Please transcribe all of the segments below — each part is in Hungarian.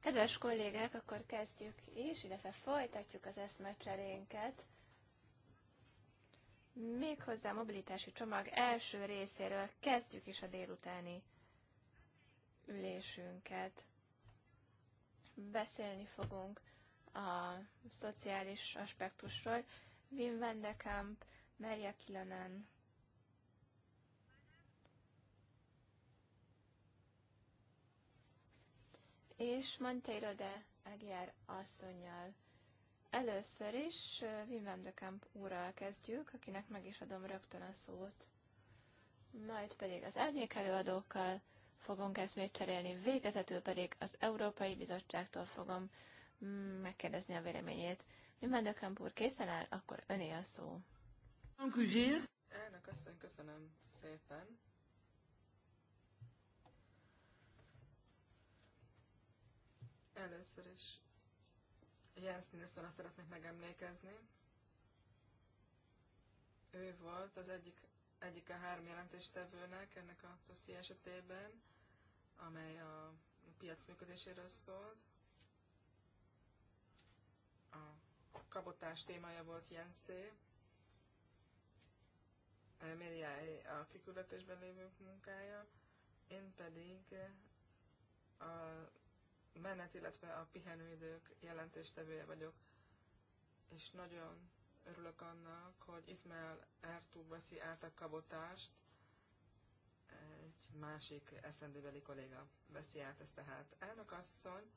Kedves kollégák, akkor kezdjük is, illetve folytatjuk az eszmecserénket. Méghozzá a mobilitási csomag első részéről kezdjük is a délutáni ülésünket. Beszélni fogunk a szociális aspektusról. Wim Wendekamp, Merja Kilonen és Monteiro de Aguiar asszonyjal. Először is Wim van de Kamp úrral kezdjük, akinek meg is adom rögtön a szót. Majd pedig az árnyékelőadókkal fogunk ezt még cserélni, végezetül pedig az Európai Bizottságtól fogom mm, megkérdezni a véleményét. Wim van de Kamp úr készen áll, akkor öné a szó. Elnök asszony, köszönöm szépen. Először is Jens Nilssonra szeretnék megemlékezni. Ő volt az egyik, egyik a három jelentéstevőnek ennek a dosszi esetében, amely a piac működéséről szólt. A kabotás témája volt Jenszé. Miriáé a kiküldetésben lévő munkája, én pedig a menet, illetve a pihenőidők jelentéstevője vagyok, és nagyon örülök annak, hogy Ismail Ertú veszi át a kabotást, egy másik eszendőbeli kolléga veszi át ezt tehát. Elnök asszony,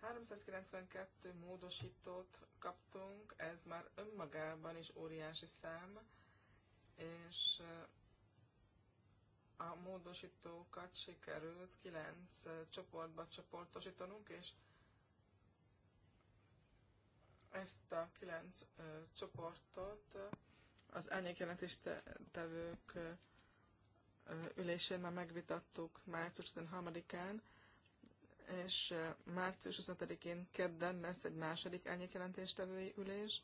392 módosítót kaptunk, ez már önmagában is óriási szám, és a módosítókat sikerült kilenc csoportba csoportosítanunk, és ezt a kilenc ö, csoportot az elnyékjelentéstevők ülésén már megvitattuk március 13-án, és március 25-én kedden lesz egy második elnyékjelentéstevői ülés,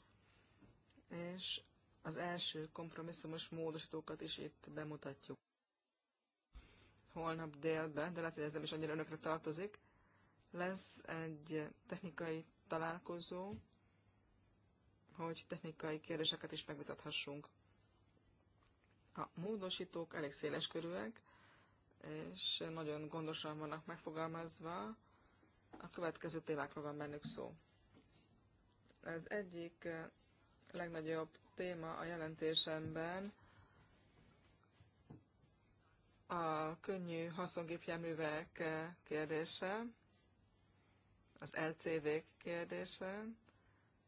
és az első kompromisszumos módosítókat is itt bemutatjuk holnap délben, de lehet, hogy ez nem is annyira önökre tartozik. Lesz egy technikai találkozó, hogy technikai kérdéseket is megvitathassunk. A módosítók elég széles körűek, és nagyon gondosan vannak megfogalmazva. A következő témákról van bennük szó. Az egyik legnagyobb téma a jelentésemben a könnyű haszongépjárművek kérdése, az LCV kérdése.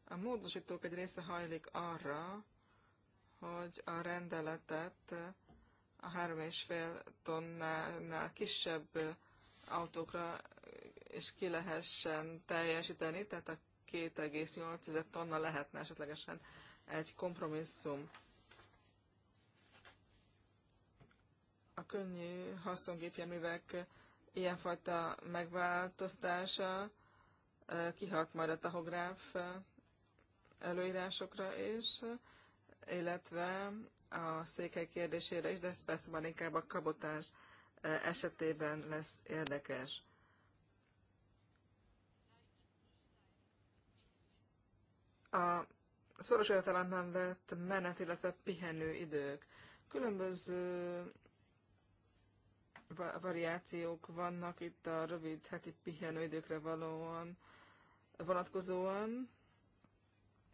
A módosítók egy része hajlik arra, hogy a rendeletet a 3,5 tonnánál kisebb autókra is ki lehessen teljesíteni, tehát a 2,8 tonna lehetne esetlegesen egy kompromisszum. a könnyű haszongépjárművek ilyenfajta megváltoztása kihat majd a tahográf előírásokra is, illetve a székely kérdésére is, de ez persze már inkább a kabotás esetében lesz érdekes. A szoros értelemben vett menet, illetve pihenő idők. Különböző variációk vannak itt a rövid heti pihenőidőkre valóan vonatkozóan.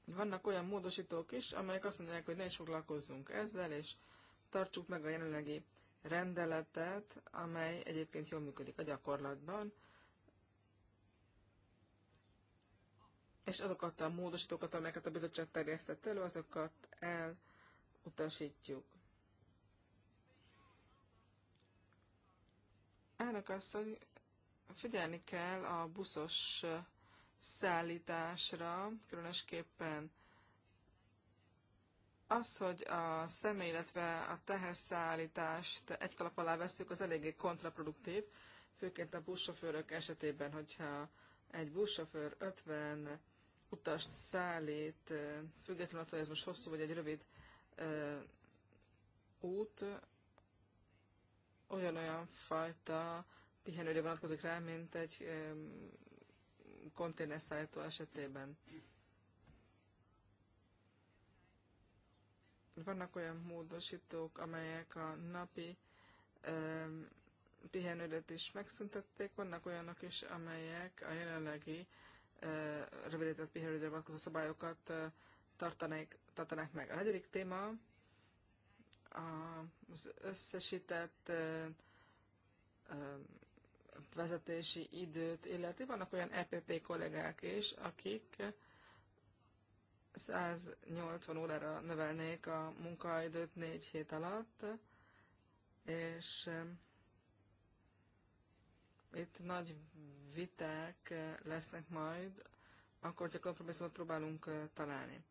Vannak olyan módosítók is, amelyek azt mondják, hogy ne is foglalkozzunk ezzel, és tartsuk meg a jelenlegi rendeletet, amely egyébként jól működik a gyakorlatban, és azokat a módosítókat, amelyeket a bizottság terjesztett elő, azokat elutasítjuk. Elnök asszony, figyelni kell a buszos szállításra, különösképpen az, hogy a személy, illetve a teherszállítást egy kalap alá veszük, az eléggé kontraproduktív, főként a buszsofőrök esetében, hogyha egy buszsofőr 50 utast szállít, eh, függetlenül attól, hogy ez most hosszú vagy egy rövid ö, eh, út, ugyanolyan fajta pihenőre vonatkozik rá, mint egy konténerszállító esetében. Vannak olyan módosítók, amelyek a napi um, pihenődet is megszüntették, vannak olyanok is, amelyek a jelenlegi e, rövidített pihenőre vonatkozó szabályokat uh, e, tartanák, tartanák meg. A negyedik téma az összesített vezetési időt illeti. Vannak olyan EPP kollégák is, akik 180 órára növelnék a munkaidőt négy hét alatt, és itt nagy viták lesznek majd, akkor, hogyha kompromisszumot próbálunk találni.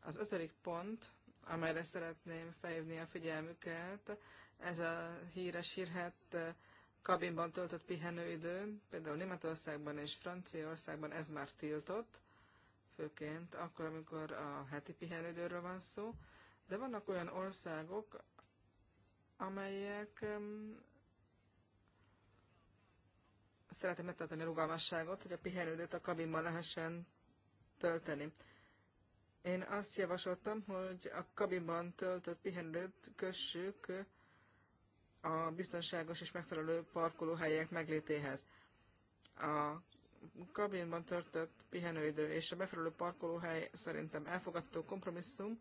Az ötödik pont amelyre szeretném felhívni a figyelmüket. Ez a híres hírhet kabinban töltött pihenőidő, például Németországban és Franciaországban ez már tiltott, főként akkor, amikor a heti pihenőidőről van szó, de vannak olyan országok, amelyek szeretem megtartani a rugalmasságot, hogy a pihenődőt a kabinban lehessen tölteni. Én azt javasoltam, hogy a kabinban töltött pihenőt kössük a biztonságos és megfelelő parkolóhelyek meglétéhez. A kabinban töltött pihenőidő és a megfelelő parkolóhely szerintem elfogadható kompromisszum,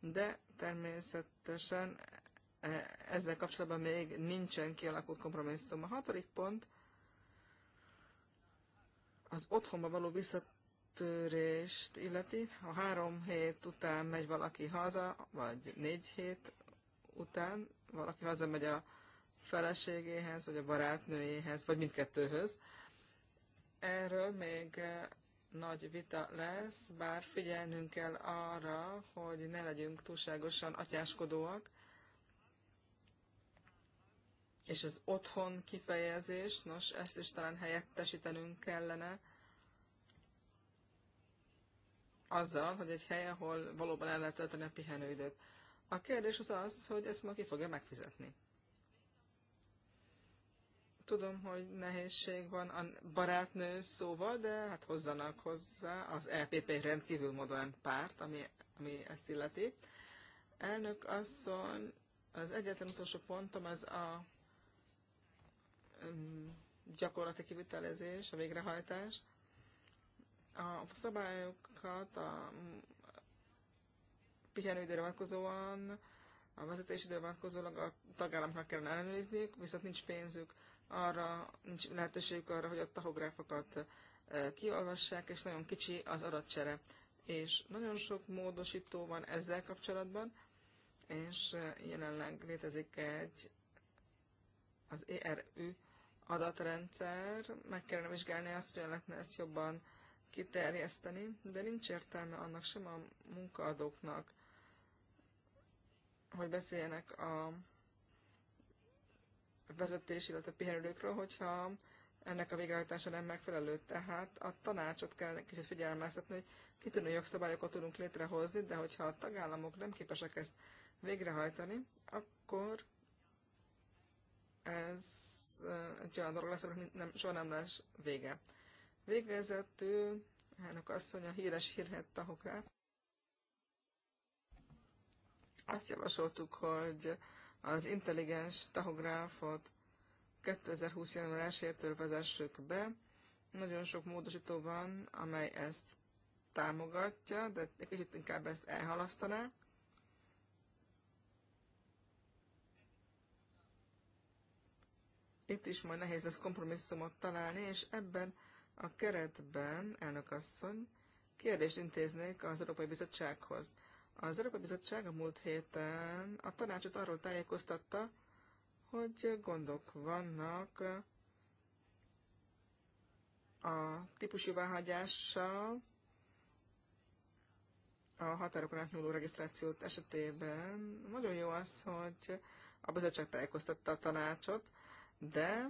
de természetesen e, ezzel kapcsolatban még nincsen kialakult kompromisszum. A hatodik pont az otthonba való vissza törést illeti, ha három hét után megy valaki haza, vagy négy hét után valaki megy a feleségéhez, vagy a barátnőjéhez, vagy mindkettőhöz. Erről még eh, nagy vita lesz, bár figyelnünk kell arra, hogy ne legyünk túlságosan atyáskodóak, és az otthon kifejezés, nos, ezt is talán helyettesítenünk kellene, azzal, hogy egy hely, ahol valóban el lehet tölteni a pihenőidőt. A kérdés az az, hogy ezt ma ki fogja megfizetni. Tudom, hogy nehézség van a barátnő szóval, de hát hozzanak hozzá az LPP e rendkívül modern párt, ami, ami ezt illeti. Elnök asszony, az egyetlen utolsó pontom az a gyakorlati kivitelezés, a végrehajtás a szabályokat a pihenőidőre vonatkozóan, a vezetésidőre vonatkozólag a tagállamnak kellene ellenőrizniük, viszont nincs pénzük arra, nincs lehetőségük arra, hogy a tahográfokat e, kiolvassák, és nagyon kicsi az adatcsere. És nagyon sok módosító van ezzel kapcsolatban, és e, jelenleg létezik egy az ERÜ adatrendszer, meg kellene vizsgálni azt, hogy lehetne ezt jobban kiterjeszteni, de nincs értelme annak sem a munkaadóknak, hogy beszéljenek a vezetés, illetve pihenőkről, hogyha ennek a végrehajtása nem megfelelő. Tehát a tanácsot kell, kicsit figyelmeztetni, hogy kitűnő jogszabályokat tudunk létrehozni, de hogyha a tagállamok nem képesek ezt végrehajtani, akkor ez eh, egy olyan dolog lesz, hogy nem, soha nem lesz vége. Végezetül elnök asszony a híres hírhet tahográf. Azt javasoltuk, hogy az intelligens tahográfot 2020. január 1-től vezessük be. Nagyon sok módosító van, amely ezt támogatja, de egy kicsit inkább ezt elhalasztaná. Itt is majd nehéz lesz kompromisszumot találni, és ebben a keretben, elnök asszony, kérdést intéznék az Európai Bizottsághoz. Az Európai Bizottság a múlt héten a tanácsot arról tájékoztatta, hogy gondok vannak a típusjóváhagyással, a határokon átnyúló regisztrációt esetében. Nagyon jó az, hogy a bizottság tájékoztatta a tanácsot, de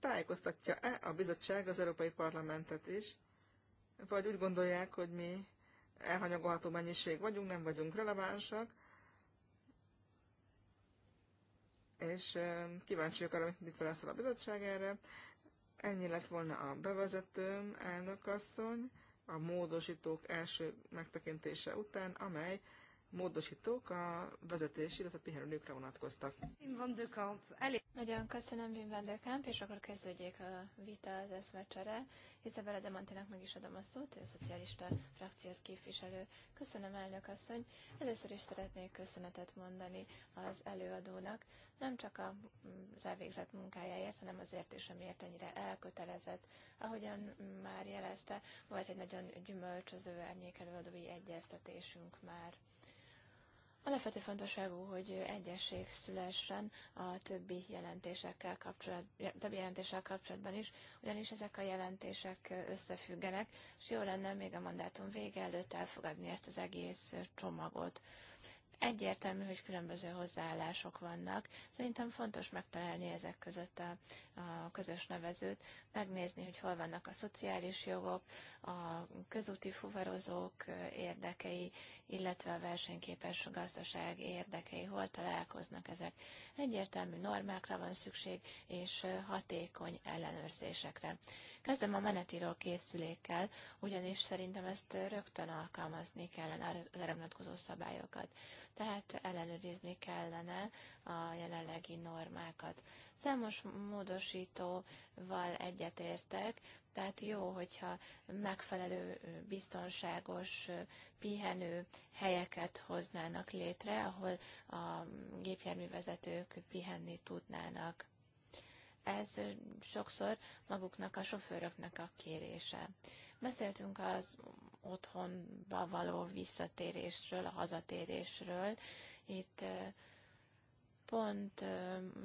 tájékoztatja-e a bizottság az Európai Parlamentet is, vagy úgy gondolják, hogy mi elhanyagolható mennyiség vagyunk, nem vagyunk relevánsak, és kíváncsiak arra, mit feleszol a bizottság erre. Ennyi lett volna a bevezetőm, elnökasszony, a módosítók első megtekintése után, amely módosítók a vezetési, illetve pihenőnőkre vonatkoztak. Van de Kamp, elég. Nagyon köszönöm, Wim van de Kamp, és akkor kezdődjék a vita, az eszmecsere. Isabella de Mantinak meg is adom a szót, ő a szocialista frakciót képviselő. Köszönöm, elnök asszony. Először is szeretnék köszönetet mondani az előadónak, nem csak a elvégzett munkájáért, hanem azért is, amiért ennyire elkötelezett. Ahogyan már jelezte, volt egy nagyon gyümölcsöző árnyékelőadói egyeztetésünk már. Alapvető fontosságú, hogy egyesség szülessen a többi jelentésekkel kapcsolatban, többi jelentéssel kapcsolatban is, ugyanis ezek a jelentések összefüggenek, és jó lenne még a mandátum vége előtt elfogadni ezt az egész csomagot. Egyértelmű, hogy különböző hozzáállások vannak. Szerintem fontos megtalálni ezek között a, a közös nevezőt, megnézni, hogy hol vannak a szociális jogok, a közúti fuvarozók érdekei, illetve a versenyképes gazdaság érdekei, hol találkoznak ezek. Egyértelmű normákra van szükség, és hatékony ellenőrzésekre. Kezdem a menetíró készülékkel, ugyanis szerintem ezt rögtön alkalmazni kellene az erre vonatkozó szabályokat tehát ellenőrizni kellene a jelenlegi normákat. Számos módosítóval egyetértek, tehát jó, hogyha megfelelő, biztonságos pihenő helyeket hoznának létre, ahol a gépjárművezetők pihenni tudnának ez sokszor maguknak a sofőröknek a kérése. Beszéltünk az otthonba való visszatérésről, a hazatérésről. Itt pont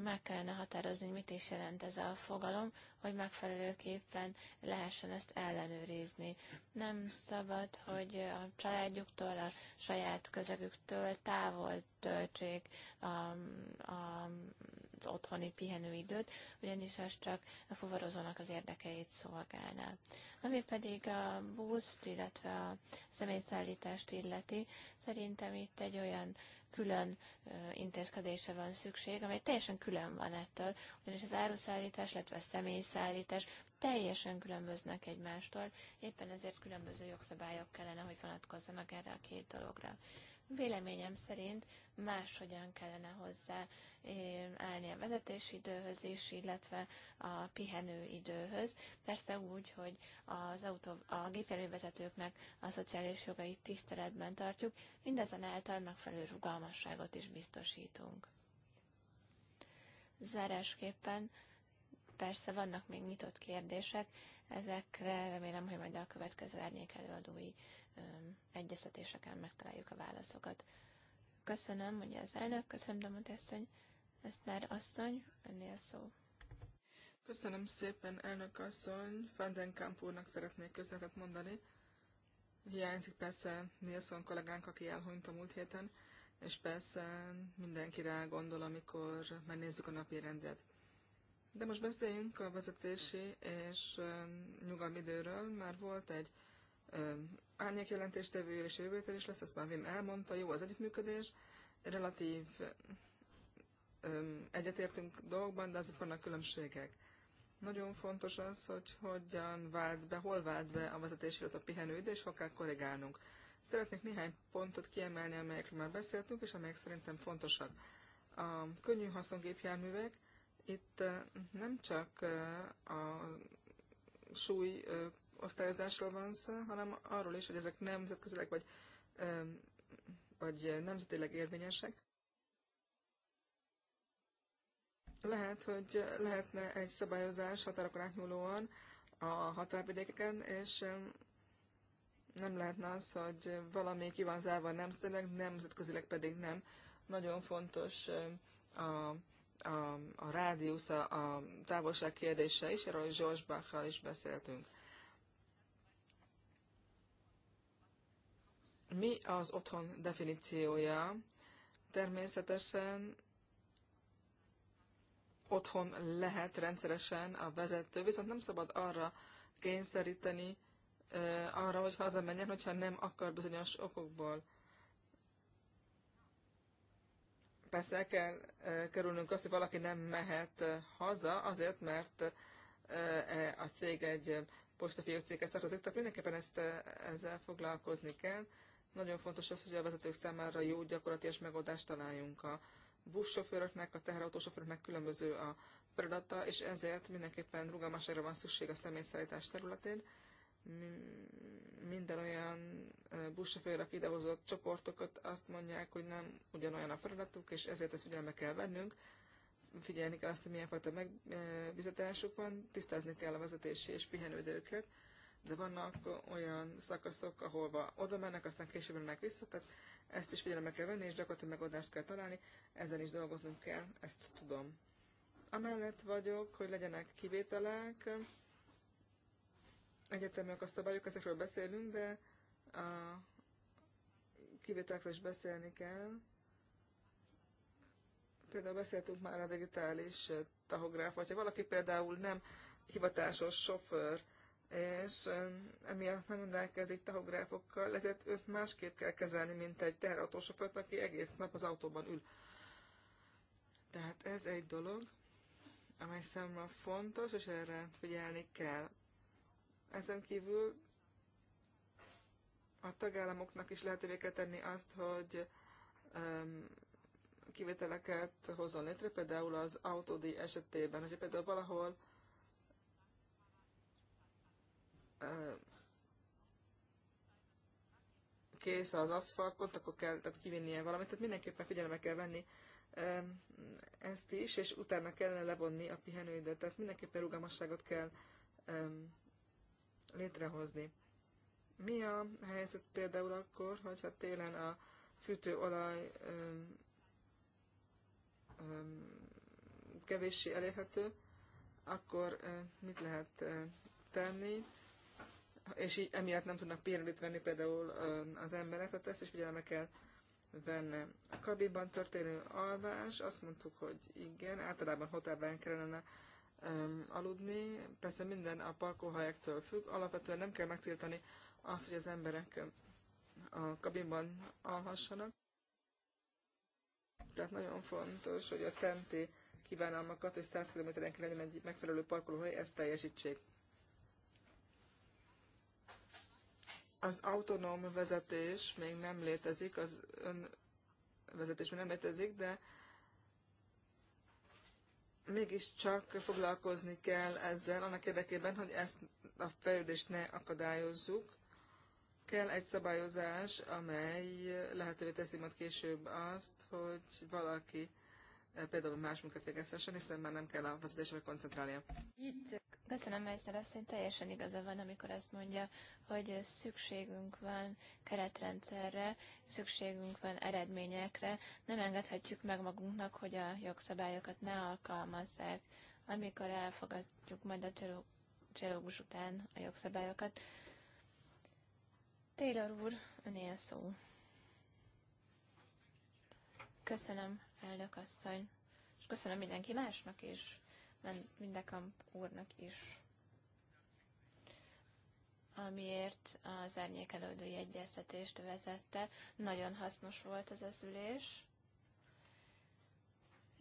meg kellene határozni, mit is jelent ez a fogalom, hogy megfelelőképpen lehessen ezt ellenőrizni. Nem szabad, hogy a családjuktól, a saját közegüktől távol töltsék a, a az otthoni pihenőidőt, ugyanis ez csak a fuvarozónak az érdekeit szolgálná. Ami pedig a buszt, illetve a személyszállítást illeti, szerintem itt egy olyan külön intézkedése van szükség, amely teljesen külön van ettől, ugyanis az áruszállítás, illetve a személyszállítás teljesen különböznek egymástól, éppen ezért különböző jogszabályok kellene, hogy vonatkozzanak erre a két dologra. Véleményem szerint máshogyan kellene hozzá eh, állni a vezetési időhöz is, illetve a pihenő időhöz. Persze úgy, hogy az autó, a gépjárművezetőknek a szociális jogait tiszteletben tartjuk, mindezenáltal megfelelő rugalmasságot is biztosítunk. Zárásképpen persze vannak még nyitott kérdések, Ezekre remélem, hogy majd a következő árnyék előadói egyeztetéseken megtaláljuk a válaszokat. Köszönöm, hogy az elnök, köszönöm, Domot asszony, Eszner asszony, önnél szó. Köszönöm szépen, elnök asszony. Fandenkamp úrnak szeretnék köszönetet mondani. Hiányzik persze Nilsson kollégánk, aki elhunyt a múlt héten, és persze mindenki rá gondol, amikor megnézzük a napi rendet. De most beszéljünk a vezetési és um, nyugalmi időről. Már volt egy um, árnyékjelentéstevő és jövőtel is lesz, ezt már Vim elmondta, jó az együttműködés, relatív um, egyetértünk dolgokban, de azért vannak különbségek. Nagyon fontos az, hogy hogyan vált be, hol vált be a vezetés, illetve a pihenőidő, és hol kell korrigálnunk. Szeretnék néhány pontot kiemelni, amelyekről már beszéltünk, és amelyek szerintem fontosak. A könnyű haszongépjárművek, itt nem csak a súly osztályozásról van szó, hanem arról is, hogy ezek nemzetközileg vagy, vagy nemzetileg érvényesek. Lehet, hogy lehetne egy szabályozás határokon átnyúlóan a határvidékeken, és nem lehetne az, hogy valami ki van zárva nemzetileg, nemzetközileg pedig nem. Nagyon fontos a a, a rádiusz, a, a távolság kérdése is, erről Zsors Bachal is beszéltünk. Mi az otthon definíciója? Természetesen otthon lehet rendszeresen a vezető, viszont nem szabad arra kényszeríteni, arra, hogy hazamenjen, hogyha nem akar bizonyos okokból. Persze el kell kerülnünk azt, hogy valaki nem mehet haza, azért, mert e, a cég egy postafiók céghez tartozik, tehát mindenképpen ezt, ezzel foglalkozni kell. Nagyon fontos az, hogy a vezetők számára jó gyakorlatilag megoldást találjunk. A buszsofőröknek, a teherautósofőröknek különböző a feladata, és ezért mindenképpen rugalmasságra van szükség a személyszállítás területén minden olyan buszsofőr, aki idehozott csoportokat, azt mondják, hogy nem ugyanolyan a feladatuk, és ezért ezt figyelme kell vennünk. Figyelni kell azt, hogy milyen fajta megbizatásuk van, tisztázni kell a vezetési és pihenődőket, de vannak olyan szakaszok, ahol oda mennek, aztán később mennek vissza, tehát ezt is figyelembe kell venni, és gyakorlatilag megoldást kell találni, ezen is dolgoznunk kell, ezt tudom. Amellett vagyok, hogy legyenek kivételek, egyetemek a szabályok, ezekről beszélünk, de a kivételekről is beszélni kell. Például beszéltünk már a digitális eh, tahográf, hogyha valaki például nem hivatásos sofőr, és eh, emiatt nem rendelkezik tahográfokkal, ezért őt másképp kell kezelni, mint egy teherautósofőt, aki egész nap az autóban ül. Tehát ez egy dolog, amely számomra fontos, és erre figyelni kell. Ezen kívül a tagállamoknak is lehetővé kell tenni azt, hogy kivételeket hozzon létre, például az autódi esetében, hogy például valahol kész az aszfalt, pont akkor kell tehát kivinnie valamit, tehát mindenképpen figyelembe kell venni ezt is, és utána kellene levonni a pihenőidőt, tehát mindenképpen rugalmasságot kell létrehozni. Mi a helyzet például akkor, hogyha télen a fűtőolaj öm, öm, kevéssé elérhető, akkor mit lehet tenni, és így emiatt nem tudnak pirulit venni például az emberek, tehát ezt is figyelme kell venni. A kabinban történő alvás, azt mondtuk, hogy igen, általában hotelben kellene aludni. Persze minden a parkolhelyektől függ. Alapvetően nem kell megtiltani azt, hogy az emberek a kabinban alhassanak. Tehát nagyon fontos, hogy a tenti kívánalmakat, hogy 100 km legyen egy megfelelő parkolóhely, ezt teljesítsék. Az autonóm vezetés még nem létezik, az önvezetés még nem létezik, de mégiscsak foglalkozni kell ezzel, annak érdekében, hogy ezt a fejlődést ne akadályozzuk. Kell egy szabályozás, amely lehetővé teszi majd később azt, hogy valaki eh, például más munkát végezhessen, hiszen már nem kell a vezetésre koncentrálnia. Itt. Köszönöm, Meissner asszony, teljesen igaza van, amikor azt mondja, hogy szükségünk van keretrendszerre, szükségünk van eredményekre, nem engedhetjük meg magunknak, hogy a jogszabályokat ne alkalmazzák. Amikor elfogadjuk majd a cselógus után a jogszabályokat. Taylor úr, öné a szó. Köszönöm, elnök asszony, és köszönöm mindenki másnak is Mindekamp úrnak is, amiért az árnyékelődői egyeztetést vezette. Nagyon hasznos volt ez az ülés.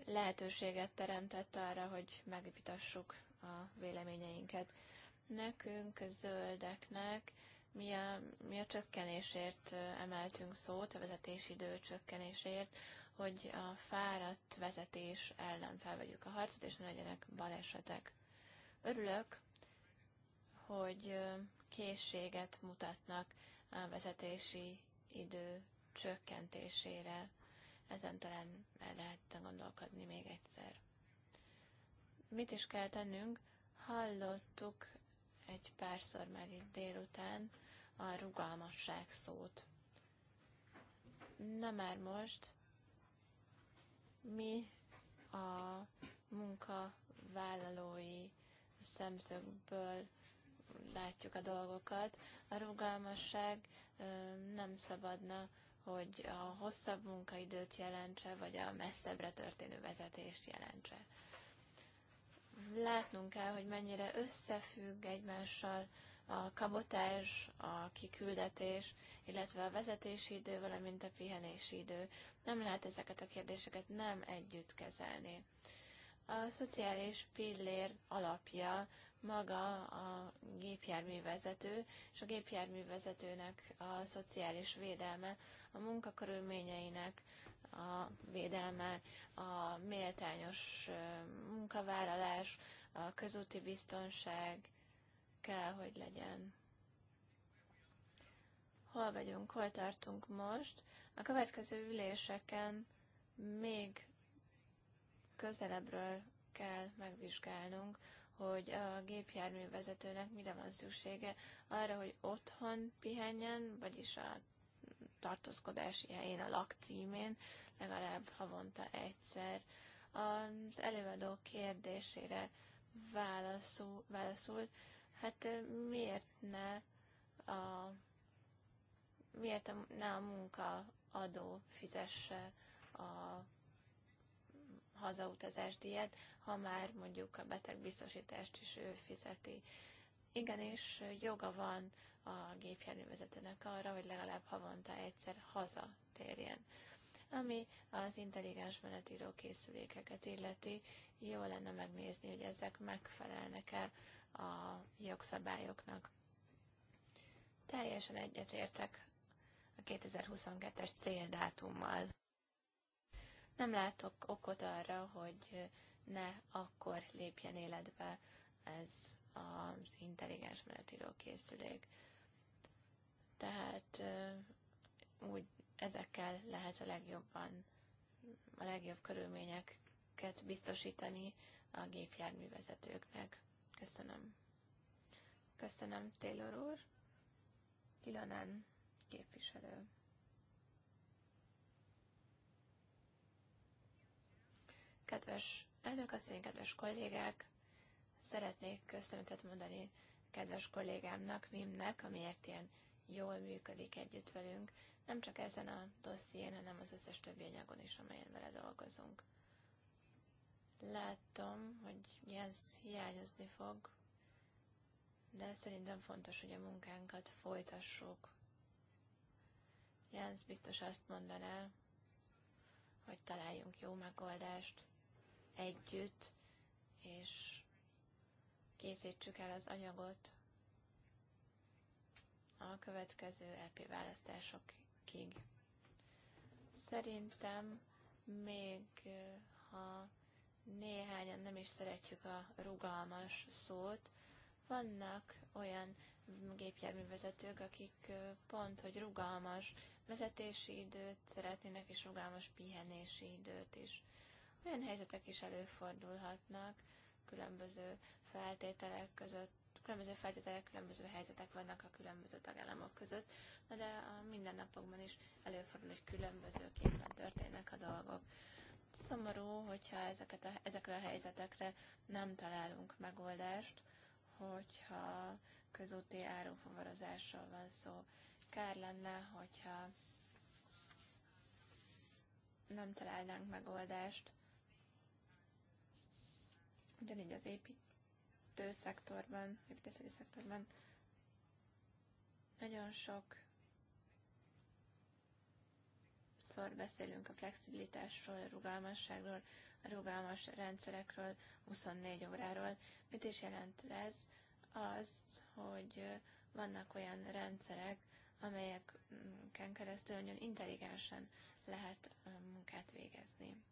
Lehetőséget teremtett arra, hogy megvitassuk a véleményeinket. Nekünk, zöldeknek, mi a, mi a csökkenésért emeltünk szót, a vezetési idő csökkenésért, hogy a fáradt vezetés ellen felvegyük a harcot, és ne legyenek balesetek. Örülök, hogy készséget mutatnak a vezetési idő csökkentésére. Ezen talán el lehetne gondolkodni még egyszer. Mit is kell tennünk? Hallottuk egy párszor már itt délután a rugalmasság szót. Na már most mi a munkavállalói szemszögből látjuk a dolgokat. A rugalmasság nem szabadna, hogy a hosszabb munkaidőt jelentse, vagy a messzebbre történő vezetést jelentse. Látnunk kell, hogy mennyire összefügg egymással a kabotás, a kiküldetés, illetve a vezetési idő, valamint a pihenési idő. Nem lehet ezeket a kérdéseket nem együtt kezelni. A szociális pillér alapja maga a gépjárművezető, és a gépjárművezetőnek a szociális védelme, a munkakörülményeinek a védelme, a méltányos munkavállalás, a közúti biztonság, kell, hogy legyen. Hol vagyunk, hol tartunk most? A következő üléseken még közelebbről kell megvizsgálnunk, hogy a gépjárművezetőnek mire van szüksége, arra, hogy otthon pihenjen, vagyis a tartózkodási helyén, a lakcímén, legalább havonta egyszer. Az előadó kérdésére válaszul, válaszul hát miért ne a miért ne a munkaadó fizesse a hazautazás díjat, ha már mondjuk a betegbiztosítást is ő fizeti. Igenis, joga van a gépjárművezetőnek arra, hogy legalább havonta egyszer térjen. Ami az intelligens menetíró készülékeket illeti, jó lenne megnézni, hogy ezek megfelelnek-e a jogszabályoknak. Teljesen egyetértek a 2022-es céldátummal. Nem látok okot arra, hogy ne akkor lépjen életbe ez az intelligens menetíró készülék. Tehát úgy ezekkel lehet a legjobban, a legjobb körülményeket biztosítani a gépjárművezetőknek. Köszönöm. Köszönöm, Taylor úr. Kilanán képviselő. Kedves elnökasszony, kedves kollégák, szeretnék köszönetet mondani kedves kollégámnak, Mimnek, amiért ilyen jól működik együtt velünk, nem csak ezen a dosszién, hanem az összes többi anyagon is, amelyen vele dolgozunk. Látom, hogy ez hiányozni fog, de szerintem fontos, hogy a munkánkat folytassuk. Jens biztos azt mondaná, hogy találjunk jó megoldást együtt, és készítsük el az anyagot a következő EP választásokig. Szerintem még ha néhányan nem is szeretjük a rugalmas szót. Vannak olyan gépjárművezetők, akik pont, hogy rugalmas vezetési időt szeretnének, és rugalmas pihenési időt is. Olyan helyzetek is előfordulhatnak, különböző feltételek között, különböző feltételek, különböző helyzetek vannak a különböző tagállamok között, de a mindennapokban is előfordul, hogy különbözőképpen történnek a dolgok. Szomorú, hogyha ezeket a, ezekre a helyzetekre nem találunk megoldást, hogyha közúti áronfuvarozásról van szó. Kár lenne, hogyha nem találnánk megoldást. Ugyanígy az építőszektorban, építőszektorban szektorban nagyon sok sokszor beszélünk a flexibilitásról, a rugalmasságról, a rugalmas rendszerekről, 24 óráról. Mit is jelent ez? Az, hogy vannak olyan rendszerek, amelyeken keresztül nagyon intelligensen lehet munkát végezni.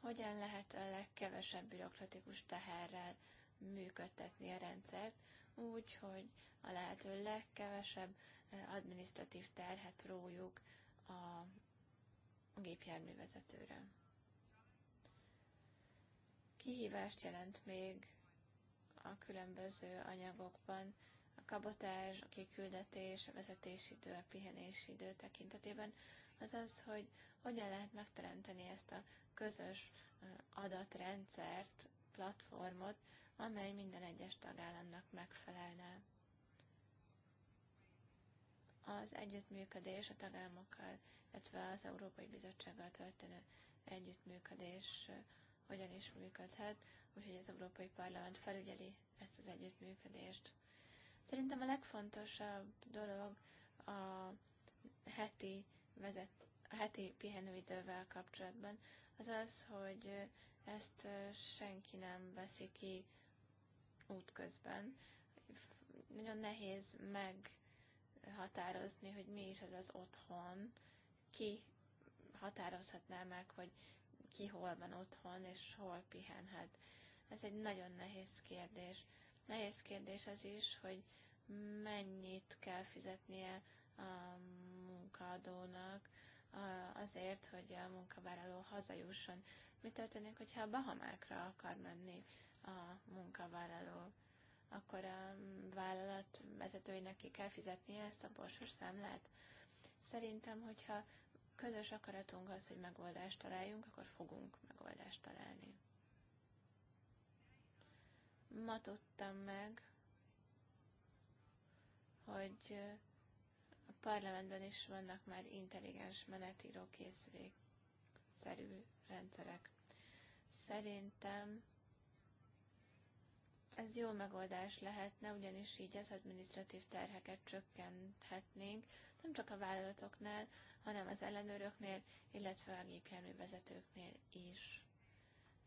Hogyan lehet a legkevesebb bürokratikus teherrel működtetni a rendszert, úgy, hogy a lehető legkevesebb administratív terhet rójuk a a gépjárművezetőre. Kihívást jelent még a különböző anyagokban a kabotás, a kiküldetés, a vezetési idő, a pihenési idő tekintetében, az az, hogy hogyan lehet megteremteni ezt a közös adatrendszert, platformot, amely minden egyes tagállamnak megfelelne az együttműködés a tagállamokkal, illetve az Európai Bizottsággal történő együttműködés eh, hogyan is működhet, úgyhogy az Európai Parlament felügyeli ezt az együttműködést. Szerintem a legfontosabb dolog a heti, vezet, a heti pihenőidővel kapcsolatban az az, hogy eh, ezt eh, senki nem veszi ki útközben. Nagyon nehéz meg határozni, hogy mi is ez az otthon, ki határozhatná meg, hogy ki hol van otthon, és hol pihenhet. Ez egy nagyon nehéz kérdés. Nehéz kérdés az is, hogy mennyit kell fizetnie a munkadónak azért, hogy a munkavállaló hazajusson. Mi történik, hogyha a Bahamákra akar menni a munkavállaló? akkor a vállalat vezetőinek ki kell fizetnie ezt a borsos számlát. Szerintem, hogyha közös akaratunk az, hogy megoldást találjunk, akkor fogunk megoldást találni. Ma tudtam meg, hogy a parlamentben is vannak már intelligens menetíró készülék szerű rendszerek. Szerintem ez jó megoldás lehetne, ugyanis így az administratív terheket csökkenthetnénk, nem csak a vállalatoknál, hanem az ellenőröknél, illetve a gépjárművezetőknél is.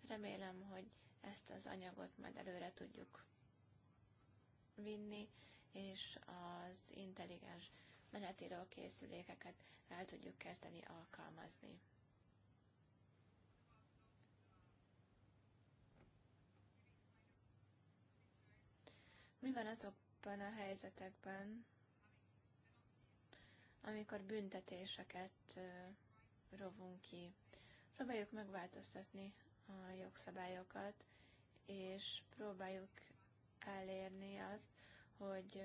Remélem, hogy ezt az anyagot majd előre tudjuk vinni, és az intelligens készülékeket el tudjuk kezdeni alkalmazni. Mi van azokban a helyzetekben, amikor büntetéseket rovunk ki? Próbáljuk megváltoztatni a jogszabályokat, és próbáljuk elérni azt, hogy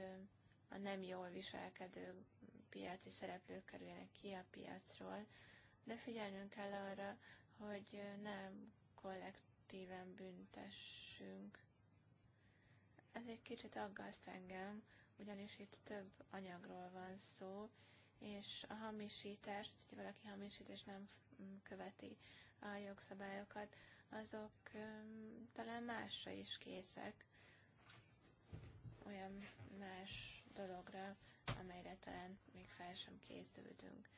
a nem jól viselkedő piaci szereplők kerüljenek ki a piacról, de figyelnünk kell arra, hogy nem kollektíven büntessünk. Ez egy kicsit aggaszt engem, ugyanis itt több anyagról van szó, és a hamisítást, hogyha valaki hamisít és nem követi a jogszabályokat, azok um, talán másra is készek, olyan más dologra, amelyre talán még fel sem készültünk.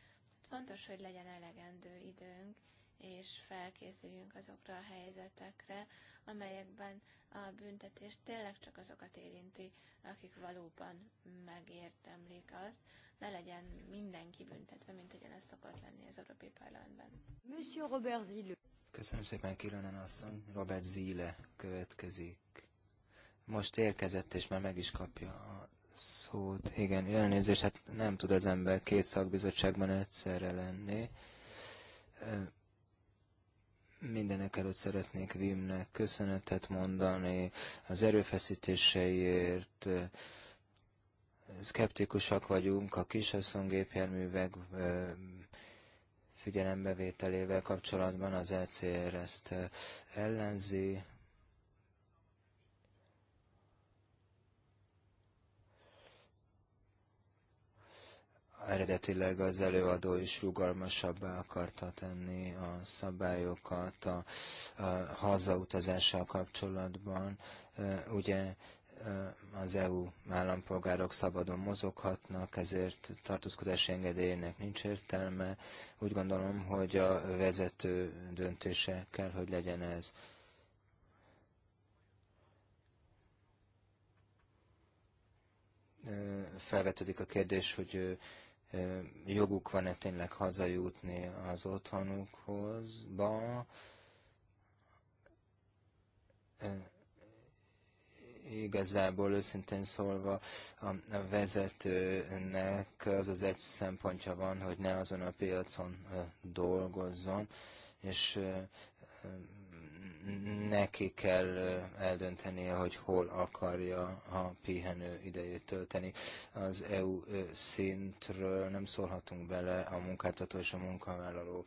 Fontos, hogy legyen elegendő időnk, és felkészüljünk azokra a helyzetekre, amelyekben a büntetés tényleg csak azokat érinti, akik valóban megértemlik azt, ne legyen mindenki büntetve, mint ahogyan ez szokott lenni az Európai Parlamentben. Monsieur Robert Zille. Köszönöm szépen, Kilonen asszony. Robert Zile következik. Most érkezett, és már meg is kapja a szót. Igen, elnézést, hát nem tud az ember két szakbizottságban egyszerre lenni. Mindenek előtt szeretnék Vimnek köszönetet mondani az erőfeszítéseiért. Szkeptikusak vagyunk a kisasszony gépjárművek figyelembevételével kapcsolatban az ECR ezt ellenzi, eredetileg az előadó is rugalmasabbá akarta tenni a szabályokat a, a hazautazással kapcsolatban. Ugye az EU állampolgárok szabadon mozoghatnak, ezért tartózkodási engedélyének nincs értelme. Úgy gondolom, hogy a vezető döntése kell, hogy legyen ez. Felvetődik a kérdés, hogy joguk van-e tényleg hazajutni az otthonukhoz, ba, igazából őszintén szólva a, vezetőnek az az egy szempontja van, hogy ne azon a piacon dolgozzon, és neki kell eldöntenie, hogy hol akarja a pihenő idejét tölteni. Az EU szintről nem szólhatunk bele a munkáltató és a munkavállaló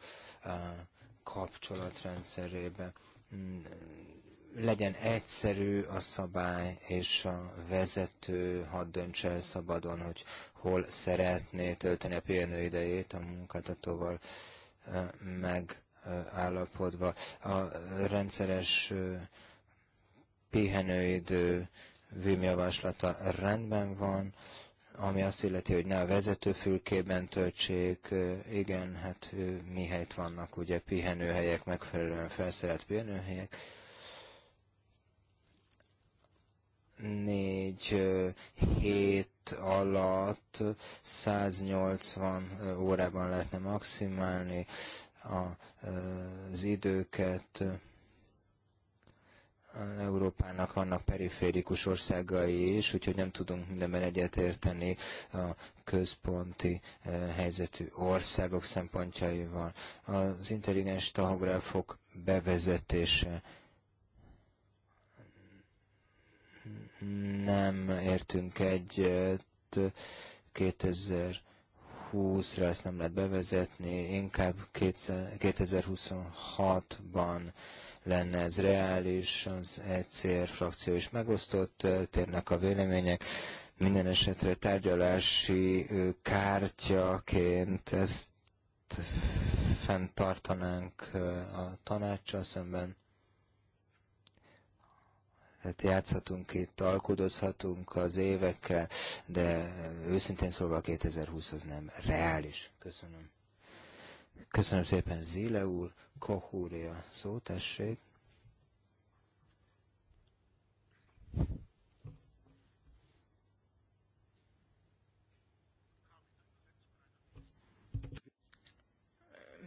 kapcsolatrendszerébe. Mm, legyen egyszerű a szabály, és a vezető hadd döntse el szabadon, hogy hol szeretné tölteni a pihenő idejét a munkáltatóval meg állapotba. A rendszeres pihenőidő vímjavaslata rendben van, ami azt illeti, hogy ne a vezetőfülkében töltsék, igen, hát mi helyt vannak, ugye pihenőhelyek, megfelelően felszerelt pihenőhelyek, négy hét alatt 180 órában lehetne maximálni, az időket. Európának vannak periférikus országai is, úgyhogy nem tudunk mindenben egyetérteni a központi eh, helyzetű országok szempontjaival. Az intelligens tahográfok bevezetése nem értünk egyet 2000 2020-ra ezt nem lehet bevezetni, inkább 2026-ban lenne ez reális, az ECR frakció is megosztott, térnek a vélemények. Minden esetre tárgyalási kártyaként ezt fenntartanánk a tanácsa szemben. Hát játszhatunk itt, alkudozhatunk az évekkel, de őszintén szólva 2020 az nem reális. Köszönöm. Köszönöm szépen Zile úr, kohúria szótesség.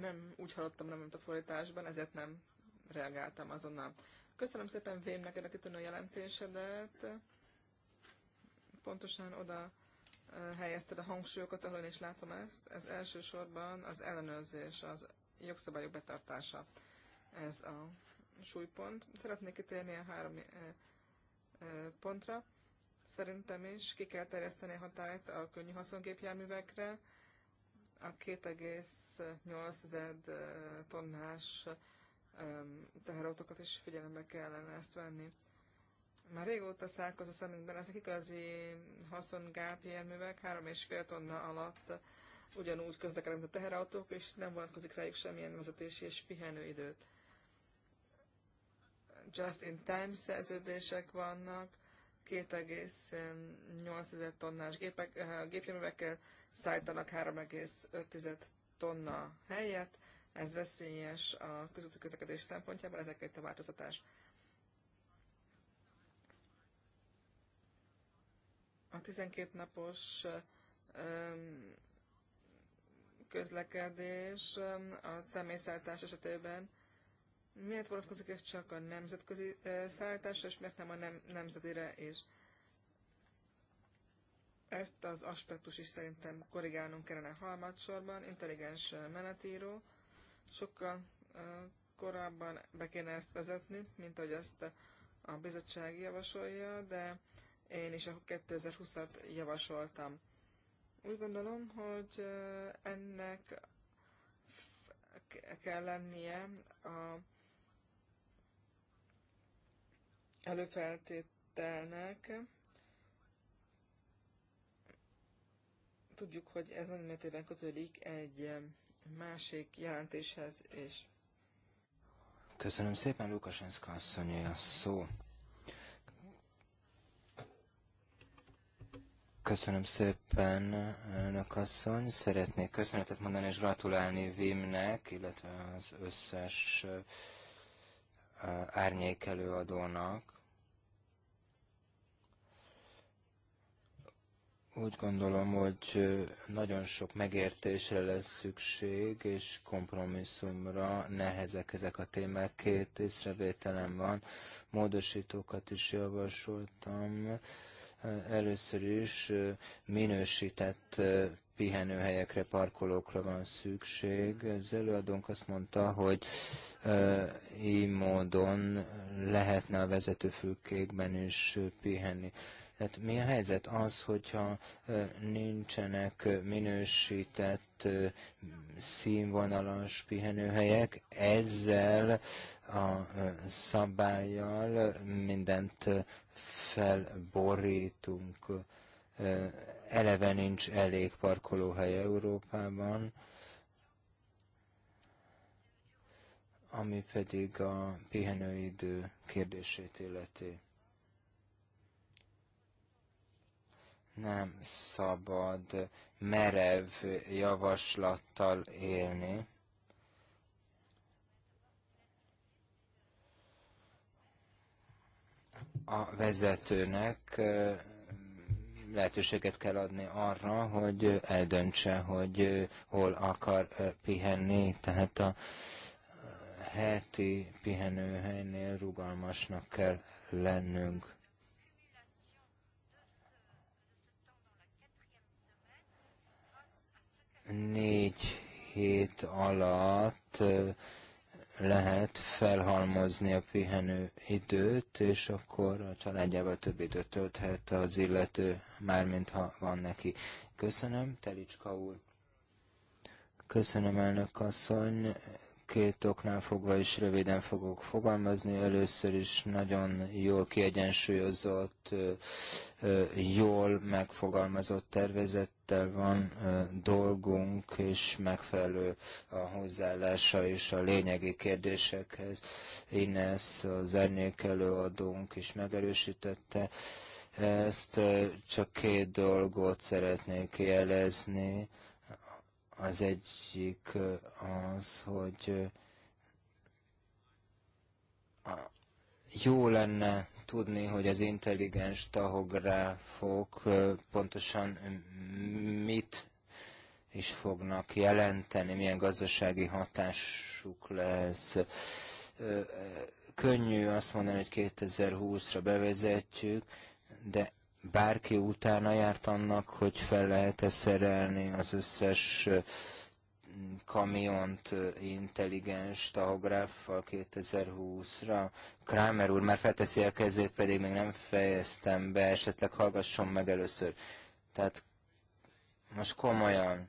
Nem, úgy hallottam, nem, mint a fordításban, ezért nem reagáltam azonnal. Köszönöm szépen Vém neked a kitűnő jelentésedet. Pontosan oda helyezted a hangsúlyokat, ahol én is látom ezt. Ez elsősorban az ellenőrzés, az jogszabályok betartása. Ez a súlypont. Szeretnék kitérni a három pontra. Szerintem is ki kell terjeszteni a hatályt a könnyű haszongépjárművekre, a 2,8 tonnás teherautókat is figyelembe kellene ezt venni. Már régóta szállkoz a szemünkben, ezek igazi haszon gápjárművek, három és fél tonna alatt ugyanúgy közlekednek, mint a teherautók, és nem vonatkozik rájuk semmilyen vezetési és pihenőidőt. Just-in-time szerződések vannak, 2,8 tonnás gépek, eh, gépjárművekkel szállítanak 3,5 tonna helyet, ez veszélyes a közúti közlekedés szempontjából, ezeket a változtatás. A 12 napos közlekedés a személyszállítás esetében miért vonatkozik ez csak a nemzetközi szállításra, és miért nem a nem, nemzetire is? Ezt az aspektus is szerintem korrigálnunk kellene harmadsorban, intelligens menetíró, Sokkal korábban be kéne ezt vezetni, mint ahogy ezt a bizottság javasolja, de én is a 2020-at javasoltam. Úgy gondolom, hogy ennek kell lennie a előfeltételnek. Tudjuk, hogy ez nagy mértékben kötődik egy másik jelentéshez is. Köszönöm szépen, Lukasenszka asszony, a szó. Köszönöm szépen, elnök asszony. Szeretnék köszönetet mondani és gratulálni Vimnek, illetve az összes árnyék előadónak Úgy gondolom, hogy nagyon sok megértésre lesz szükség, és kompromisszumra nehezek ezek a témák. Két észrevételem van, módosítókat is javasoltam. Először is minősített pihenőhelyekre, parkolókra van szükség. Az előadónk azt mondta, hogy így módon lehetne a vezetőfülkékben is pihenni. Tehát mi a helyzet az, hogyha nincsenek minősített színvonalas pihenőhelyek, ezzel a szabályjal mindent felborítunk. Eleve nincs elég parkolóhely Európában, ami pedig a pihenőidő kérdését illeti. nem szabad merev javaslattal élni. A vezetőnek lehetőséget kell adni arra, hogy eldöntse, hogy hol akar pihenni, tehát a heti pihenőhelynél rugalmasnak kell lennünk. négy hét alatt lehet felhalmozni a pihenő időt, és akkor a családjával több időt tölthet az illető, mármint ha van neki. Köszönöm, Telicska úr. Köszönöm, elnök asszony. Két oknál fogva is röviden fogok fogalmazni. Először is nagyon jól kiegyensúlyozott, jól megfogalmazott tervezettel van dolgunk, és megfelelő a hozzáállása és a lényegi kérdésekhez. Ines, az ernék előadónk is megerősítette. Ezt csak két dolgot szeretnék jelezni az egyik az, hogy jó lenne tudni, hogy az intelligens tahográfok pontosan mit is fognak jelenteni, milyen gazdasági hatásuk lesz. Könnyű azt mondani, hogy 2020-ra bevezetjük, de bárki utána járt annak, hogy fel lehet-e szerelni az összes kamiont intelligens tahográffal 2020-ra. Kramer úr már felteszi a kezét, pedig még nem fejeztem be, esetleg hallgasson meg először. Tehát most komolyan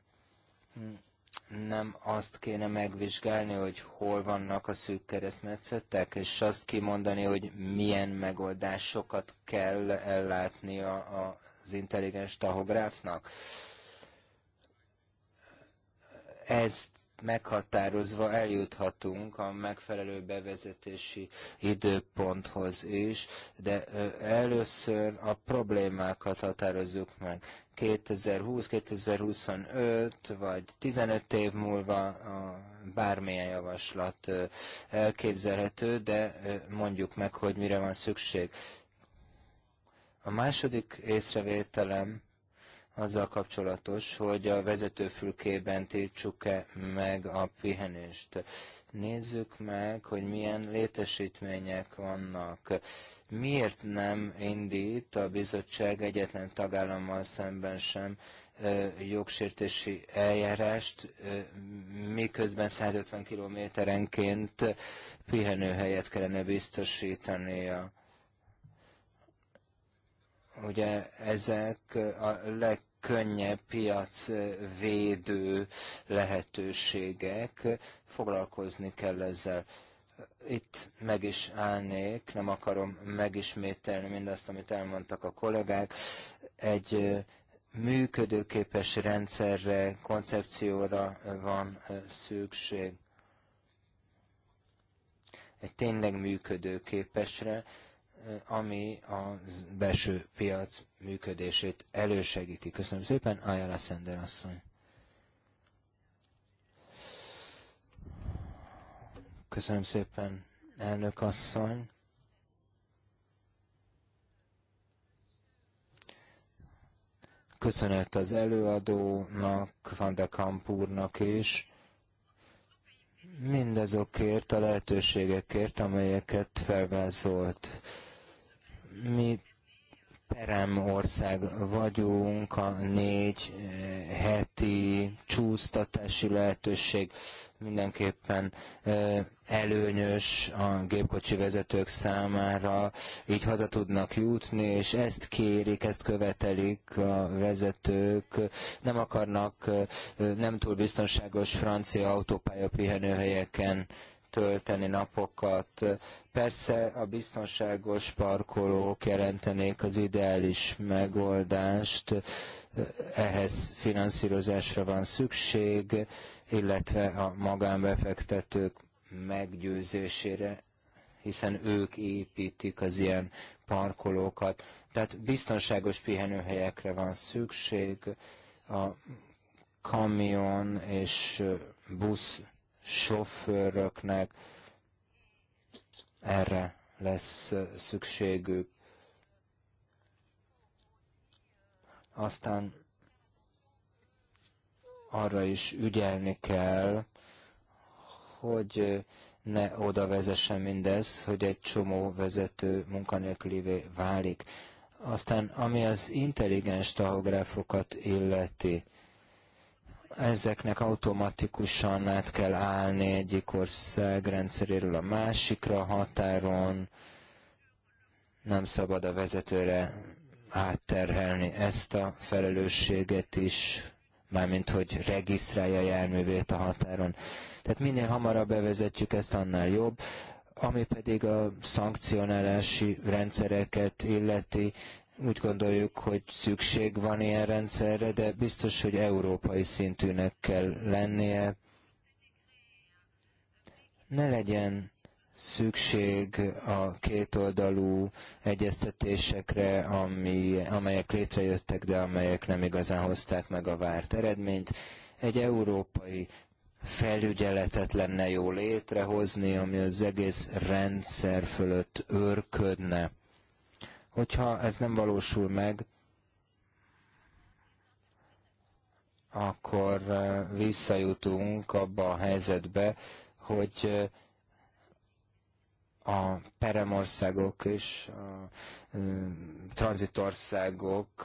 nem azt kéne megvizsgálni, hogy hol vannak a szűk keresztmetszetek, és azt kimondani, hogy milyen megoldásokat kell a, az intelligens tahográfnak. Ezt meghatározva eljuthatunk a megfelelő bevezetési időponthoz is, de először a problémákat határozzuk meg. 2020-2025 vagy 15 év múlva a bármilyen javaslat elképzelhető, de mondjuk meg, hogy mire van szükség. A második észrevételem, azzal kapcsolatos, hogy a vezetőfülkében tiltsuk-e meg a pihenést. Nézzük meg, hogy milyen létesítmények vannak. Miért nem indít a bizottság egyetlen tagállammal szemben sem jogsértési eljárást, miközben 150 kilométerenként pihenőhelyet kellene biztosítania. Ugye ezek a legkönnyebb piacvédő lehetőségek, foglalkozni kell ezzel. Itt meg is állnék, nem akarom megismételni mindazt, amit elmondtak a kollégák. Egy működőképes rendszerre, koncepcióra van szükség. Egy tényleg működőképesre, Eh, ami a belső piac működését elősegíti. Köszönöm szépen, Ayala Szender asszony. Köszönöm szépen, elnök asszony. Köszönet az előadónak, Van de Kamp úrnak is mindazokért a lehetőségekért, amelyeket felvázolt mi perem ország vagyunk, a négy eh, heti csúsztatási lehetőség mindenképpen eh, előnyös a gépkocsi vezetők számára, így haza tudnak jutni, és ezt kérik, ezt követelik a vezetők, nem akarnak eh, nem túl biztonságos francia autópálya pihenőhelyeken tölteni napokat. Persze a biztonságos parkolók jelentenék az ideális megoldást, ehhez finanszírozásra van szükség, illetve a magánbefektetők meggyőzésére hiszen ők építik az ilyen parkolókat. Tehát biztonságos pihenőhelyekre van szükség, a kamion és busz sofőröknek erre lesz szükségük. Aztán arra is ügyelni kell, hogy ne oda vezessen mindez, hogy egy csomó vezető munkanélkülévé válik. Aztán, ami az intelligens tahográfokat illeti, ezeknek automatikusan át kell állni egyik ország rendszeréről a másikra határon, nem szabad a vezetőre átterhelni ezt a felelősséget is, mármint hogy regisztrálja a járművét a határon. Tehát minél hamarabb bevezetjük ezt, annál jobb. Ami pedig a szankcionálási rendszereket illeti, úgy gondoljuk, hogy szükség van ilyen rendszerre, de biztos, hogy európai szintűnek kell lennie. Ne legyen szükség a kétoldalú egyeztetésekre, ami, amelyek létrejöttek, de amelyek nem igazán hozták meg a várt eredményt. Egy európai felügyeletet lenne jó létrehozni, ami az egész rendszer fölött őrködne Hogyha ez nem valósul meg, akkor eh, visszajutunk abba a helyzetbe, hogy eh, a peremországok és a eh, tranzitországok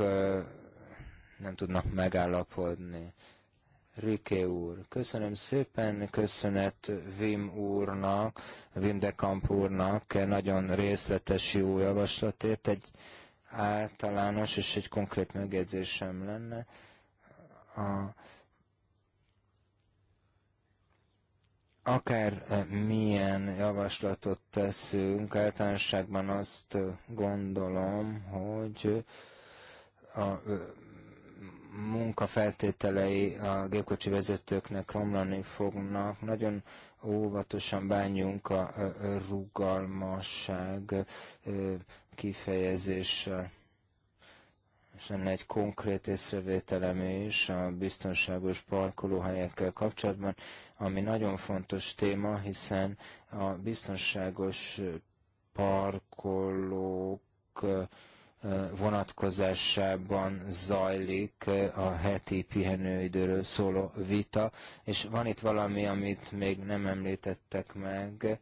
nem tudnak megállapodni. Rüke úr. Köszönöm szépen, köszönet Vim úrnak, Vim de Kamp úrnak, nagyon részletes jó javaslatért. Egy általános és egy konkrét megjegyzésem lenne. A, akár milyen javaslatot teszünk, általánosságban azt gondolom, hogy a munkafeltételei a gépkocsi vezetőknek romlani fognak. Nagyon óvatosan bánjunk a rugalmasság kifejezéssel. És lenne egy konkrét észrevételem is a biztonságos parkolóhelyekkel kapcsolatban, ami nagyon fontos téma, hiszen a biztonságos parkolók vonatkozásában zajlik a heti pihenőidőről szóló vita, és van itt valami, amit még nem említettek meg.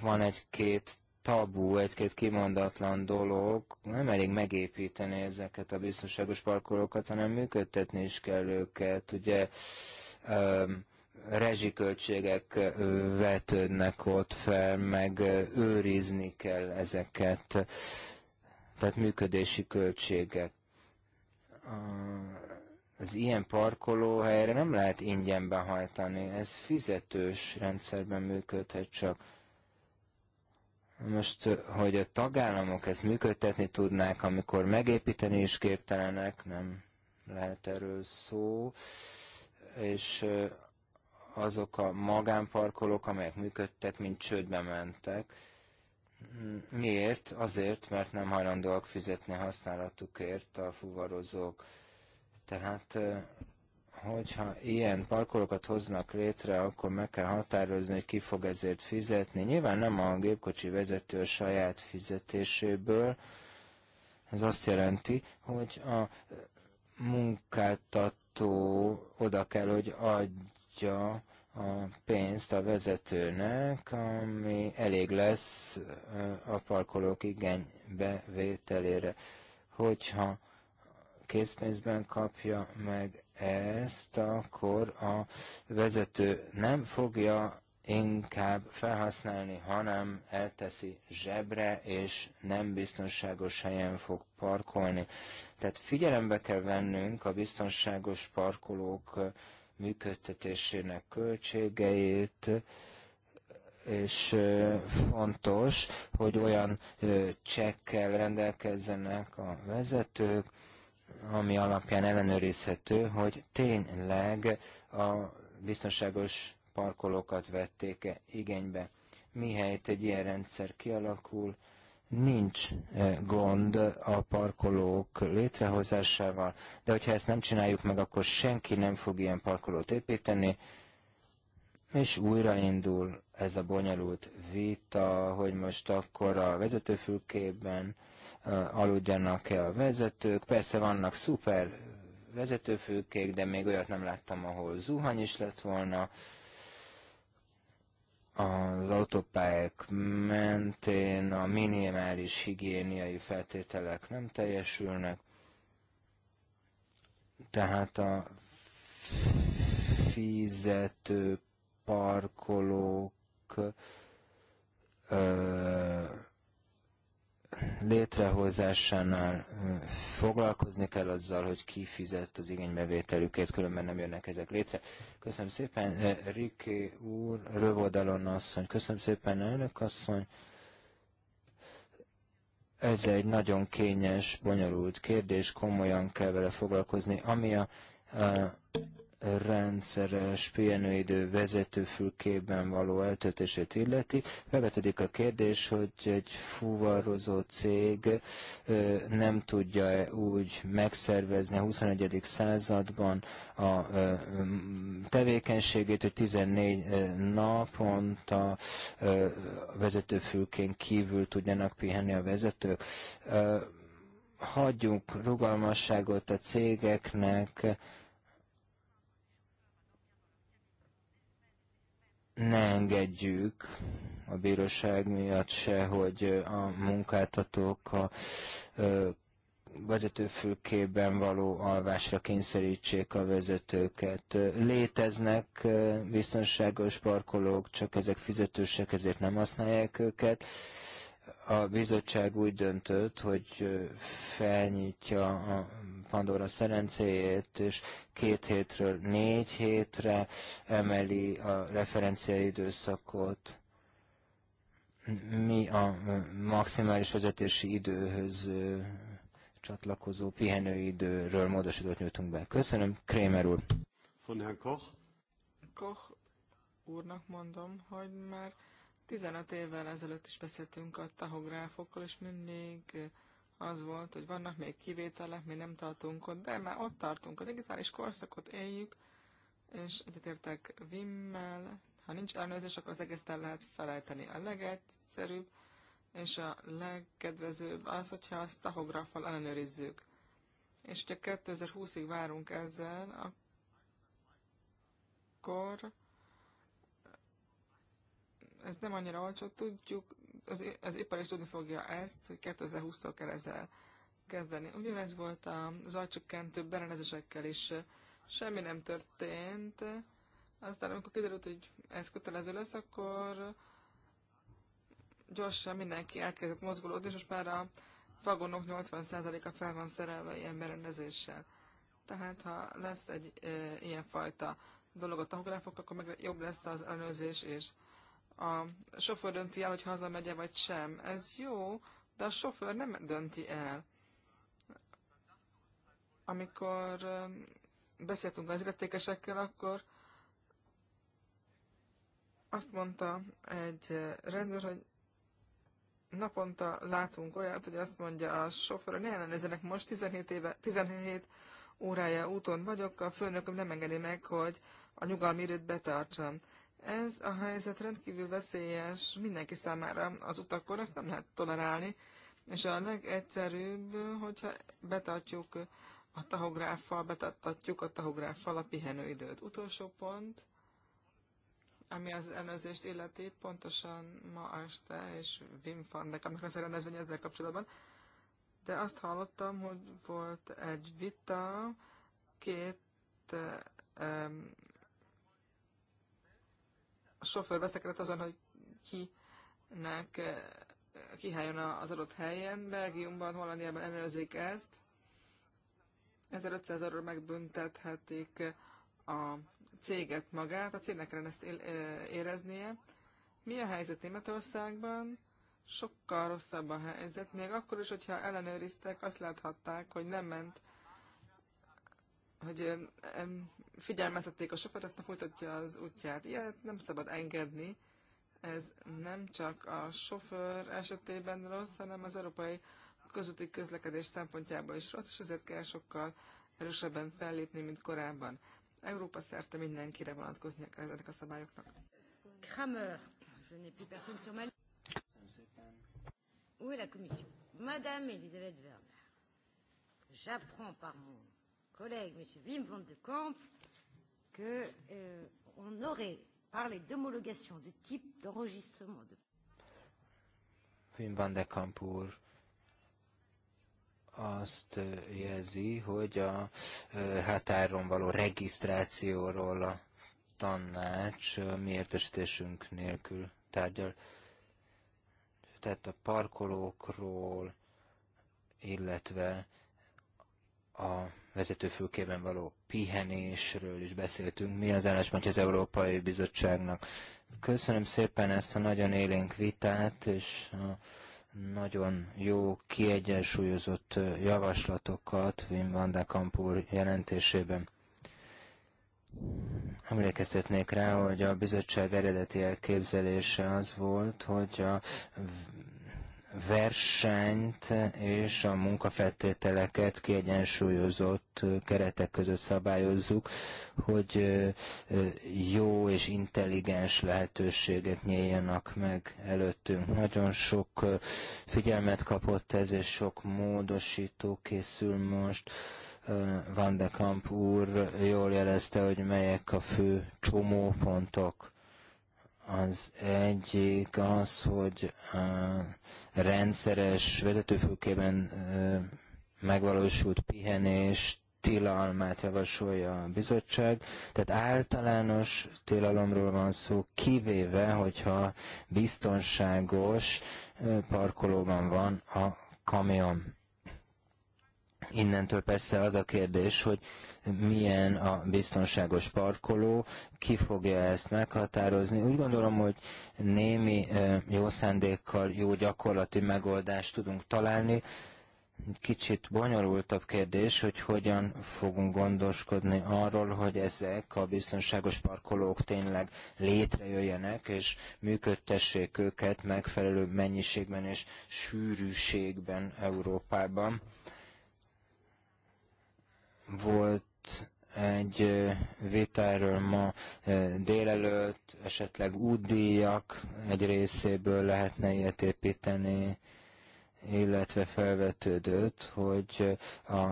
Van egy-két tabú, egy-két kimondatlan dolog, nem elég megépíteni ezeket a biztonságos parkolókat, hanem működtetni is kell őket. Ugye um, rezsiköltségek vetődnek ott fel, meg őrizni kell ezeket, tehát működési költségek. Az ilyen parkolóhelyre nem lehet ingyen behajtani, ez fizetős rendszerben működhet csak. Most, hogy a tagállamok ezt működtetni tudnák, amikor megépíteni is képtelenek, nem lehet erről szó, és azok a magánparkolók, amelyek működtek, mint csődbe mentek. Miért? Azért, mert nem hajlandóak fizetni használatukért a fuvarozók. Tehát, hogyha ilyen parkolókat hoznak létre, akkor meg kell határozni, hogy ki fog ezért fizetni. Nyilván nem a gépkocsi vezető a saját fizetéséből. Ez azt jelenti, hogy a munkáltató oda kell, hogy adja a pénzt a vezetőnek, ami elég lesz a parkolók igénybevételére. Hogyha készpénzben kapja meg ezt, akkor a vezető nem fogja inkább felhasználni, hanem elteszi zsebre, és nem biztonságos helyen fog parkolni. Tehát figyelembe kell vennünk a biztonságos parkolók működtetésének költségeit, és fontos, hogy olyan csekkel rendelkezzenek a vezetők, ami alapján ellenőrizhető, hogy tényleg a biztonságos parkolókat vették -e igénybe. Mihelyt egy ilyen rendszer kialakul, nincs eh, gond a parkolók létrehozásával, de hogyha ezt nem csináljuk meg, akkor senki nem fog ilyen parkolót építeni, és újraindul ez a bonyolult vita, hogy most akkor a vezetőfülkében eh, aludjanak-e a vezetők. Persze vannak szuper vezetőfülkék, de még olyat nem láttam, ahol zuhany is lett volna, az autópályák mentén a minimális higiéniai feltételek nem teljesülnek, tehát a fizető parkolók ö, létrehozásánál foglalkozni kell azzal, hogy ki fizet az igénybevételükért, különben nem jönnek ezek létre. Köszönöm szépen, Riki úr, Rövodalon asszony, köszönöm szépen, elnök asszony. Ez egy nagyon kényes, bonyolult kérdés, komolyan kell vele foglalkozni. Ami a, a rendszeres pihenőidő vezetőfülkében való eltöltését illeti. Felvetődik a kérdés, hogy egy fuvarozó cég nem tudja -e úgy megszervezni a 21. században a tevékenységét, hogy 14 naponta vezetőfülkén kívül tudjanak pihenni a vezetők hagyjunk rugalmasságot a cégeknek, ne engedjük a bíróság miatt se, hogy a munkáltatók a vezetőfülkében való alvásra kényszerítsék a vezetőket. Léteznek biztonságos parkolók, csak ezek fizetősek, ezért nem használják őket. A bizottság úgy döntött, hogy felnyitja a Pandora szerencéjét, és két hétről négy hétre emeli a referenciaidőszakot. Mi a maximális vezetési időhöz csatlakozó pihenőidőről módosítót nyújtunk be. Köszönöm, Krémer úr. Von Herrn Koch. Koch úrnak mondom, hogy már 15 évvel ezelőtt is beszéltünk a tahográfokkal, és mindig az volt, hogy vannak még kivételek, mi nem tartunk ott, de már ott tartunk, a digitális korszakot éljük, és egyetértek Vimmel, ha nincs ellenőrzés, akkor az egészen el lehet felejteni. A legegyszerűbb és a legkedvezőbb az, hogyha azt tahograffal ellenőrizzük. És hogyha 2020-ig várunk ezzel, akkor ez nem annyira olcsó, tudjuk, az, az ipar is tudni fogja ezt, hogy 2020-tól kell ezzel kezdeni. Ugyanez volt a zajcsökkentő berendezésekkel is. Semmi nem történt. Aztán amikor kiderült, hogy ez kötelező lesz, akkor gyorsan mindenki elkezdett mozgolódni, és most már a vagonok 80%-a fel van szerelve ilyen berendezéssel. Tehát ha lesz egy e, ilyenfajta dolog a tahográfok, akkor meg jobb lesz az ellenőrzés és a sofőr dönti el, hogy hazamegye vagy sem. Ez jó, de a sofőr nem dönti el. Amikor beszéltünk az illetékesekkel, akkor azt mondta egy rendőr, hogy naponta látunk olyat, hogy azt mondja a sofőr, hogy ne ellenezzenek most, 17, éve, 17 órája úton vagyok, a főnököm nem engedi meg, hogy a nyugalmi időt betartsam. Ez a helyzet rendkívül veszélyes mindenki számára az utakon, ezt nem lehet tolerálni, és a legegyszerűbb, hogyha betartjuk a tahográffal, betartatjuk a tahográffal a pihenőidőt. Utolsó pont, ami az előzést illeti, pontosan ma este, és Wim van de amikor lesz a rendezvény ezzel kapcsolatban, de azt hallottam, hogy volt egy vita két um, a sofőr veszekedett azon, hogy kinek eh, kihájon az adott helyen. Belgiumban, Hollandiában előzik ezt. 1500 arról megbüntethetik a céget magát, a cégnek kellene ezt eh, éreznie. Mi a helyzet Németországban? Sokkal rosszabb a helyzet, még akkor is, hogyha ellenőriztek, azt láthatták, hogy nem ment hogy figyelmeztették a sofőrt, aztán folytatja az útját. Ilyet nem szabad engedni. Ez nem csak a sofőr esetében rossz, hanem az európai közúti közlekedés szempontjából is rossz, és ezért kell sokkal erősebben fellépni, mint korábban. Európa szerte mindenkire vonatkoznia kell ezeknek a szabályoknak. Kramer, Où est la commission Madame Elisabeth Werner, j'apprends par mon collègue, M. Wim van de Kamp, qu'on euh, aurait parlé d'homologation de type d'enregistrement de... Wim van de Kamp úr azt euh, jelzi, hogy a euh, határon való regisztrációról a tanács euh, mi értesítésünk nélkül tárgyal. Tehát a parkolókról, illetve a vezetőfülkében való pihenésről is beszéltünk. Mi az álláspontja az Európai Bizottságnak? Köszönöm szépen ezt a nagyon élénk vitát, és a nagyon jó, kiegyensúlyozott javaslatokat Wim van de Kampur jelentésében. Emlékeztetnék rá, hogy a bizottság eredeti elképzelése az volt, hogy a versenyt és a munkafeltételeket kiegyensúlyozott keretek között szabályozzuk, hogy jó és intelligens lehetőséget nyíljanak meg előttünk. Nagyon sok figyelmet kapott ez, és sok módosító készül most. Van de Kamp úr jól jelezte, hogy melyek a fő csomópontok az egyik az, hogy rendszeres vezetőfülkében megvalósult pihenés tilalmát javasolja a bizottság, tehát általános tilalomról van szó, kivéve, hogyha biztonságos parkolóban van a kamion. Innentől persze az a kérdés, hogy milyen a biztonságos parkoló, ki fogja ezt meghatározni. Úgy gondolom, hogy némi jó szándékkal jó gyakorlati megoldást tudunk találni, kicsit bonyolultabb kérdés, hogy hogyan fogunk gondoskodni arról, hogy ezek a biztonságos parkolók tényleg létrejöjjenek, és működtessék őket megfelelő mennyiségben és sűrűségben Európában. Volt egy vételről ma délelőtt, esetleg útdíjak egy részéből lehetne ilyet építeni, illetve felvetődött, hogy a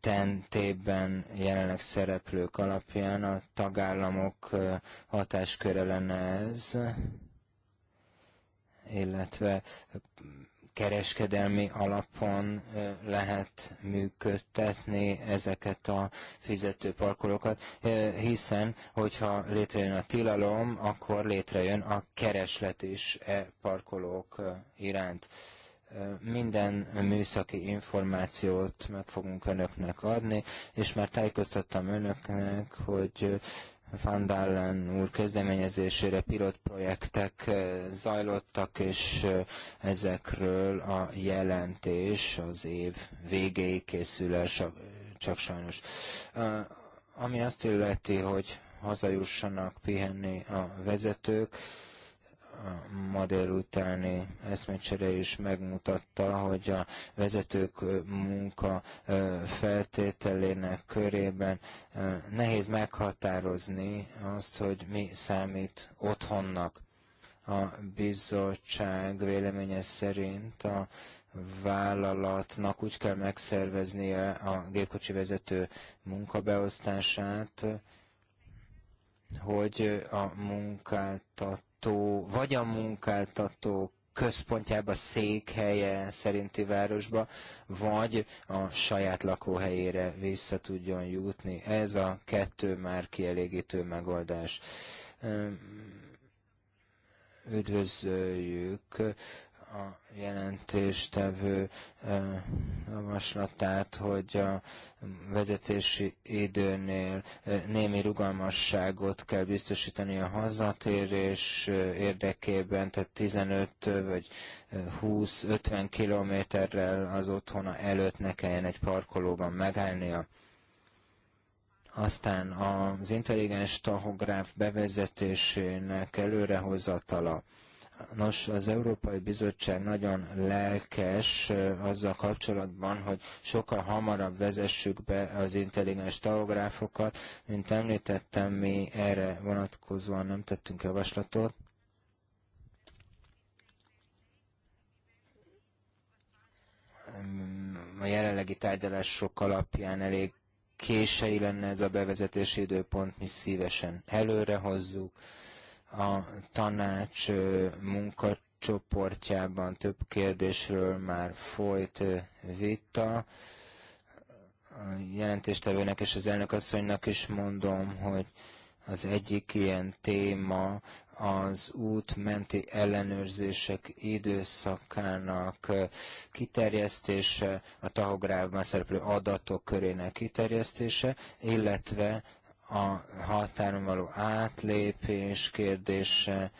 tentében jelenleg szereplők alapján a tagállamok hatásköre lenne ez, illetve kereskedelmi alapon lehet működtetni ezeket a fizetőparkolókat, hiszen hogyha létrejön a tilalom, akkor létrejön a kereslet is e parkolók iránt minden műszaki információt meg fogunk önöknek adni, és már tájékoztattam önöknek, hogy van Dalen úr kezdeményezésére projektek eh, zajlottak, és eh, ezekről a jelentés az év végéig készül el, csak sajnos. Eh, ami azt illeti, hogy hazajussanak pihenni a vezetők, ma délutáni eszmecsere is megmutatta, hogy a vezetők munka feltételének körében nehéz meghatározni azt, hogy mi számít otthonnak. A bizottság véleménye szerint a vállalatnak úgy kell megszerveznie a gépkocsi vezető munkabeosztását, hogy a munkáltat munkáltató vagy a munkáltató központjába, székhelye szerinti városba, vagy a saját lakóhelyére vissza tudjon jutni. Ez a kettő már kielégítő megoldás üdvözöljük a jelentéstevő eh, javaslatát, hogy a vezetési időnél eh, némi rugalmasságot kell biztosítani a hazatérés eh, érdekében, tehát 15 vagy 20-50 kilométerrel az otthona előtt ne kelljen egy parkolóban megállnia aztán az intelligens tahográf bevezetésének előrehozatala, Nos, az Európai Bizottság nagyon lelkes azzal kapcsolatban, hogy sokkal hamarabb vezessük be az intelligens tahográfokat. Mint említettem, mi erre vonatkozóan nem tettünk javaslatot. A jelenlegi tárgyalások alapján elég késői lenne ez a bevezetési időpont, mi szívesen előre hozzuk a tanács munkacsoportjában több kérdésről már folyt vita. A jelentéstevőnek és az elnökasszonynak is mondom, hogy az egyik ilyen téma az út menti ellenőrzések időszakának kiterjesztése, a tahográfban szereplő adatok körének kiterjesztése, illetve a határon való átlépés kérdése,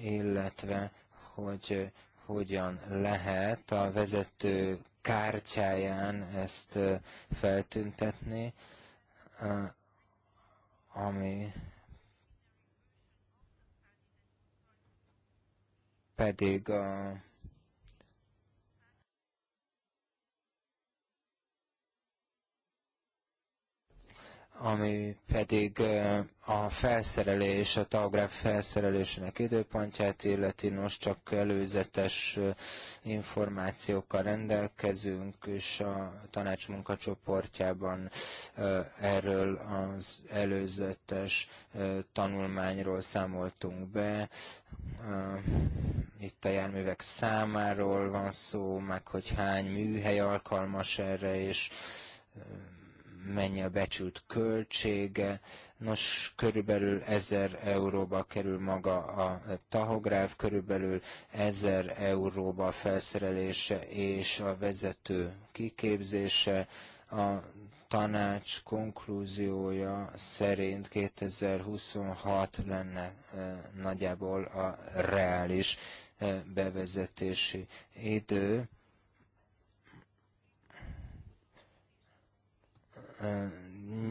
illetve hogy hogyan lehet a vezető kártyáján ezt feltüntetni, ami pedig a ami pedig eh, a felszerelés, a tagráf felszerelésének időpontját illeti, most csak előzetes eh, információkkal rendelkezünk, és a tanács munkacsoportjában eh, erről az előzetes tanulmányról számoltunk be. Itt a járművek számáról van szó, meg hogy hány műhely alkalmas erre, és mennyi a becsült költsége. Nos, körülbelül 1000 euróba kerül maga a tahográf, körülbelül 1000 euróba a felszerelése és a vezető kiképzése. A tanács konklúziója szerint 2026 lenne e, nagyjából a reális e, bevezetési idő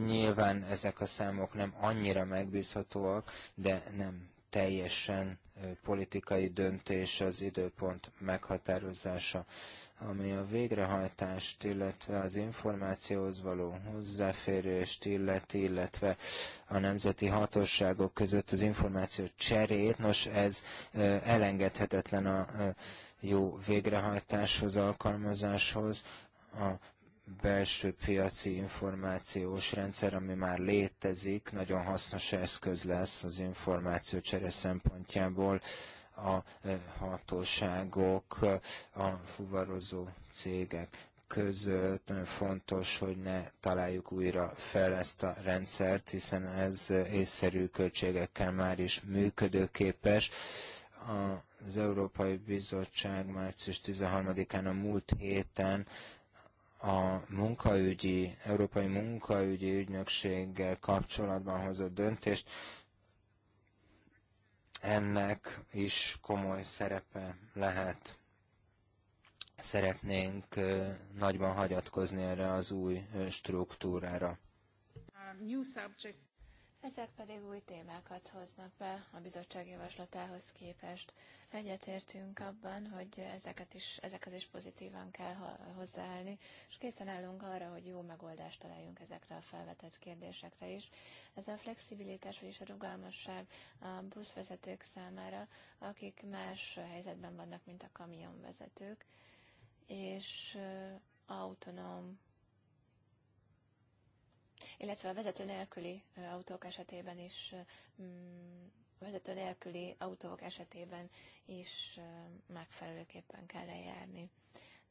Nyilván ezek a számok nem annyira megbízhatóak, de nem teljesen politikai döntés az időpont meghatározása, ami a végrehajtást, illetve az információhoz való hozzáférést illeti, illetve a nemzeti hatóságok között az információ cserét. Nos, ez elengedhetetlen a jó végrehajtáshoz, alkalmazáshoz, a belső piaci információs rendszer, ami már létezik, nagyon hasznos eszköz lesz az információcsere szempontjából a eh, hatóságok, eh, a fuvarozó cégek között nagyon fontos, hogy ne találjuk újra fel ezt a rendszert, hiszen ez eh, észszerű költségekkel már is működőképes. Az Európai Bizottság március 13-án a múlt héten a munkaügyi, Európai Munkaügyi Ügynökséggel kapcsolatban hozott döntést, ennek is komoly szerepe lehet. Szeretnénk nagyban hagyatkozni erre az új struktúrára. Ezek pedig új témákat hoznak be a bizottság javaslatához képest. Egyetértünk abban, hogy ezeket is, ezekhez is pozitívan kell hozzáállni, és készen állunk arra, hogy jó megoldást találjunk ezekre a felvetett kérdésekre is. Ez a flexibilitás, vagyis a rugalmasság a buszvezetők számára, akik más helyzetben vannak, mint a kamionvezetők, és autonóm illetve a mm, vezető nélküli autók esetében is, a vezető nélküli autók esetében is megfelelőképpen kell eljárni.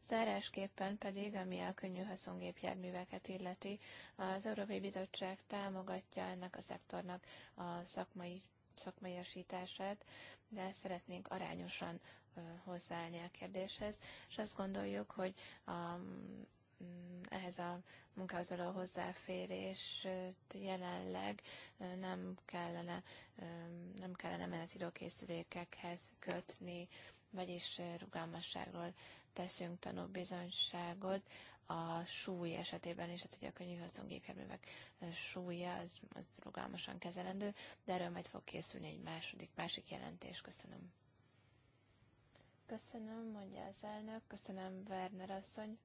Zárásképpen pedig, ami a könnyű haszongépjárműveket illeti, az Európai Bizottság támogatja ennek a szektornak a szakmai szakmaiasítását, de szeretnénk arányosan hozzáállni a kérdéshez, és azt gondoljuk, hogy a Mm, ehhez a munkához való hozzáférés jelenleg nem kellene, nem kellene menetidókészülékekhez kötni, vagyis rugalmasságról teszünk tanúbizonyságot. A súly esetében is, hát ugye a könnyű gépjárművek súlya, az, az rugalmasan kezelendő, de erről majd fog készülni egy második, másik jelentés. Köszönöm. Köszönöm, mondja az elnök. Köszönöm, Werner asszony.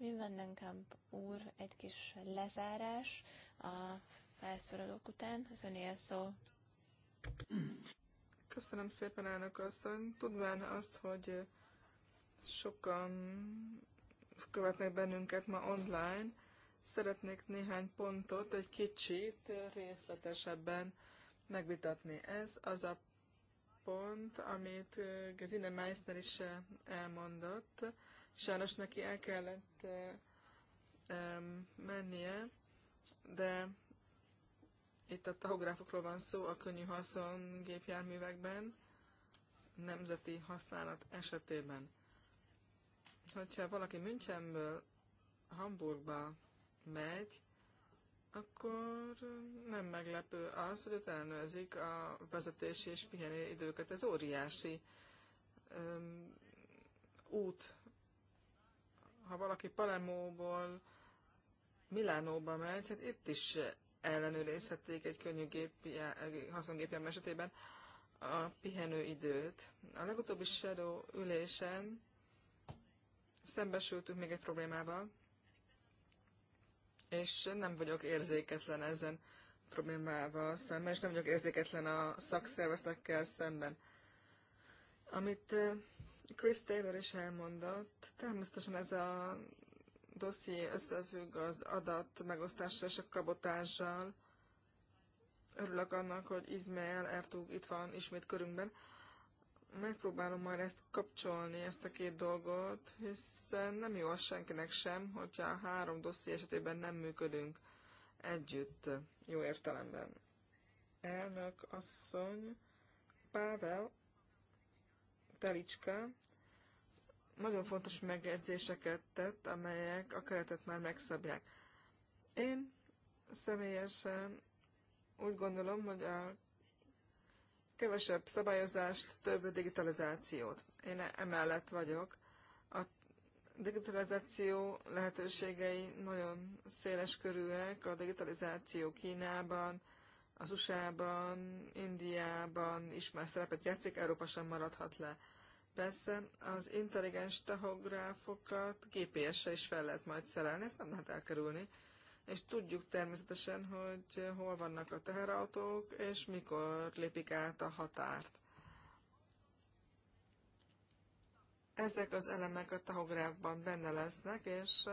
Mi úr, egy kis lezárás a felszólalók után, az a szó. Köszönöm szépen, elnök asszony. Tudván azt, hogy sokan követnek bennünket ma online, szeretnék néhány pontot egy kicsit részletesebben megvitatni. Ez az a pont, amit Gesine Meissner is elmondott, Sajnos neki el kellett mennie, de itt a tahográfokról van szó a könnyű haszon gépjárművekben, nemzeti használat esetében. Hogyha valaki Münchenből Hamburgba megy, akkor nem meglepő az, hogy ott ellenőrzik a vezetési és pihenő időket. Ez óriási öm, út ha valaki Palemóból Milánóba megy, hát itt is ellenőrizhették egy könnyű gépjá, haszongépjám esetében a pihenő időt. A legutóbbi Shadow ülésen szembesültünk még egy problémával, és nem vagyok érzéketlen ezen problémával szemben, és nem vagyok érzéketlen a szakszervezetekkel szemben. Amit Chris Taylor is elmondott, természetesen ez a dosszié összefügg az adat megosztással és a kabotással. Örülök annak, hogy Izmael Ertug itt van ismét körünkben. Megpróbálom majd ezt kapcsolni, ezt a két dolgot, hiszen nem jó az senkinek sem, hogyha a három dosszié esetében nem működünk együtt, jó értelemben. Elnök asszony, Pável Telicska nagyon fontos megjegyzéseket tett, amelyek a keretet már megszabják. Én személyesen úgy gondolom, hogy a kevesebb szabályozást, több digitalizációt. Én emellett vagyok. A digitalizáció lehetőségei nagyon széles körűek, a digitalizáció Kínában, az USA-ban, Indiában is már szerepet játszik, Európa sem maradhat le. Persze az intelligens tahográfokat GPS-re is fel lehet majd szerelni, ezt nem lehet elkerülni. És tudjuk természetesen, hogy hol vannak a teherautók, és mikor lépik át a határt. Ezek az elemek a tahográfban benne lesznek, és uh,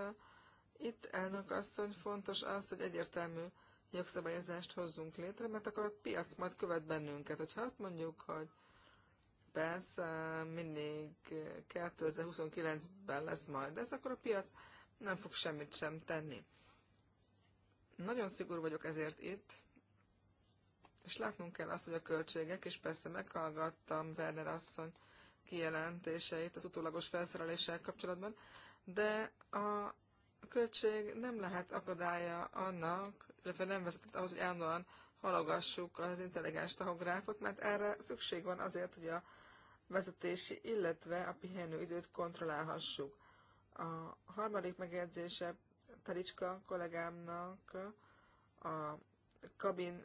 itt elnök asszony fontos az, hogy egyértelmű jogszabályozást hozzunk létre, mert akkor a piac majd követ bennünket. Hogyha azt mondjuk, hogy persze mindig 2029-ben lesz majd ez, akkor a piac nem fog semmit sem tenni. Nagyon szigorú vagyok ezért itt, és látnunk kell azt, hogy a költségek, és persze meghallgattam Werner asszony kijelentéseit az utólagos felszereléssel kapcsolatban, de a a költség nem lehet akadálya annak, illetve nem vezetett ahhoz, hogy állandóan halogassuk az intelligens tahográfot, mert erre szükség van azért, hogy a vezetési, illetve a pihenő időt kontrollálhassuk. A harmadik megjegyzése Talicska kollégámnak a kabin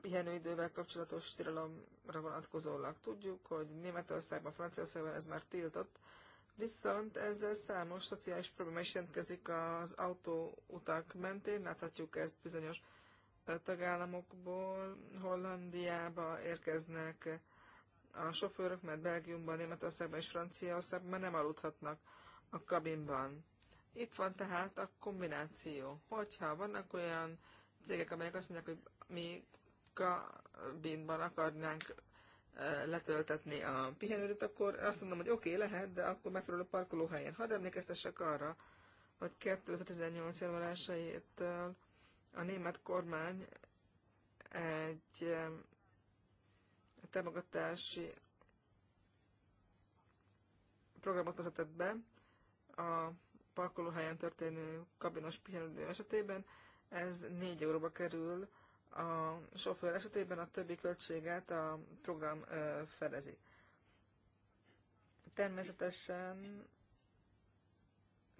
pihenőidővel kapcsolatos tilalomra vonatkozólag tudjuk, hogy Németországban, Franciaországban ez már tiltott, Viszont ezzel számos szociális probléma is jelentkezik az autóutak mentén, láthatjuk ezt bizonyos tagállamokból, Hollandiába érkeznek a sofőrök, mert Belgiumban, Németországban és Franciaországban nem aludhatnak a kabinban. Itt van tehát a kombináció. Hogyha vannak olyan cégek, amelyek azt mondják, hogy mi kabinban akarnánk letöltetni a pihenőt, akkor azt mondom, hogy oké, okay, lehet, de akkor megfelelő parkolóhelyen. Hadd emlékeztessek arra, hogy 2018 január 1 a német kormány egy támogatási programot vezetett be a parkolóhelyen történő kabinos pihenődő esetében. Ez 4 euróba kerül a sofőr esetében a többi költséget a program fedezi. Természetesen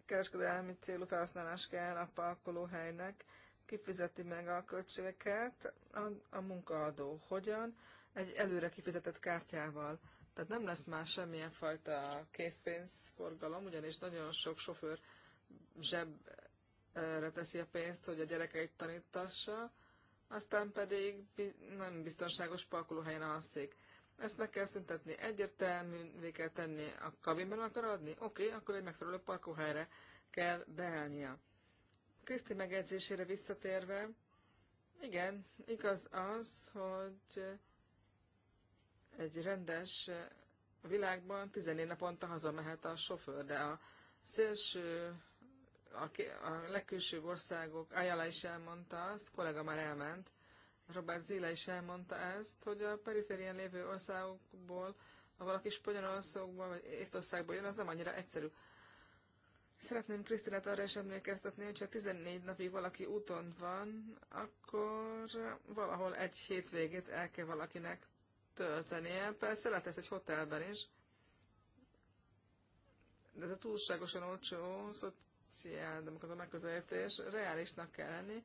kereskedelmi célú felhasználás kell a parkolóhelynek, kifizeti meg a költségeket a, a munkaadó. Hogyan? Egy előre kifizetett kártyával. Tehát nem lesz már semmilyen fajta készpénzforgalom, ugyanis nagyon sok sofőr zsebre teszi a pénzt, hogy a gyerekeit tanítassa, aztán pedig nem biztonságos parkolóhelyen alszik. Ezt meg kell szüntetni, egyértelművé kell tenni, a kabinben akar adni? Oké, okay, akkor egy megfelelő parkolóhelyre kell beállnia. Kriszti megjegyzésére visszatérve, igen, igaz az, hogy egy rendes világban 14 naponta hazamehet a sofőr, de a szélső a, a legkülsőbb országok, Ayala is elmondta azt, kollega már elment, Robert Zila is elmondta ezt, hogy a periférien lévő országokból, ha valaki Spanyolországból vagy Észtországból jön, az nem annyira egyszerű. Szeretném Krisztinát arra is emlékeztetni, hogy ha 14 napig valaki úton van, akkor valahol egy hétvégét el kell valakinek töltenie. Persze ez egy hotelben is, de ez a túlságosan olcsó, szóval szociáldemokrata megközelítés reálisnak kell lenni,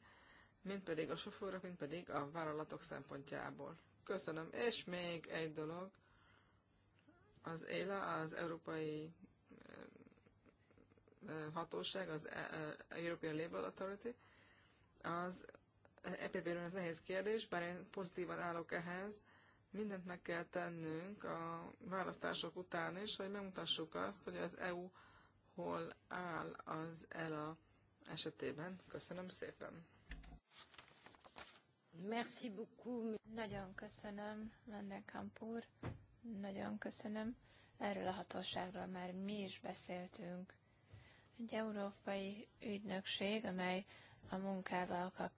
mint pedig a sofőrök, mint pedig a vállalatok szempontjából. Köszönöm. És még egy dolog. Az ELA, az Európai eh, eh, Hatóság, az eh, European Labour Authority, az EPP-ről ez nehéz kérdés, bár én pozitívan állok ehhez, mindent meg kell tennünk a választások után is, hogy megmutassuk azt, hogy az EU hol áll az ELA esetében. Köszönöm szépen! Merci beaucoup. Nagyon köszönöm, Vandenkamp úr. Nagyon köszönöm. Erről a hatóságról már mi is beszéltünk. Egy európai ügynökség, amely a munkával kap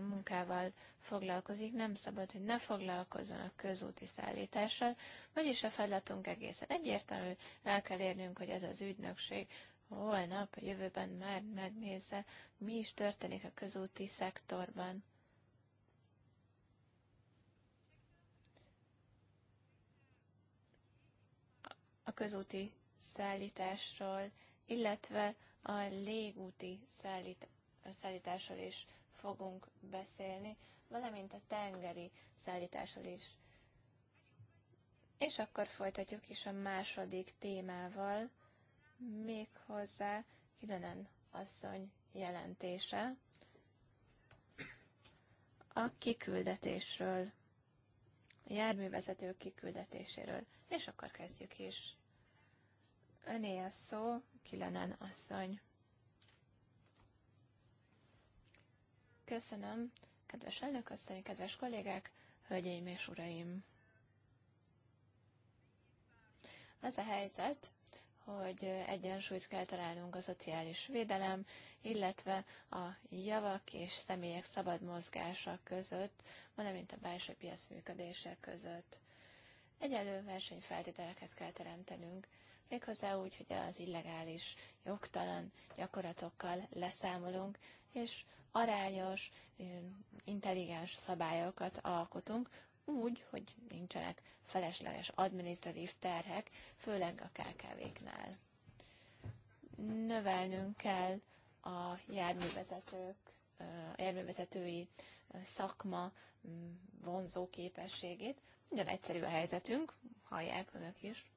munkával foglalkozik, nem szabad, hogy ne foglalkozzon a közúti szállítással, vagyis a feladatunk egészen egyértelmű, el kell érnünk, hogy ez az ügynökség holnap, a jövőben már megnézze, mi is történik a közúti szektorban. A közúti szállításról, illetve a légúti szállít, szállításról is fogunk beszélni, valamint a tengeri szállításról is. És akkor folytatjuk is a második témával, méghozzá Kilenen asszony jelentése a kiküldetésről, a járművezető kiküldetéséről. És akkor kezdjük is. Öné a szó, Kilenen asszony. Köszönöm, kedves elnök asszony kedves kollégák, hölgyeim és uraim! Az a helyzet, hogy egyensúlyt kell találnunk a szociális védelem, illetve a javak és személyek szabad mozgása között, valamint a belső piac működése között. Egyelő versenyfeltételeket kell teremtenünk méghozzá úgy, hogy az illegális, jogtalan gyakorlatokkal leszámolunk, és arányos, intelligens szabályokat alkotunk, úgy, hogy nincsenek felesleges adminisztratív terhek, főleg a KKV-knál. Növelnünk kell a járművezetők, a járművezetői szakma vonzó képességét. Ugyan egyszerű a helyzetünk, hallják önök is.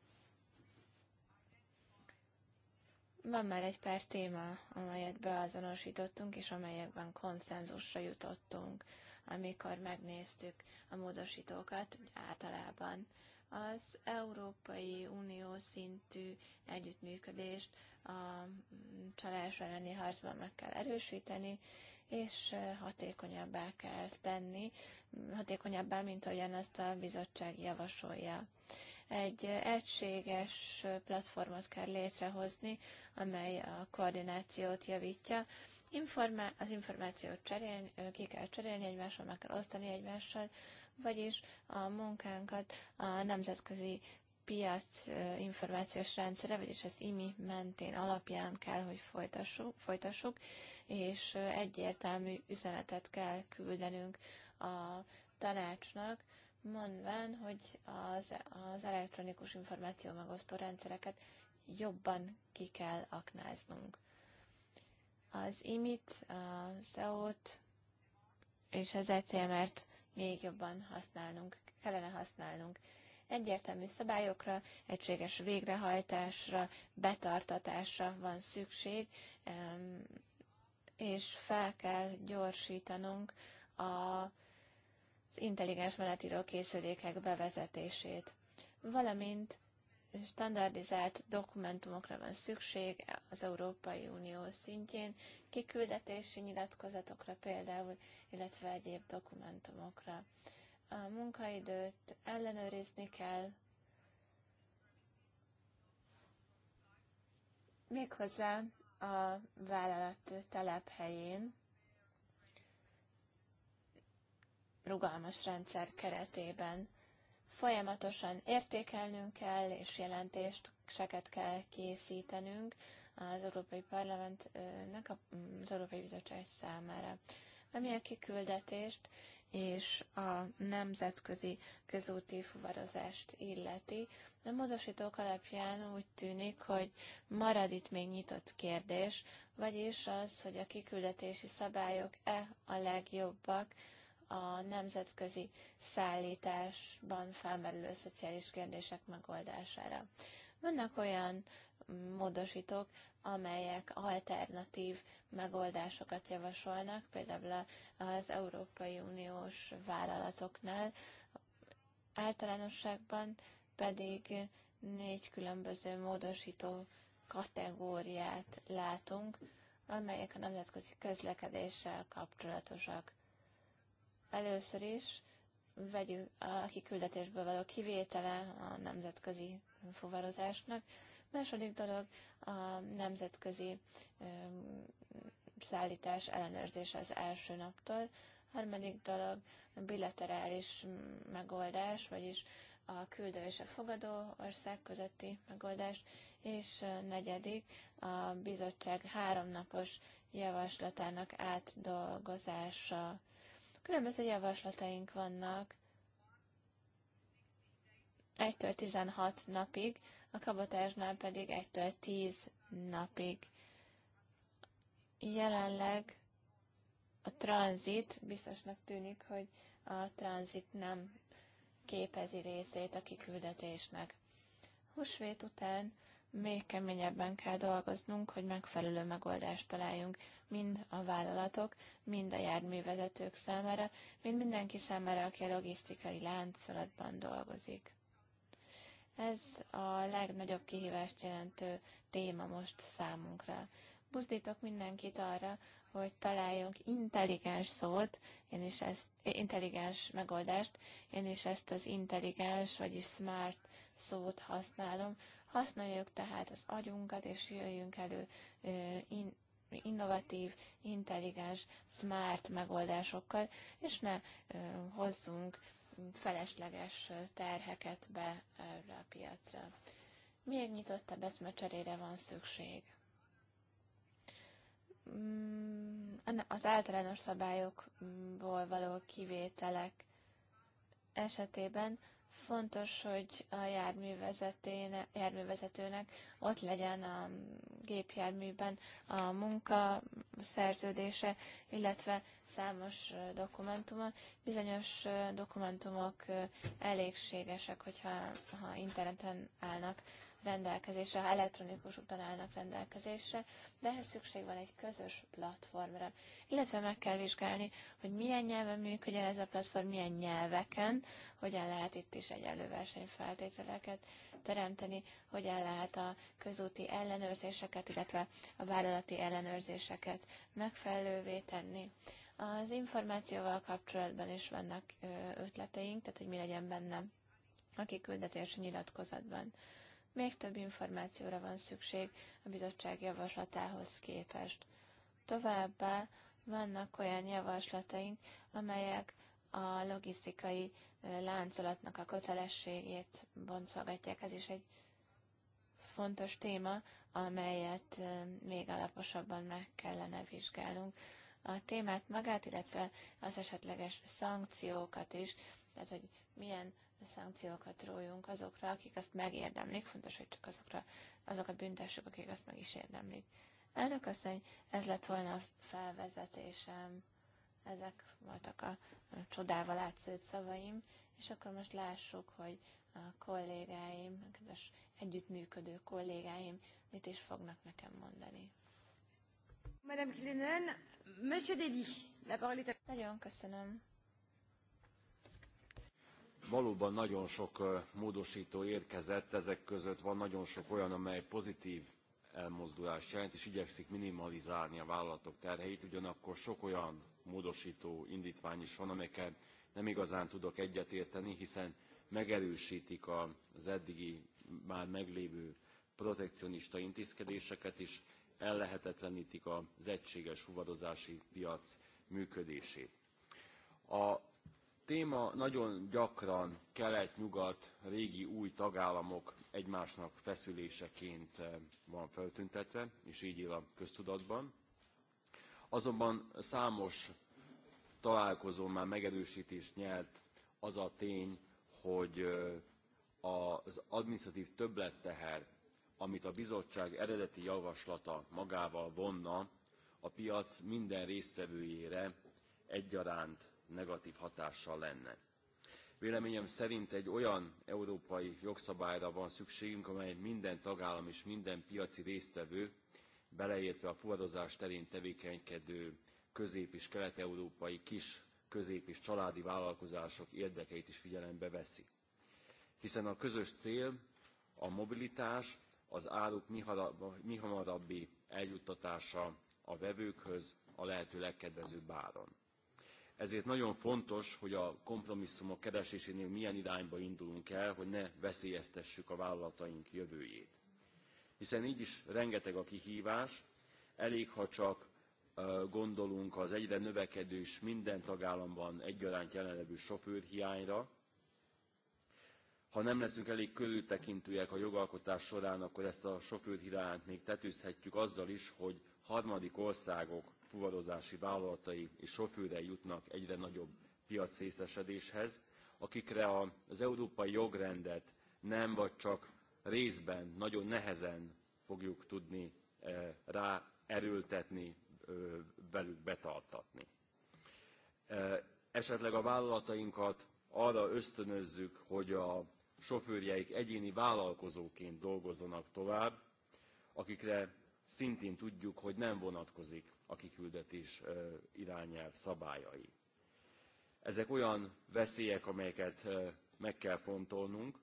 Van már egy pár téma, amelyet beazonosítottunk, és amelyekben konszenzusra jutottunk, amikor megnéztük a módosítókat általában. Az Európai Unió szintű együttműködést a mm, csalás elleni harcban meg kell erősíteni, és hatékonyabbá kell tenni, hatékonyabbá, mint ahogyan ezt a bizottság javasolja. Egy egységes platformot kell létrehozni, amely a koordinációt javítja. Informá- az információt cserélni, ki kell cserélni egymással, meg kell osztani egymással, vagyis a munkánkat a nemzetközi piac információs rendszere, vagyis az IMI mentén alapján kell, hogy folytassuk, folytassuk és egyértelmű üzenetet kell küldenünk a tanácsnak, mondván, hogy az, az elektronikus információ megosztó rendszereket jobban ki kell aknáznunk. Az IMIT, a SEO-t és az ECMR-t még jobban használnunk, kellene használnunk. Egyértelmű szabályokra, egységes végrehajtásra, betartatásra van szükség, és fel kell gyorsítanunk a intelligens menetíró készülékek bevezetését, valamint standardizált dokumentumokra van szükség az Európai Unió szintjén, kiküldetési nyilatkozatokra például, illetve egyéb dokumentumokra. A munkaidőt ellenőrizni kell, méghozzá a vállalat telephelyén, rugalmas rendszer keretében. Folyamatosan értékelnünk kell, és jelentést seket kell készítenünk az Európai Parlamentnek, az Európai Bizottság számára. Ami a kiküldetést és a nemzetközi közúti fuvarozást illeti, a módosítók alapján úgy tűnik, hogy marad itt még nyitott kérdés, vagyis az, hogy a kiküldetési szabályok-e a legjobbak a nemzetközi szállításban felmerülő szociális kérdések megoldására. Vannak olyan módosítók, amelyek alternatív megoldásokat javasolnak, például az Európai Uniós vállalatoknál, általánosságban pedig négy különböző módosító kategóriát látunk, amelyek a nemzetközi közlekedéssel kapcsolatosak. Először is vegyük a kiküldetésből való kivétele a nemzetközi fuvarozásnak. Második dolog a nemzetközi szállítás ellenőrzése az első naptól. Harmadik dolog bilaterális megoldás, vagyis a küldő és a fogadó ország közötti megoldás, és negyedik a bizottság háromnapos javaslatának átdolgozása Különböző javaslataink vannak. 1-től 16 napig, a kabotásnál pedig 1-től 10 napig. Jelenleg a tranzit, biztosnak tűnik, hogy a tranzit nem képezi részét a kiküldetésnek. Húsvét után még keményebben kell dolgoznunk, hogy megfelelő megoldást találjunk mind a vállalatok, mind a járművezetők számára, mind mindenki számára, aki a logisztikai láncolatban dolgozik. Ez a legnagyobb kihívást jelentő téma most számunkra. Buzdítok mindenkit arra, hogy találjunk intelligens szót, én is ezt, intelligens megoldást, én is ezt az intelligens, vagyis smart szót használom. Használjuk tehát az agyunkat, és jöjjünk elő innovatív, intelligens, smart megoldásokkal, és ne hozzunk felesleges terheket be erre a piacra. Még nyitottabb eszmecserére van szükség. Mm, az általános szabályokból való kivételek esetében Fontos, hogy a járművezetőnek ott legyen a gépjárműben a munka szerződése, illetve számos dokumentuma. Bizonyos dokumentumok elégségesek, hogyha ha interneten állnak rendelkezésre, ha elektronikus úton állnak rendelkezésre, de ehhez szükség van egy közös platformra. Illetve meg kell vizsgálni, hogy milyen nyelven működjön ez a platform, milyen nyelveken, hogyan lehet itt is egyenlő versenyfeltételeket teremteni, hogyan lehet a közúti ellenőrzéseket, illetve a vállalati ellenőrzéseket megfelelővé tenni. Az információval kapcsolatban is vannak ötleteink, tehát hogy mi legyen benne a kiküldetési nyilatkozatban még több információra van szükség a bizottság javaslatához képest. Továbbá vannak olyan javaslataink, amelyek a logisztikai láncolatnak a kötelességét bontszolgatják. Ez is egy fontos téma, amelyet még alaposabban meg kellene vizsgálnunk. A témát magát, illetve az esetleges szankciókat is, tehát hogy milyen szankciókat rójunk azokra, akik azt megérdemlik, fontos, hogy csak azokra, azokat büntessük, akik azt meg is érdemlik. Elnök asszony, ez lett volna a felvezetésem, ezek voltak a, csodával átszőtt szavaim, és akkor most lássuk, hogy a kollégáim, a kedves együttműködő kollégáim mit is fognak nekem mondani. Madame Klinen, Monsieur Deli, la parole est à... Nagyon köszönöm. Valóban nagyon sok módosító érkezett, ezek között van nagyon sok olyan, amely pozitív elmozdulást jelent, és igyekszik minimalizálni a vállalatok terheit, ugyanakkor sok olyan módosító indítvány is van, amelyeket nem igazán tudok egyetérteni, hiszen megerősítik az eddigi már meglévő protekcionista intézkedéseket, és ellehetetlenítik az egységes fuvarozási piac működését. A téma nagyon gyakran kelet-nyugat, régi új tagállamok egymásnak feszüléseként eh, van feltüntetve, és így él a köztudatban. Azonban számos találkozón már megerősítést nyert az a tény, hogy eh, az adminisztratív többletteher, amit a bizottság eredeti javaslata magával vonna, a piac minden résztvevőjére egyaránt negatív hatással lenne. Véleményem szerint egy olyan európai jogszabályra van szükségünk, amely minden tagállam és minden piaci résztvevő, beleértve a fuvarozás terén tevékenykedő közép- és kelet-európai kis, közép- és családi vállalkozások érdekeit is figyelembe veszi. Hiszen a közös cél a mobilitás, az áruk mihamarabbi eljuttatása a vevőkhöz a lehető legkedvezőbb áron. Ezért nagyon fontos, hogy a kompromisszumok keresésénél milyen irányba indulunk el, hogy ne veszélyeztessük a vállalataink jövőjét. Hiszen így is rengeteg a kihívás, elég ha csak gondolunk az egyre növekedő és minden tagállamban egyaránt jelenlevő sofőrhiányra. Ha nem leszünk elég körültekintőek a jogalkotás során, akkor ezt a sofőrhiányt még tetőzhetjük azzal is, hogy harmadik országok fuvarozási vállalatai és sofőrei jutnak egyre nagyobb piacrészesedéshez, akikre az európai jogrendet nem vagy csak részben, nagyon nehezen fogjuk tudni e, rá erőltetni, velük betartatni. E, esetleg a vállalatainkat arra ösztönözzük, hogy a sofőrjeik egyéni vállalkozóként dolgozzanak tovább, akikre szintén tudjuk, hogy nem vonatkozik a kiküldetés irányelv szabályai. Ezek olyan veszélyek, amelyeket meg kell fontolnunk.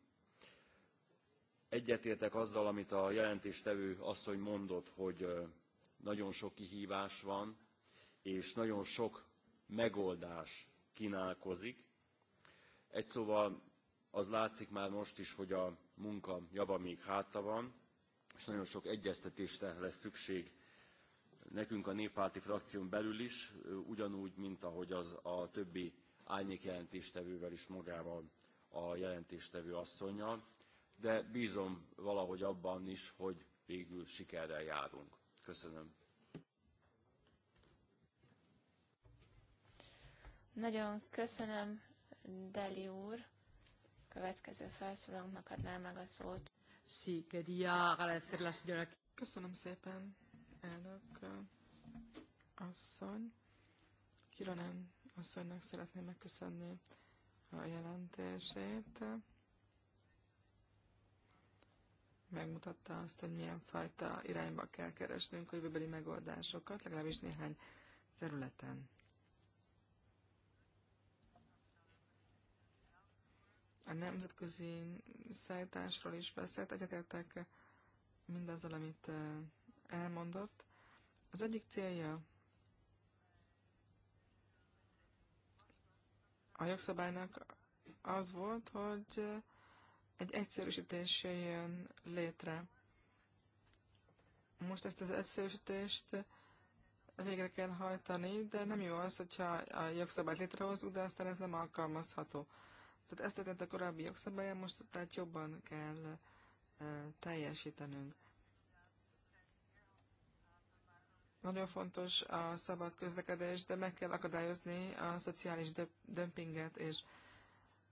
Egyetértek azzal, amit a jelentéstevő asszony mondott, hogy nagyon sok kihívás van, és nagyon sok megoldás kínálkozik. Egy szóval az látszik már most is, hogy a munka java még háta van, és nagyon sok egyeztetésre lesz szükség nekünk a néppárti frakción belül is, ugyanúgy, mint ahogy az a többi jelentéstevővel is magával a jelentéstevő asszonynal, de bízom valahogy abban is, hogy végül sikerrel járunk. Köszönöm. Nagyon köszönöm, Deli úr. Következő felszólalónak adnám meg a szót. quería Köszönöm szépen elnök asszony. Kironen asszonynak szeretném megköszönni a jelentését. Megmutatta azt, hogy milyen fajta irányba kell keresnünk a jövőbeli megoldásokat, legalábbis néhány területen. A nemzetközi szállításról is beszélt, egyetértek mindazzal, amit elmondott. Az egyik célja a jogszabálynak az volt, hogy egy egyszerűsítés jön létre. Most ezt az egyszerűsítést végre kell hajtani, de nem jó az, hogyha a jogszabályt létrehozunk, de aztán ez nem alkalmazható. Tehát ezt tett a korábbi jogszabályon, most tehát jobban kell eh, teljesítenünk. Nagyon fontos a szabad közlekedés, de meg kell akadályozni a szociális dömpinget, és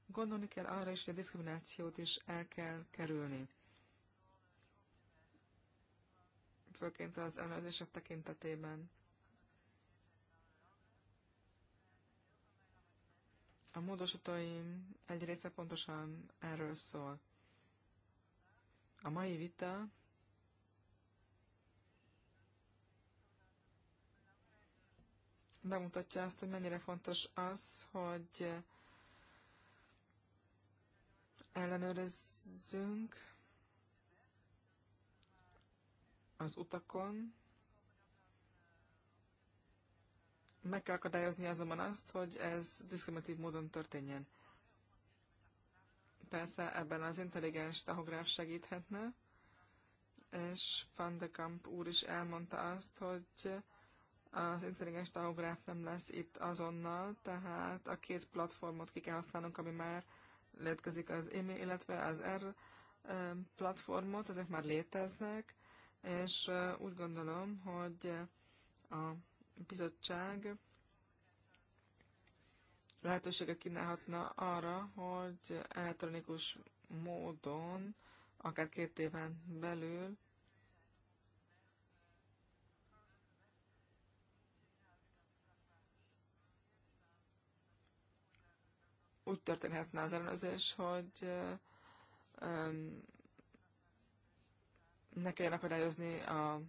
gondolni kell arra is, hogy a diszkriminációt is el kell kerülni. Főként az ellenőrzések tekintetében. A módosítóim egy része pontosan erről szól. A mai vita megmutatja azt, hogy mennyire fontos az, hogy ellenőrizzünk az utakon. Meg kell akadályozni azonban azt, hogy ez diszkriminatív módon történjen. Persze ebben az intelligens tahográf segíthetne, és Van de Kamp úr is elmondta azt, hogy az intelligens tahográf nem lesz itt azonnal, tehát a két platformot ki kell használnunk, ami már létezik az EMI, illetve az R platformot, ezek már léteznek, és úgy gondolom, hogy a bizottság lehetőséget kínálhatna arra, hogy elektronikus módon, akár két éven belül úgy történhetne az ellenőrzés, hogy ne kelljen akadályozni a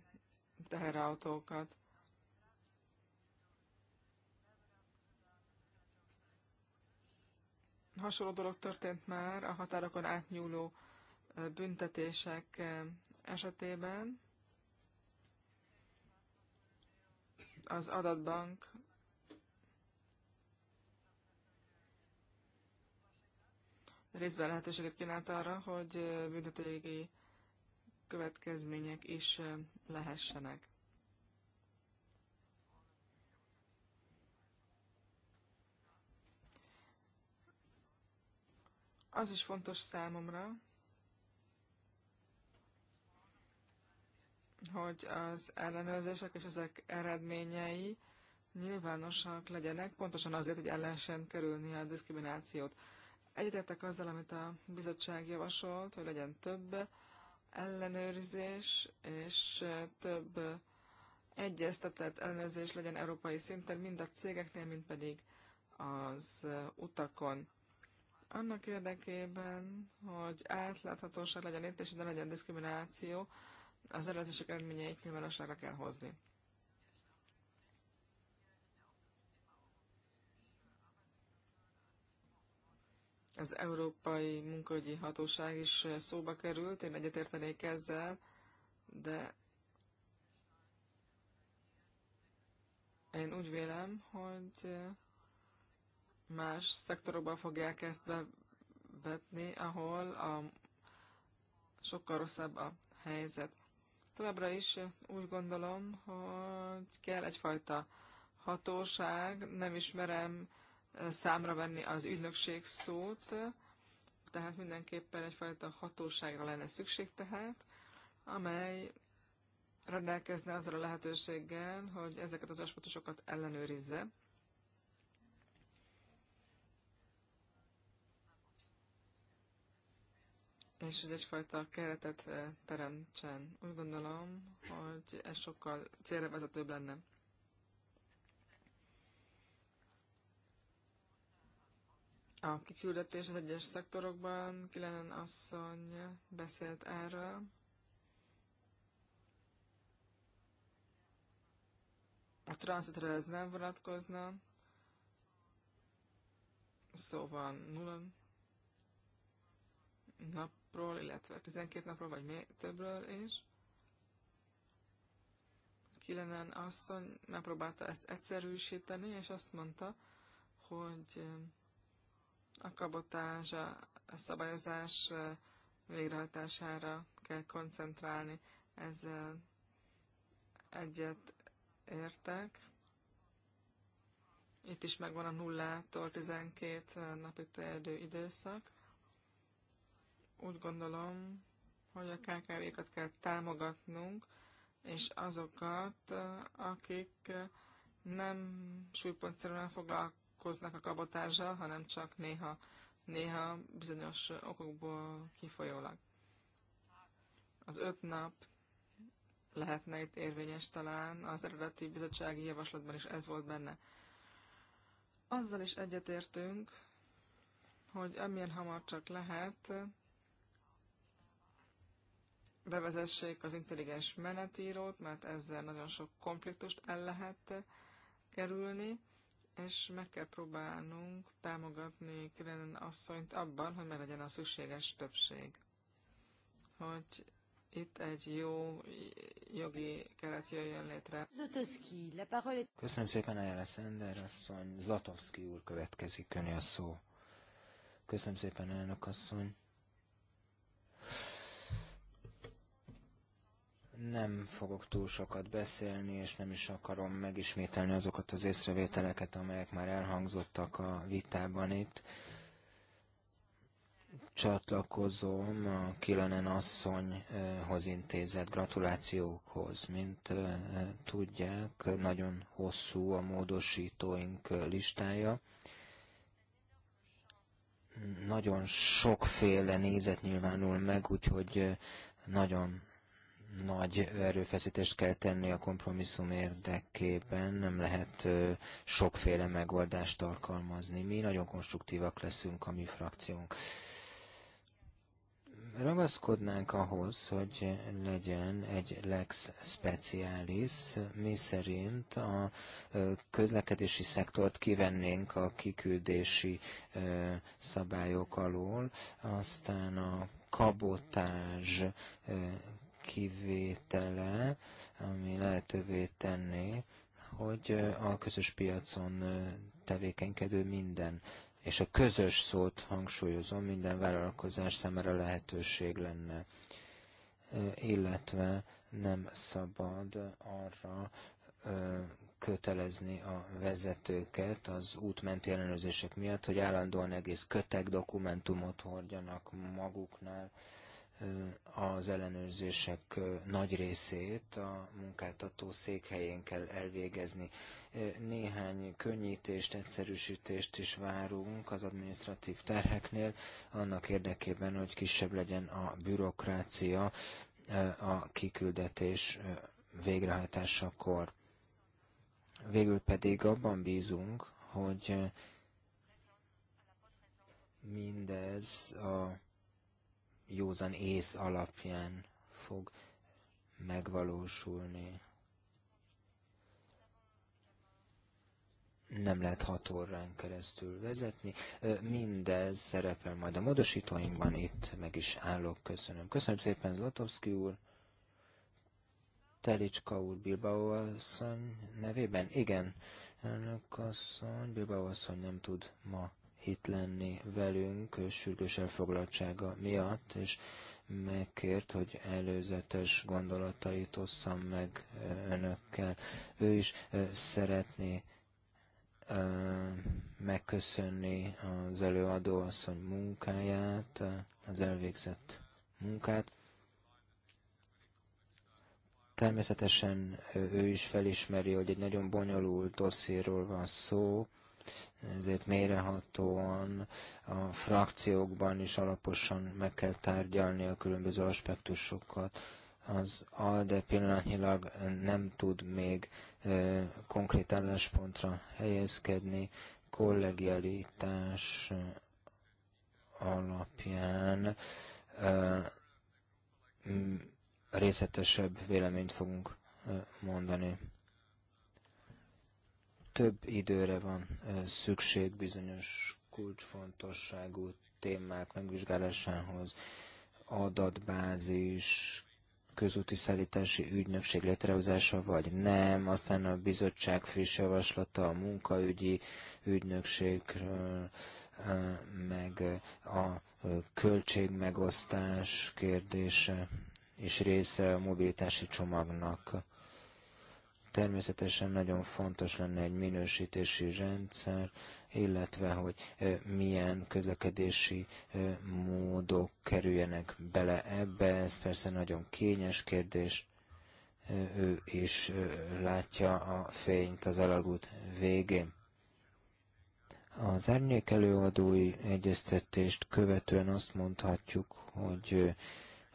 teherautókat. Hasonló dolog történt már a határokon átnyúló büntetések esetében. Az adatbank részben lehetőséget kínált arra, hogy büntetőjogi következmények is lehessenek. Az is fontos számomra, hogy az ellenőrzések és ezek eredményei nyilvánosak legyenek, pontosan azért, hogy el lehessen kerülni a diszkriminációt. Egyetértek azzal, amit a bizottság javasolt, hogy legyen több ellenőrzés és több egyeztetett ellenőrzés legyen európai szinten, mind a cégeknél, mind pedig az utakon. Annak érdekében, hogy átláthatóság legyen itt, és ne legyen diszkrimináció, az előzések eredményeit nyilvánosságra kell hozni. az Európai Munkaügyi Hatóság is szóba került, én egyetértenék ezzel, de én úgy vélem, hogy más szektorokban fogják ezt bevetni, ahol a sokkal rosszabb a helyzet. Továbbra is úgy gondolom, hogy kell egyfajta hatóság, nem ismerem számra venni az ügynökség szót, tehát mindenképpen egyfajta hatóságra lenne szükség tehát, amely rendelkezne azzal a lehetőséggel, hogy ezeket az aspektusokat ellenőrizze. És hogy egyfajta keretet teremtsen. Úgy gondolom, hogy ez sokkal célra vezetőbb lenne. a kiküldetés az egyes szektorokban. Kilenen asszony beszélt erről. A transzitra ez nem vonatkozna. Szóval nulla napról, illetve 12 napról, vagy még többről is. Kilenen asszony megpróbálta ezt egyszerűsíteni, és azt mondta, hogy a kabotás, a szabályozás végrehajtására kell koncentrálni. Ezzel egyet értek. Itt is megvan a nullától 12 napig terjedő időszak. Úgy gondolom, hogy a KKV-kat kell támogatnunk, és azokat, akik nem súlypontszerűen foglalkoznak, foglalkoznak a kabotázsa, hanem csak néha, néha bizonyos okokból kifolyólag. Az öt nap lehetne itt érvényes talán, az eredeti bizottsági javaslatban is ez volt benne. Azzal is egyetértünk, hogy amilyen hamar csak lehet, bevezessék az intelligens menetírót, mert ezzel nagyon sok konfliktust el lehet kerülni és meg kell próbálnunk támogatni Kirenen asszonyt abban, hogy meg legyen a szükséges többség. Hogy itt egy jó jogi keret jöjjön létre. Köszönöm szépen, a Szender asszony. Zlatowski úr következik, köni a szó. Köszönöm szépen, elnök asszony. Nem fogok túl sokat beszélni, és nem is akarom megismételni azokat az észrevételeket, amelyek már elhangzottak a vitában itt. Csatlakozom a Kilonen asszonyhoz intézett gratulációkhoz. Mint tudják, nagyon hosszú a módosítóink listája nagyon sokféle nézet nyilvánul meg, úgyhogy nagyon nagy erőfeszítést kell tenni a kompromisszum érdekében, nem lehet sokféle megoldást alkalmazni. Mi nagyon konstruktívak leszünk a mi frakciónk. Ragaszkodnánk ahhoz, hogy legyen egy lex specialis, mi szerint a közlekedési szektort kivennénk a kiküldési szabályok alól, aztán a kabotázs kivétele, ami lehetővé tenné, hogy a közös piacon tevékenykedő minden, és a közös szót hangsúlyozom, minden vállalkozás számára lehetőség lenne, illetve nem szabad arra kötelezni a vezetőket az útmenti ellenőrzések miatt, hogy állandóan egész kötek dokumentumot hordjanak maguknál, az ellenőrzések nagy részét a munkáltató székhelyén kell elvégezni. Néhány könnyítést, egyszerűsítést is várunk az administratív terheknél, annak érdekében, hogy kisebb legyen a bürokrácia a kiküldetés végrehajtásakor. Végül pedig abban bízunk, hogy mindez a józan ész alapján fog megvalósulni. nem lehet hat órán keresztül vezetni. Mindez szerepel majd a módosítóimban, itt meg is állok. Köszönöm. Köszönöm szépen Zlatowski úr. Telicska úr Bilbao asszony nevében. Igen, elnök asszony, Bilbao asszony nem tud ma itt lenni velünk sürgős elfoglaltsága miatt, és megkért, hogy előzetes gondolatait osszam meg önökkel. Ő is szeretné megköszönni az előadóasszony munkáját, az elvégzett munkát. Természetesen ő is felismeri, hogy egy nagyon bonyolult dosszéről van szó, ezért mélyrehatóan a frakciókban is alaposan meg kell tárgyalni a különböző aspektusokat. Az ALDE pillanatnyilag nem tud még ö, konkrét álláspontra helyezkedni, kollegialitás alapján részletesebb véleményt fogunk mondani több időre van szükség bizonyos kulcsfontosságú témák megvizsgálásához, adatbázis, közúti szállítási ügynökség létrehozása, vagy nem, aztán a bizottság friss javaslata a munkaügyi ügynökségről, meg a költségmegosztás kérdése és része a mobilitási csomagnak. Természetesen nagyon fontos lenne egy minősítési rendszer, illetve hogy milyen közlekedési módok kerüljenek bele ebbe. Ez persze nagyon kényes kérdés. Ő is látja a fényt az alagút végén. Az árnyék előadói egyeztetést követően azt mondhatjuk, hogy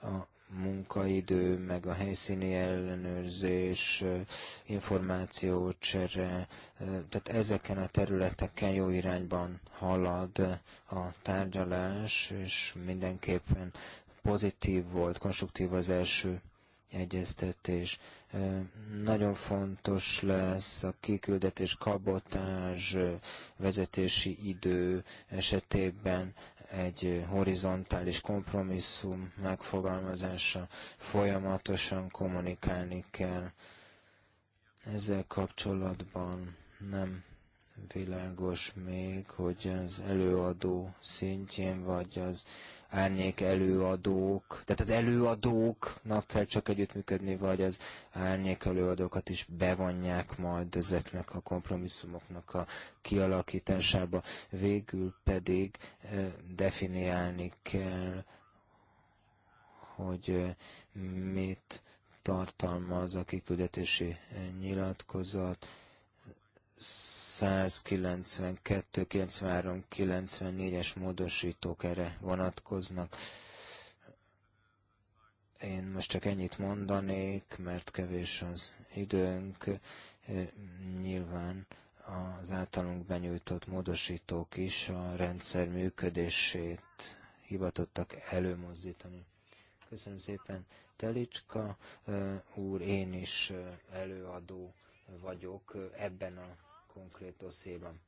a munkaidő, meg a helyszíni ellenőrzés, információcsere, tehát ezeken a területeken jó irányban halad a tárgyalás, és mindenképpen pozitív volt, konstruktív az első egyeztetés. Nagyon fontos lesz a kiküldetés, kabotás, vezetési idő esetében egy horizontális kompromisszum megfogalmazása, folyamatosan kommunikálni kell. Ezzel kapcsolatban nem világos még, hogy az előadó szintjén, vagy az árnyék előadók, tehát az előadóknak kell csak együttműködni, vagy az árnyék előadókat is bevonják majd ezeknek a kompromisszumoknak a kialakításába. Végül pedig definiálni kell, hogy mit tartalmaz a kiküldetési nyilatkozat, 192, 93, 94-es módosítók erre vonatkoznak. Én most csak ennyit mondanék, mert kevés az időnk. Nyilván az általunk benyújtott módosítók is a rendszer működését hivatottak előmozdítani. Köszönöm szépen, Telicska úr, én is előadó vagyok ebben a konkrét dossziéban.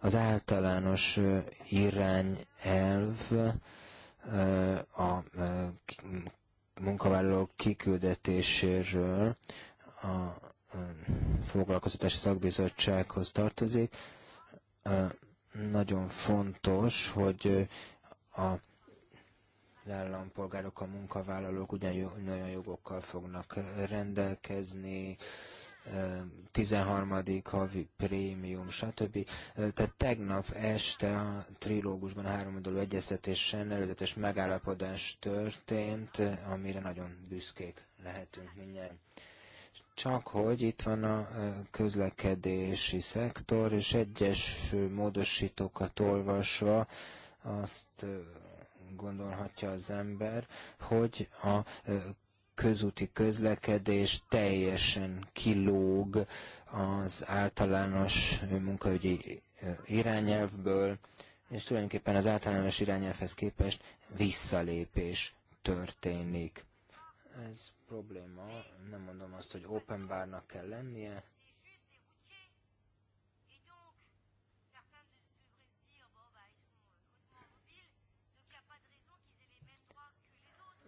Az általános irányelv a munkavállalók kiküldetéséről a foglalkoztatási szakbizottsághoz tartozik. Nagyon fontos, hogy a az állampolgárok, a munkavállalók ugyanolyan jogokkal fognak rendelkezni, 13. havi prémium, stb. Tehát tegnap este a trilógusban a háromoldalú egyeztetésen előzetes megállapodás történt, amire nagyon büszkék lehetünk mindjárt. Csak hogy itt van a közlekedési szektor, és egyes módosítókat olvasva azt gondolhatja az ember, hogy a közúti közlekedés teljesen kilóg az általános munkaügyi irányelvből, és tulajdonképpen az általános irányelvhez képest visszalépés történik. Ez probléma, nem mondom azt, hogy open bárnak kell lennie,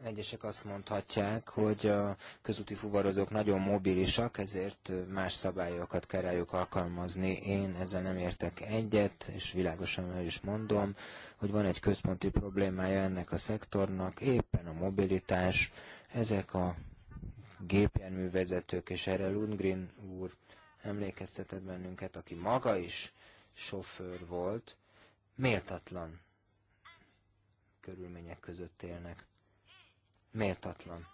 egyesek azt mondhatják, hogy a közúti fuvarozók nagyon mobilisak, ezért más szabályokat kell rájuk alkalmazni. Én ezzel nem értek egyet, és világosan el is mondom, hogy van egy központi problémája ennek a szektornak, éppen a mobilitás, ezek a gépjárművezetők, és erre Lundgren úr emlékeztetett bennünket, aki maga is sofőr volt, méltatlan körülmények között élnek méltatlan.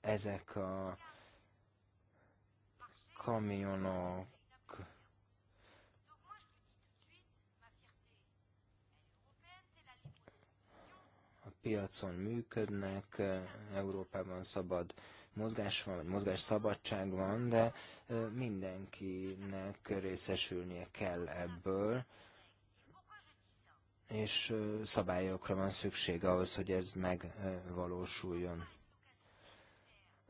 Ezek a kamionok a piacon működnek, Európában szabad mozgás van, vagy mozgás szabadság van, de mindenkinek részesülnie kell ebből és szabályokra van szükség ahhoz, hogy ez megvalósuljon.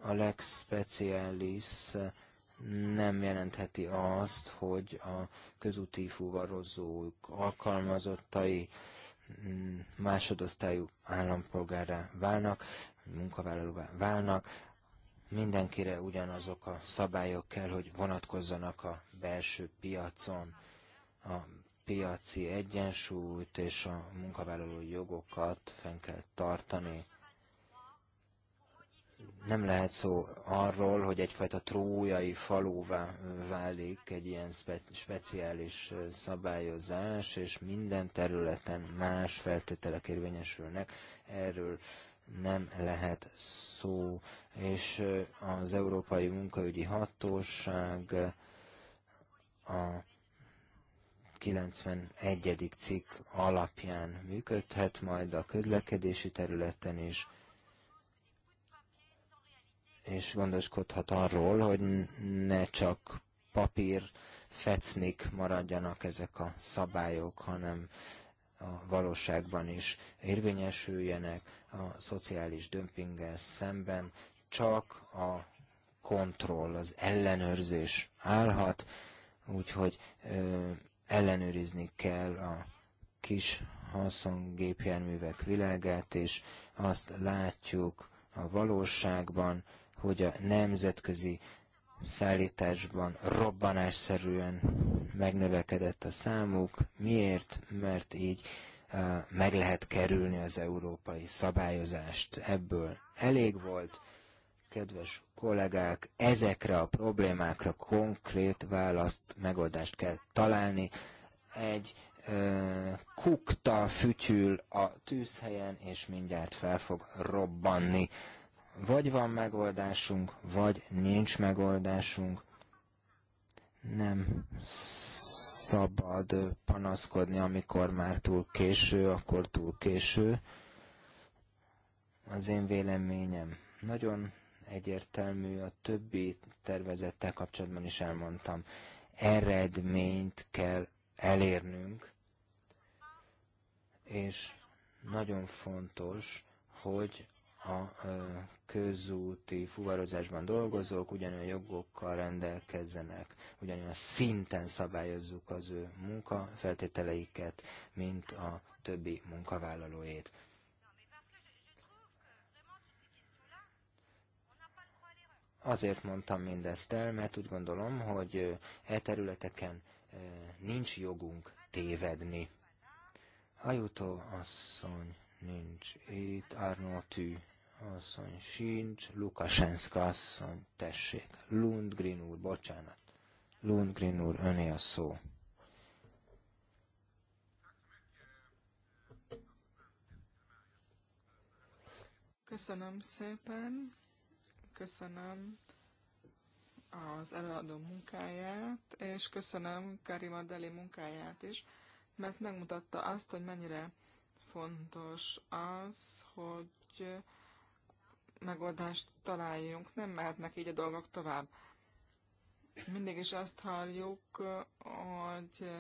A lex specialis nem jelentheti azt, hogy a közúti fuvarozók alkalmazottai másodosztályú állampolgárra válnak, munkavállalóvá válnak, mindenkire ugyanazok a szabályok kell, hogy vonatkozzanak a belső piacon. A piaci egyensúlyt és a munkavállalói jogokat fenn kell tartani. Nem lehet szó arról, hogy egyfajta trójai falóvá válik egy ilyen spe speciális szabályozás, és minden területen más feltételek érvényesülnek. Erről nem lehet szó. És az Európai Munkaügyi Hatóság a 91. cikk alapján működhet majd a közlekedési területen is, és gondoskodhat arról, hogy ne csak papír fecnik maradjanak ezek a szabályok, hanem a valóságban is érvényesüljenek a szociális dömpinggel szemben, csak a kontroll, az ellenőrzés állhat, úgyhogy ellenőrizni kell a kis haszongépjárművek világát, és azt látjuk a valóságban, hogy a nemzetközi szállításban robbanásszerűen megnövekedett a számuk. Miért? Mert így meg lehet kerülni az európai szabályozást. Ebből elég volt, kedves kollégák, ezekre a problémákra konkrét választ, megoldást kell találni. Egy ö, kukta fütyül a tűzhelyen, és mindjárt fel fog robbanni. Vagy van megoldásunk, vagy nincs megoldásunk. Nem szabad panaszkodni, amikor már túl késő, akkor túl késő. Az én véleményem. Nagyon egyértelmű, a többi tervezettel kapcsolatban is elmondtam. Eredményt kell elérnünk, és nagyon fontos, hogy a közúti fuvarozásban dolgozók ugyanolyan jogokkal rendelkezzenek, ugyanolyan szinten szabályozzuk az ő munkafeltételeiket, mint a többi munkavállalóét. Azért mondtam mindezt el, mert úgy gondolom, hogy e területeken nincs jogunk tévedni. Ajutó asszony nincs itt, Arno Tű asszony sincs, Lukasenszka asszony, tessék, Lundgren úr, bocsánat. Lundgren úr, öné a szó. Köszönöm szépen köszönöm az előadó munkáját, és köszönöm Karim Adeli munkáját is, mert megmutatta azt, hogy mennyire fontos az, hogy megoldást találjunk. Nem mehetnek így a dolgok tovább. Mindig is azt halljuk, hogy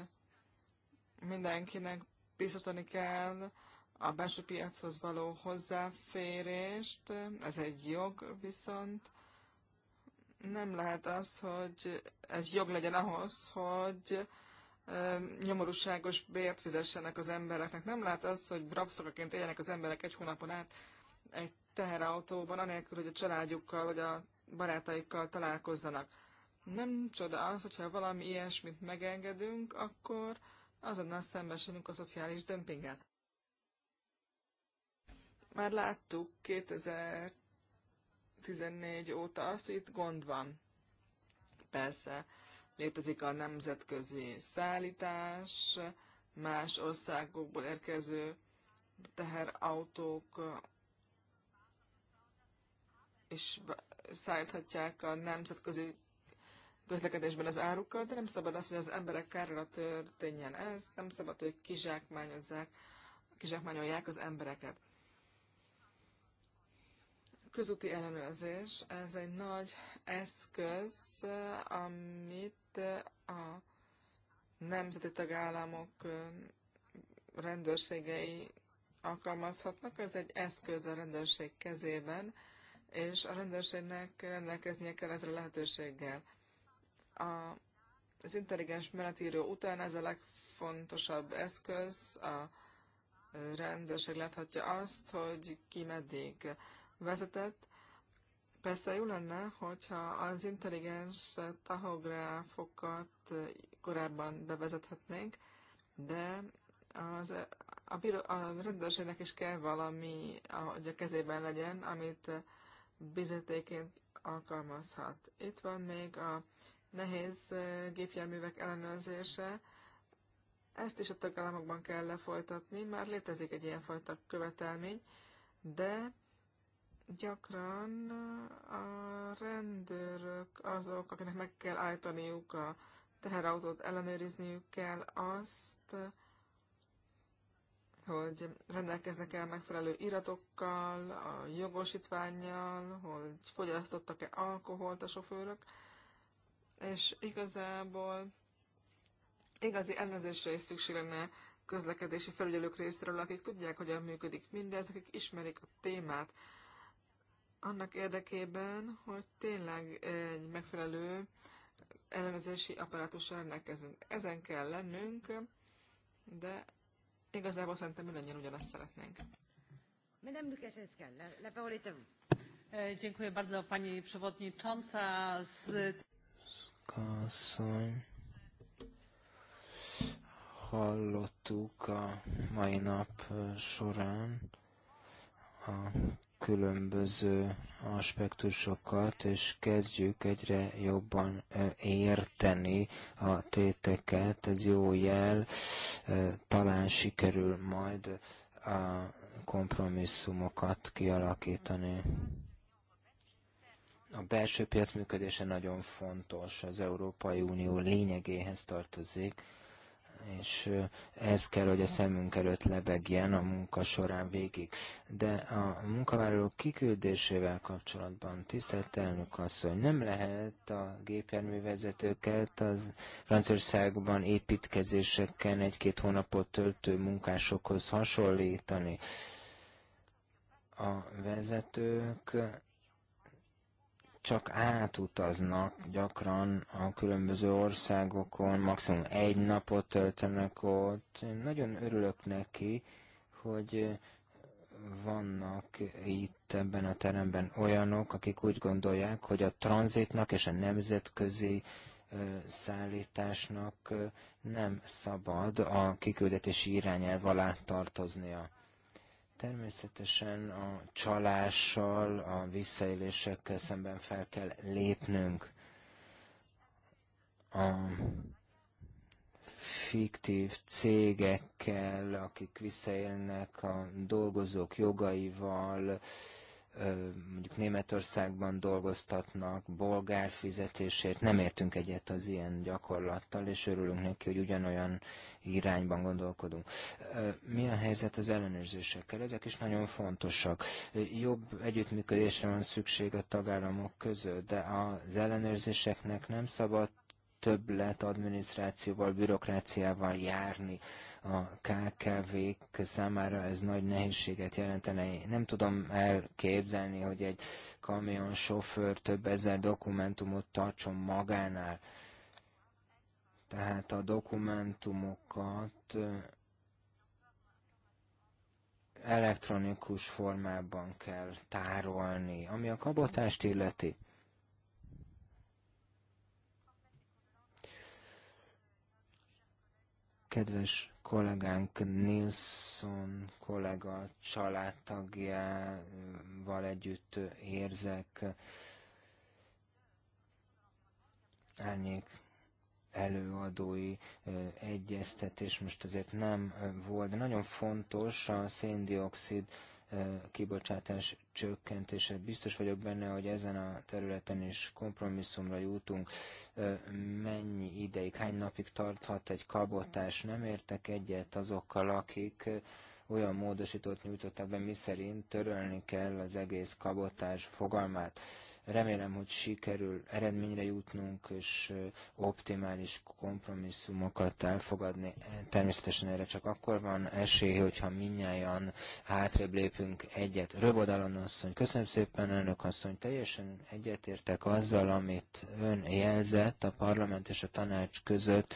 mindenkinek biztosítani kell a belső piachoz való hozzáférést, ez egy jog viszont, nem lehet az, hogy ez jog legyen ahhoz, hogy nyomorúságos bért fizessenek az embereknek. Nem lehet az, hogy rabszokaként éljenek az emberek egy hónapon át egy teherautóban, anélkül, hogy a családjukkal vagy a barátaikkal találkozzanak. Nem csoda az, hogyha valami ilyesmit megengedünk, akkor azonnal szembesülünk a szociális dömpinget. Már láttuk 2014 óta azt, hogy itt gond van. Persze, létezik a nemzetközi szállítás, más országokból érkező teherautók és szállíthatják a nemzetközi közlekedésben az árukkal, de nem szabad az, hogy az emberek kárra történjen ez, nem szabad, hogy kizsákmányozzák, kizsákmányolják az embereket közúti ellenőrzés, ez egy nagy eszköz, amit a nemzeti tagállamok rendőrségei alkalmazhatnak. Ez egy eszköz a rendőrség kezében, és a rendőrségnek rendelkeznie kell ezzel a lehetőséggel. A, az intelligens menetíró után ez a legfontosabb eszköz, a rendőrség láthatja azt, hogy ki meddig vezetett. Persze jó lenne, hogyha az intelligens tahográfokat korábban bevezethetnénk, de az, a, bíró, a rendőrségnek is kell valami, hogy a kezében legyen, amit bizetéként alkalmazhat. Itt van még a nehéz gépjárművek ellenőrzése. Ezt is a tagállamokban kell lefolytatni, már létezik egy ilyenfajta követelmény, de Gyakran a rendőrök azok, akinek meg kell állítaniuk a teherautót, ellenőrizniük kell azt, hogy rendelkeznek el megfelelő iratokkal, a jogosítványjal, hogy fogyasztottak-e alkoholt a sofőrök, és igazából igazi ellenőrzésre is szükség lenne közlekedési felügyelők részéről, akik tudják, hogyan működik mindez, akik ismerik a témát annak érdekében, hogy tényleg egy megfelelő ellenőrzési apparátussal rendelkezünk. Ezen kell lennünk, de igazából szerintem mindannyian ugyanazt szeretnénk. Madame Lukaszewska, la parole est à vous. Eh, dziękuję bardzo Pani Przewodnicząca. Z... Köszönöm. Hallottuk a mai nap eh, során a különböző aspektusokat, és kezdjük egyre jobban érteni a téteket. Ez jó jel, talán sikerül majd a kompromisszumokat kialakítani. A belső piac működése nagyon fontos, az Európai Unió lényegéhez tartozik, és ez kell, hogy a szemünk előtt lebegjen a munka során végig. De a munkavállalók kiküldésével kapcsolatban, tisztelt elnök asszony, nem lehet a gépjárművezetőket az Franciaországban építkezéseken egy-két hónapot töltő munkásokhoz hasonlítani. A vezetők csak átutaznak gyakran a különböző országokon, maximum egy napot töltenek ott. Én nagyon örülök neki, hogy vannak itt ebben a teremben olyanok, akik úgy gondolják, hogy a tranzitnak és a nemzetközi szállításnak nem szabad a kiküldetési irányelv alá tartoznia. Természetesen a csalással, a visszaélésekkel szemben fel kell lépnünk. A fiktív cégekkel, akik visszaélnek a dolgozók jogaival, mondjuk Németországban dolgoztatnak, bolgár fizetésért, nem értünk egyet az ilyen gyakorlattal, és örülünk neki, hogy ugyanolyan irányban gondolkodunk. Mi a helyzet az ellenőrzésekkel? Ezek is nagyon fontosak. Jobb együttműködésre van szükség a tagállamok között, de az ellenőrzéseknek nem szabad többlet adminisztrációval, bürokráciával járni a KKV-k számára, ez nagy nehézséget jelentene. Nem tudom elképzelni, hogy egy kamion sofőr több ezer dokumentumot tartson magánál. Tehát a dokumentumokat elektronikus formában kell tárolni, ami a kabotást illeti Kedves kollégánk Nilsson kollega családtagjával együtt érzek árnyék előadói egyeztetés most azért nem volt, de nagyon fontos a széndiokszid kibocsátás csökkentése. Biztos vagyok benne, hogy ezen a területen is kompromisszumra jutunk. Mennyi ideig, hány napig tarthat egy kabotás? Nem értek egyet azokkal, akik olyan módosítót nyújtottak be, miszerint törölni kell az egész kabotás fogalmát. Remélem, hogy sikerül eredményre jutnunk, és optimális kompromisszumokat elfogadni. Természetesen erre csak akkor van esély, hogyha minnyáján hátrébb lépünk egyet. Röbodalon asszony, köszönöm szépen, önök asszony, teljesen egyetértek azzal, amit ön jelzett a parlament és a tanács között,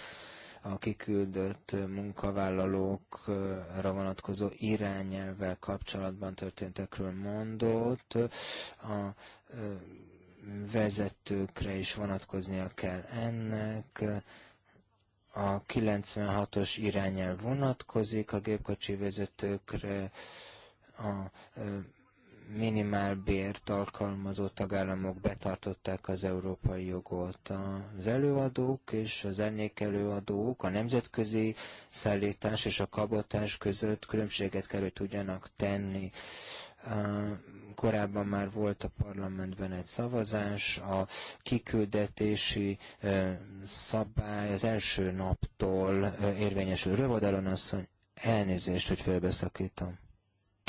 a kiküldött munkavállalókra vonatkozó irányelvvel kapcsolatban történtekről mondott. A vezetőkre is vonatkoznia kell ennek. A 96-os irányelv vonatkozik a gépkocsi vezetőkre, a bért alkalmazó tagállamok betartották az európai jogot. Az előadók és az ennék előadók a nemzetközi szállítás és a kabotás között különbséget kell, hogy tudjanak tenni. Korábban már volt a parlamentben egy szavazás, a kiküldetési szabály az első naptól érvényesül. Rövodalon mondja, elnézést, hogy félbeszakítom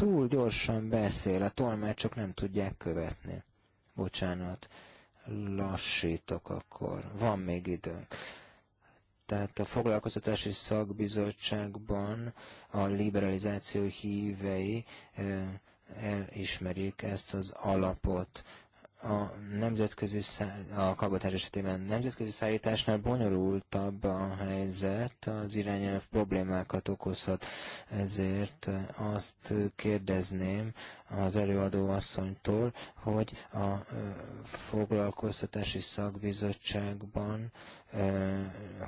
túl gyorsan beszél, a tolmácsok nem tudják követni. Bocsánat, lassítok akkor, van még időnk. Tehát a foglalkoztatási szakbizottságban a liberalizáció hívei elismerik ezt az alapot a nemzetközi a kabotás esetében nemzetközi szállításnál bonyolultabb a helyzet, az irányelv problémákat okozhat. Ezért azt kérdezném az előadó asszonytól, hogy a foglalkoztatási szakbizottságban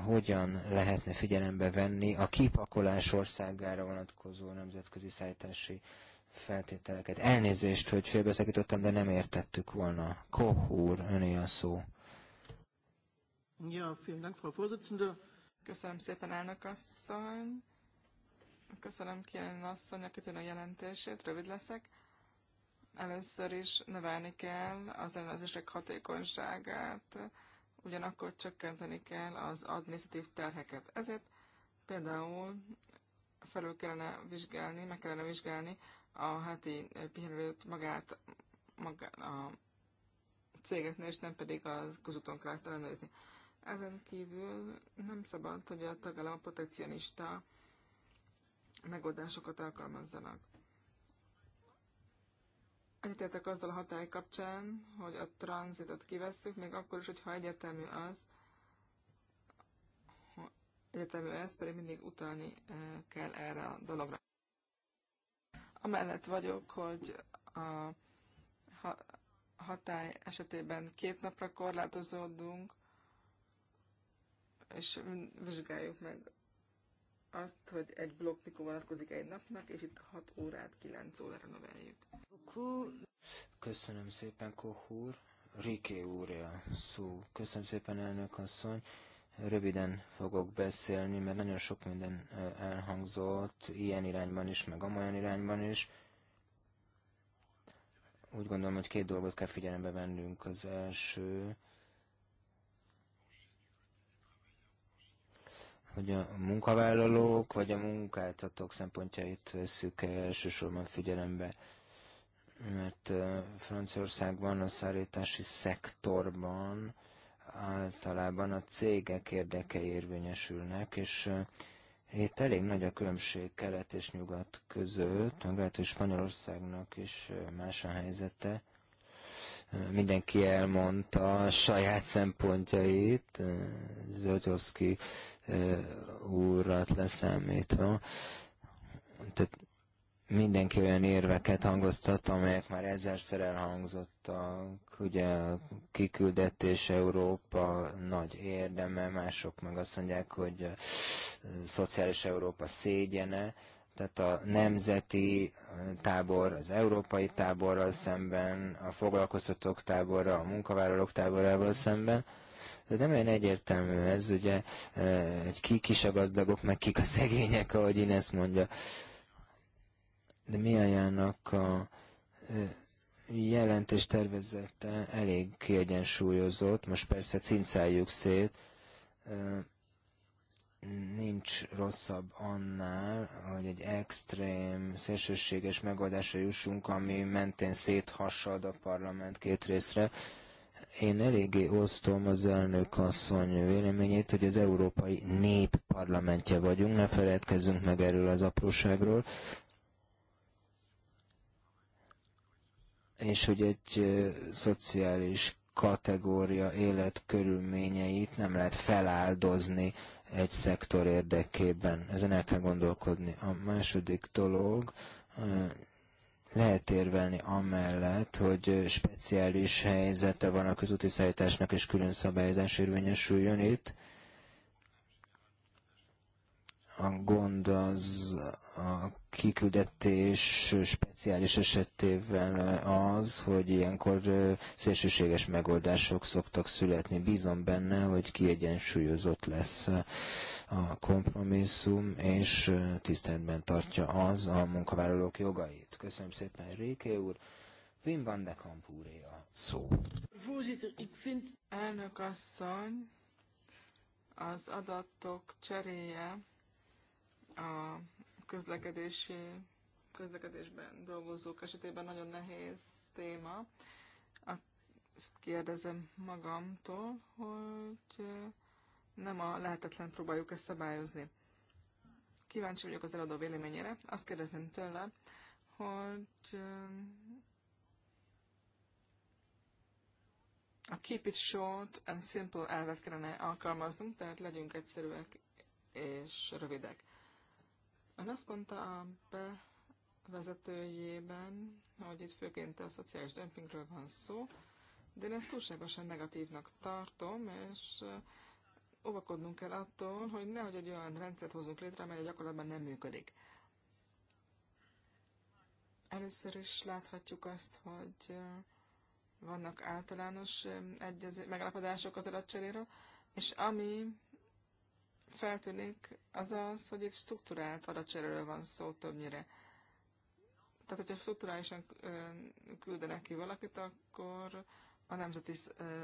hogyan lehetne figyelembe venni a kipakolás országára vonatkozó nemzetközi szállítási feltételeket. Elnézést, hogy félbeszakítottam, de nem értettük volna. Koch úr, öné a szó. Ja, Dank, Frau Köszönöm szépen, elnök asszony. Köszönöm Kielen asszony a jelentését, rövid leszek. Először is növelni kell az ellenőrzések hatékonyságát, ugyanakkor csökkenteni kell az administratív terheket. Ezért például felül kellene vizsgálni, meg kellene vizsgálni a heti pihenőt magát, magát a cégetnél, és nem pedig az közúton kell ezt ellenőrizni. Ezen kívül nem szabad, hogy a tagállam protekcionista megoldásokat alkalmazzanak. Egyetértek azzal a hatály kapcsán, hogy a tranzitot kivesszük, még akkor is, hogyha egyértelmű az, egyetemű ez, pedig mindig utalni eh, kell erre a dologra. Amellett vagyok, hogy a hatály esetében két napra korlátozódunk, és vizsgáljuk meg azt, hogy egy blokk mikor vonatkozik egy napnak, és itt 6 órát 9 órára növeljük. Köszönöm szépen, Kohúr. Riké úr, szó. Köszönöm szépen, elnök asszony. Röviden fogok beszélni, mert nagyon sok minden elhangzott, ilyen irányban is, meg amolyan irányban is. Úgy gondolom, hogy két dolgot kell figyelembe vennünk. Az első, hogy a munkavállalók vagy a munkáltatók szempontjait veszük el, elsősorban figyelembe. Mert Franciaországban a szállítási szektorban általában a cégek érdekei érvényesülnek, és itt elég nagy a különbség kelet és nyugat között, és Spanyolországnak is más a helyzete. Mindenki elmondta a saját szempontjait, Zöldjoszki úrat leszámítva. Tehát mindenki olyan érveket hangoztat, amelyek már ezerszer elhangzottak. Ugye a kiküldetés Európa nagy érdeme, mások meg azt mondják, hogy a szociális Európa szégyene. Tehát a nemzeti tábor, az európai táborral szemben, a foglalkoztatók táborra, a munkavállalók táborával szemben. De nem olyan egyértelmű ez, ugye, hogy kik is a gazdagok, meg kik a szegények, ahogy ezt mondja de mi a jelentés tervezete elég kiegyensúlyozott, most persze cincáljuk szét, nincs rosszabb annál, hogy egy extrém, szélsőséges megoldásra jussunk, ami mentén széthassad a parlament két részre. Én eléggé osztom az elnök asszony véleményét, hogy az európai nép parlamentje vagyunk, ne feledkezzünk meg erről az apróságról, és hogy egy szociális kategória életkörülményeit nem lehet feláldozni egy szektor érdekében. Ezen el kell gondolkodni. A második dolog, lehet érvelni amellett, hogy speciális helyzete van a közúti szállításnak és külön szabályozás érvényesüljön itt, a gond az a kiküldetés speciális esetével az, hogy ilyenkor szélsőséges megoldások szoktak születni. Bízom benne, hogy kiegyensúlyozott lesz a kompromisszum, és tiszteletben tartja az a munkavállalók jogait. Köszönöm szépen, Réke úr! Wim van de Kamp úré a szó. Elnök asszony, az adatok cseréje a közlekedési, közlekedésben dolgozók esetében nagyon nehéz téma. Azt kérdezem magamtól, hogy nem a lehetetlen próbáljuk ezt szabályozni. Kíváncsi vagyok az eladó véleményére. Azt kérdezném tőle, hogy a keep it short and simple elvet kellene alkalmaznunk, tehát legyünk egyszerűek és rövidek. Ön azt mondta a bevezetőjében, hogy itt főként a szociális dömpingről van szó, de én ezt túlságosan negatívnak tartom, és óvakodnunk kell attól, hogy nehogy egy olyan rendszert hozunk létre, amely a gyakorlatban nem működik. Először is láthatjuk azt, hogy vannak általános eh, egyez- megállapodások az adatcseréről, és ami feltűnik, az az, hogy itt struktúrált adatcseréről van szó többnyire. Tehát, hogyha struktúrálisan küldenek ki valakit, akkor a nemzeti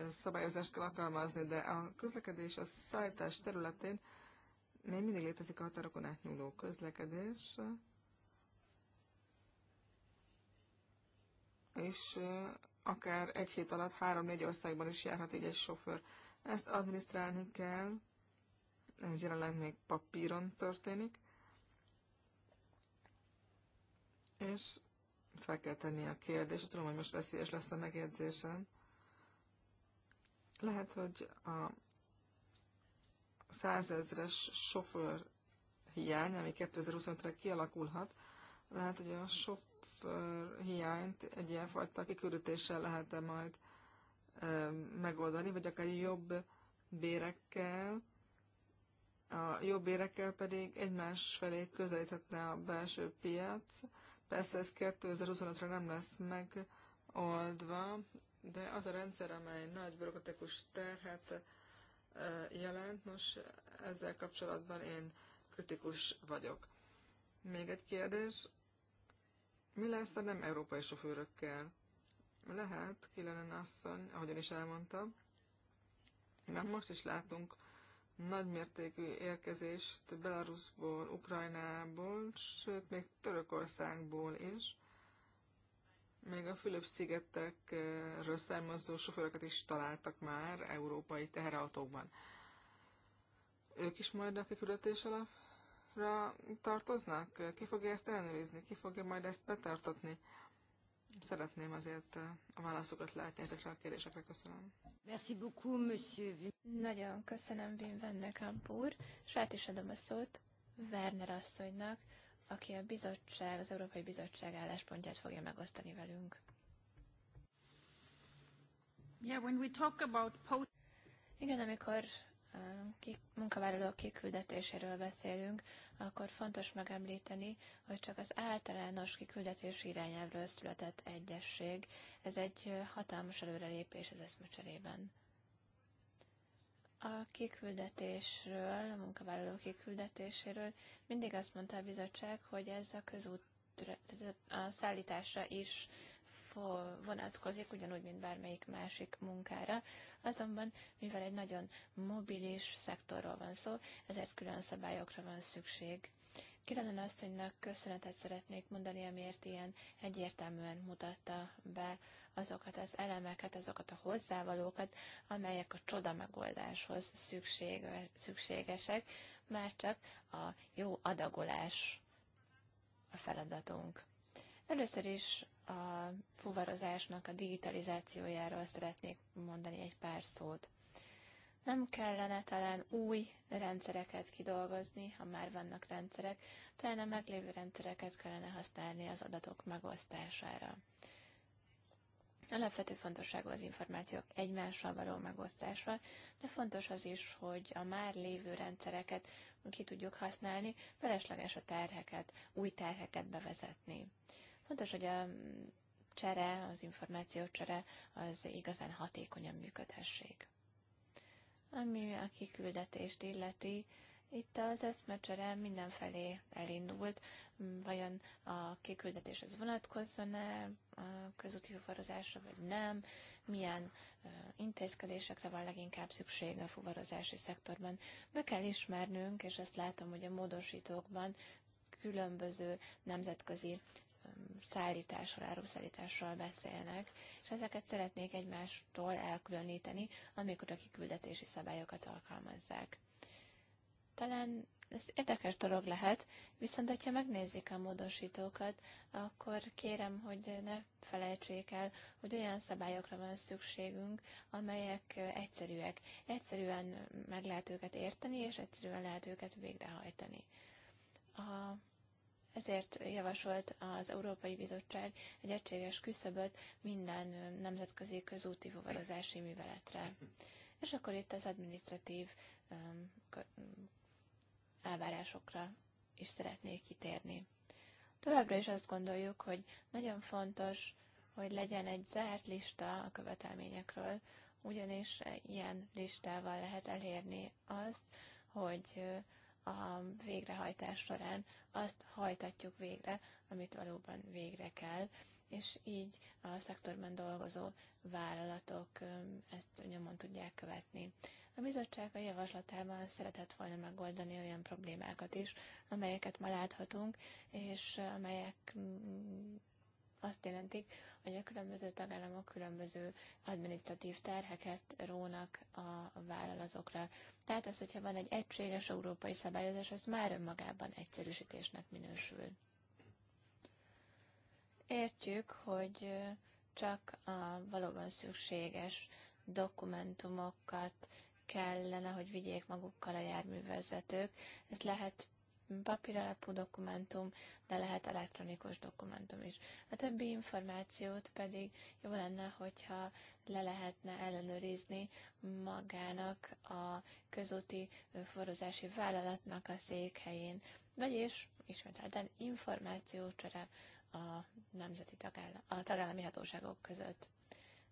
szabályozást kell alkalmazni, de a közlekedés a szállítás területén még mindig létezik a határokon átnyúló közlekedés, és akár egy hét alatt három-négy országban is járhat így egy sofőr. Ezt adminisztrálni kell, ez jelenleg még papíron történik, és fel kell tenni a kérdést, tudom, hogy most veszélyes lesz a megjegyzésem. Lehet, hogy a százezres sofőr hiány, ami 2025-re kialakulhat, lehet, hogy a sofőr hiányt egy ilyenfajta kiküldetéssel lehet-e majd megoldani, vagy akár jobb bérekkel, a jobb érekkel pedig egymás felé közelíthetne a belső piac. Persze ez 2025-re nem lesz megoldva, de az a rendszer, amely nagy bürokratikus terhet e, jelent, most ezzel kapcsolatban én kritikus vagyok. Még egy kérdés. Mi lesz a nem európai sofőrökkel? Lehet, Kilenen asszony, ahogyan is elmondtam, Nem most is látunk nagymértékű érkezést Belarusból, Ukrajnából, sőt, még Törökországból is. Még a Fülöp-szigetekről származó sofőröket is találtak már európai teherautókban. Ők is majd a kiküldetés alapra tartoznak? Ki fogja ezt ellenőrizni? Ki fogja majd ezt betartatni? Szeretném azért a válaszokat látni ezekre a kérdésekre. Köszönöm. Merci beaucoup, monsieur. Nagyon köszönöm Wim Vennekamp úr, és át is adom a szót Werner asszonynak, aki a bizottság, az Európai Bizottság álláspontját fogja megosztani velünk. Yeah, when we talk about post- Igen, amikor uh, munkavállalók kiküldetéséről beszélünk, akkor fontos megemlíteni, hogy csak az általános kiküldetési irányelvről született egyesség. Ez egy uh, hatalmas előrelépés az eszmecserében. A kiküldetésről, a munkavállaló kiküldetéséről mindig azt mondta a bizottság, hogy ez a közútra, a szállításra is vonatkozik, ugyanúgy, mint bármelyik másik munkára. Azonban, mivel egy nagyon mobilis szektorról van szó, ezért külön szabályokra van szükség. Kilanen asszonynak köszönetet szeretnék mondani, amiért ilyen egyértelműen mutatta be azokat az elemeket, azokat a hozzávalókat, amelyek a csoda megoldáshoz szükség, szükségesek, már csak a jó adagolás a feladatunk. Először is a fuvarozásnak a digitalizációjáról szeretnék mondani egy pár szót. Nem kellene talán új rendszereket kidolgozni, ha már vannak rendszerek, talán a meglévő rendszereket kellene használni az adatok megosztására. Alapvető fontosságú az információk egymással való megosztása, de fontos az is, hogy a már lévő rendszereket ki tudjuk használni, felesleges a terheket, új terheket bevezetni. Fontos, hogy a csere, az információ csere az igazán hatékonyan működhessék ami a kiküldetést illeti. Itt az eszmecsere mindenfelé elindult, vajon a kiküldetés az vonatkozzon-e a közúti fuvarozásra, vagy nem, milyen intézkedésekre van leginkább szükség a fuvarozási szektorban. Be kell ismernünk, és ezt látom, hogy a módosítókban különböző nemzetközi szállításról, áruszállításról beszélnek, és ezeket szeretnék egymástól elkülöníteni, amikor a kiküldetési szabályokat alkalmazzák. Talán ez érdekes dolog lehet, viszont ha megnézik a módosítókat, akkor kérem, hogy ne felejtsék el, hogy olyan szabályokra van szükségünk, amelyek egyszerűek. Egyszerűen meg lehet őket érteni, és egyszerűen lehet őket végrehajtani. A ezért javasolt az Európai Bizottság egy egységes küszöböt minden nemzetközi közúti fuvarozási műveletre. És akkor itt az administratív elvárásokra is szeretnék kitérni. Továbbra is azt gondoljuk, hogy nagyon fontos, hogy legyen egy zárt lista a követelményekről, ugyanis ilyen listával lehet elérni azt, hogy a végrehajtás során azt hajtatjuk végre, amit valóban végre kell, és így a szektorban dolgozó vállalatok ezt nyomon tudják követni. A bizottság a javaslatában szeretett volna megoldani olyan problémákat is, amelyeket ma láthatunk, és amelyek mm, azt jelentik, hogy a különböző tagállamok különböző adminisztratív terheket rónak a vállalatokra. Tehát az, hogyha van egy egységes európai szabályozás, az már önmagában egyszerűsítésnek minősül. Értjük, hogy csak a valóban szükséges dokumentumokat kellene, hogy vigyék magukkal a járművezetők. Ez lehet papír alapú dokumentum, de lehet elektronikus dokumentum is. A többi információt pedig jó lenne, hogyha le lehetne ellenőrizni magának a közúti forozási vállalatnak a székhelyén, vagyis ismételten információcsere a nemzeti tagállam, a tagállami hatóságok között.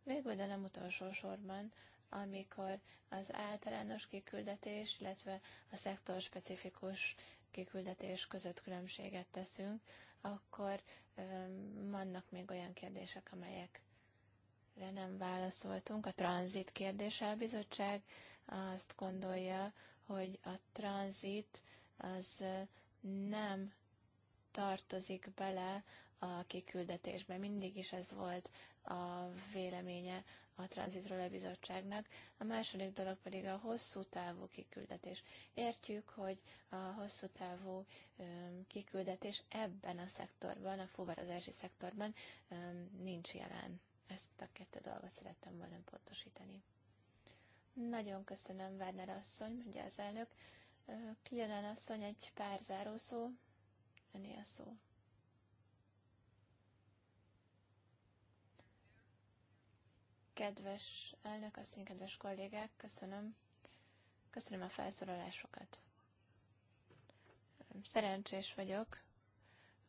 Végül, de nem utolsó sorban, amikor az általános kiküldetés, illetve a szektorspecifikus kiküldetés között különbséget teszünk, akkor vannak még olyan kérdések, amelyekre nem válaszoltunk. A tranzit kérdése bizottság azt gondolja, hogy a tranzit az nem tartozik bele a kiküldetésbe. Mindig is ez volt a véleménye a tranzitról a bizottságnak. A második dolog pedig a hosszú távú kiküldetés. Értjük, hogy a hosszú távú kiküldetés ebben a szektorban, a fuvarozási szektorban nincs jelen. Ezt a kettő dolgot szerettem volna pontosítani. Nagyon köszönöm, Werner asszony, mondja az elnök. Klianan asszony, egy pár zárószó. Ennyi a szó. Kedves elnök asszony, kedves kollégák, köszönöm. Köszönöm a felszólalásokat. Szerencsés vagyok.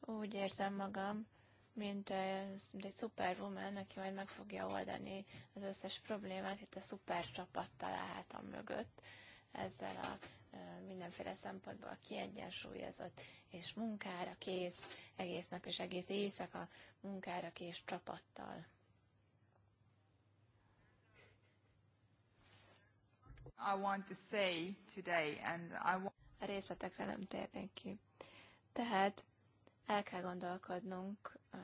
Úgy érzem magam, mint egy, eh, mint egy szuperwoman, aki majd meg fogja oldani az összes problémát, itt a szuper csapattal a mögött, ezzel a eh, mindenféle szempontból kiegyensúlyozott, és munkára kész, egész nap és egész éjszaka munkára kész csapattal. I want to say today, and I want... A részletekre nem térnék ki. Tehát el kell gondolkodnunk uh,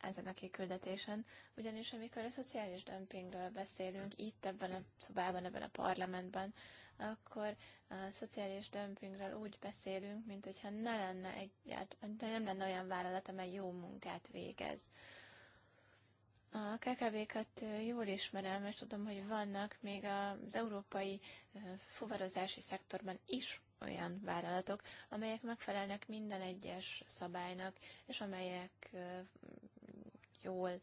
ezen a kiküldetésen, ugyanis amikor a szociális dömpingről beszélünk, itt ebben a szobában, ebben a parlamentben, akkor a szociális dömpingről úgy beszélünk, mint hogyha ne lenne egy, hát, nem lenne olyan vállalat, amely jó munkát végez. A KKV-kat jól ismerem, és tudom, hogy vannak még az európai fuvarozási szektorban is olyan vállalatok, amelyek megfelelnek minden egyes szabálynak, és amelyek jól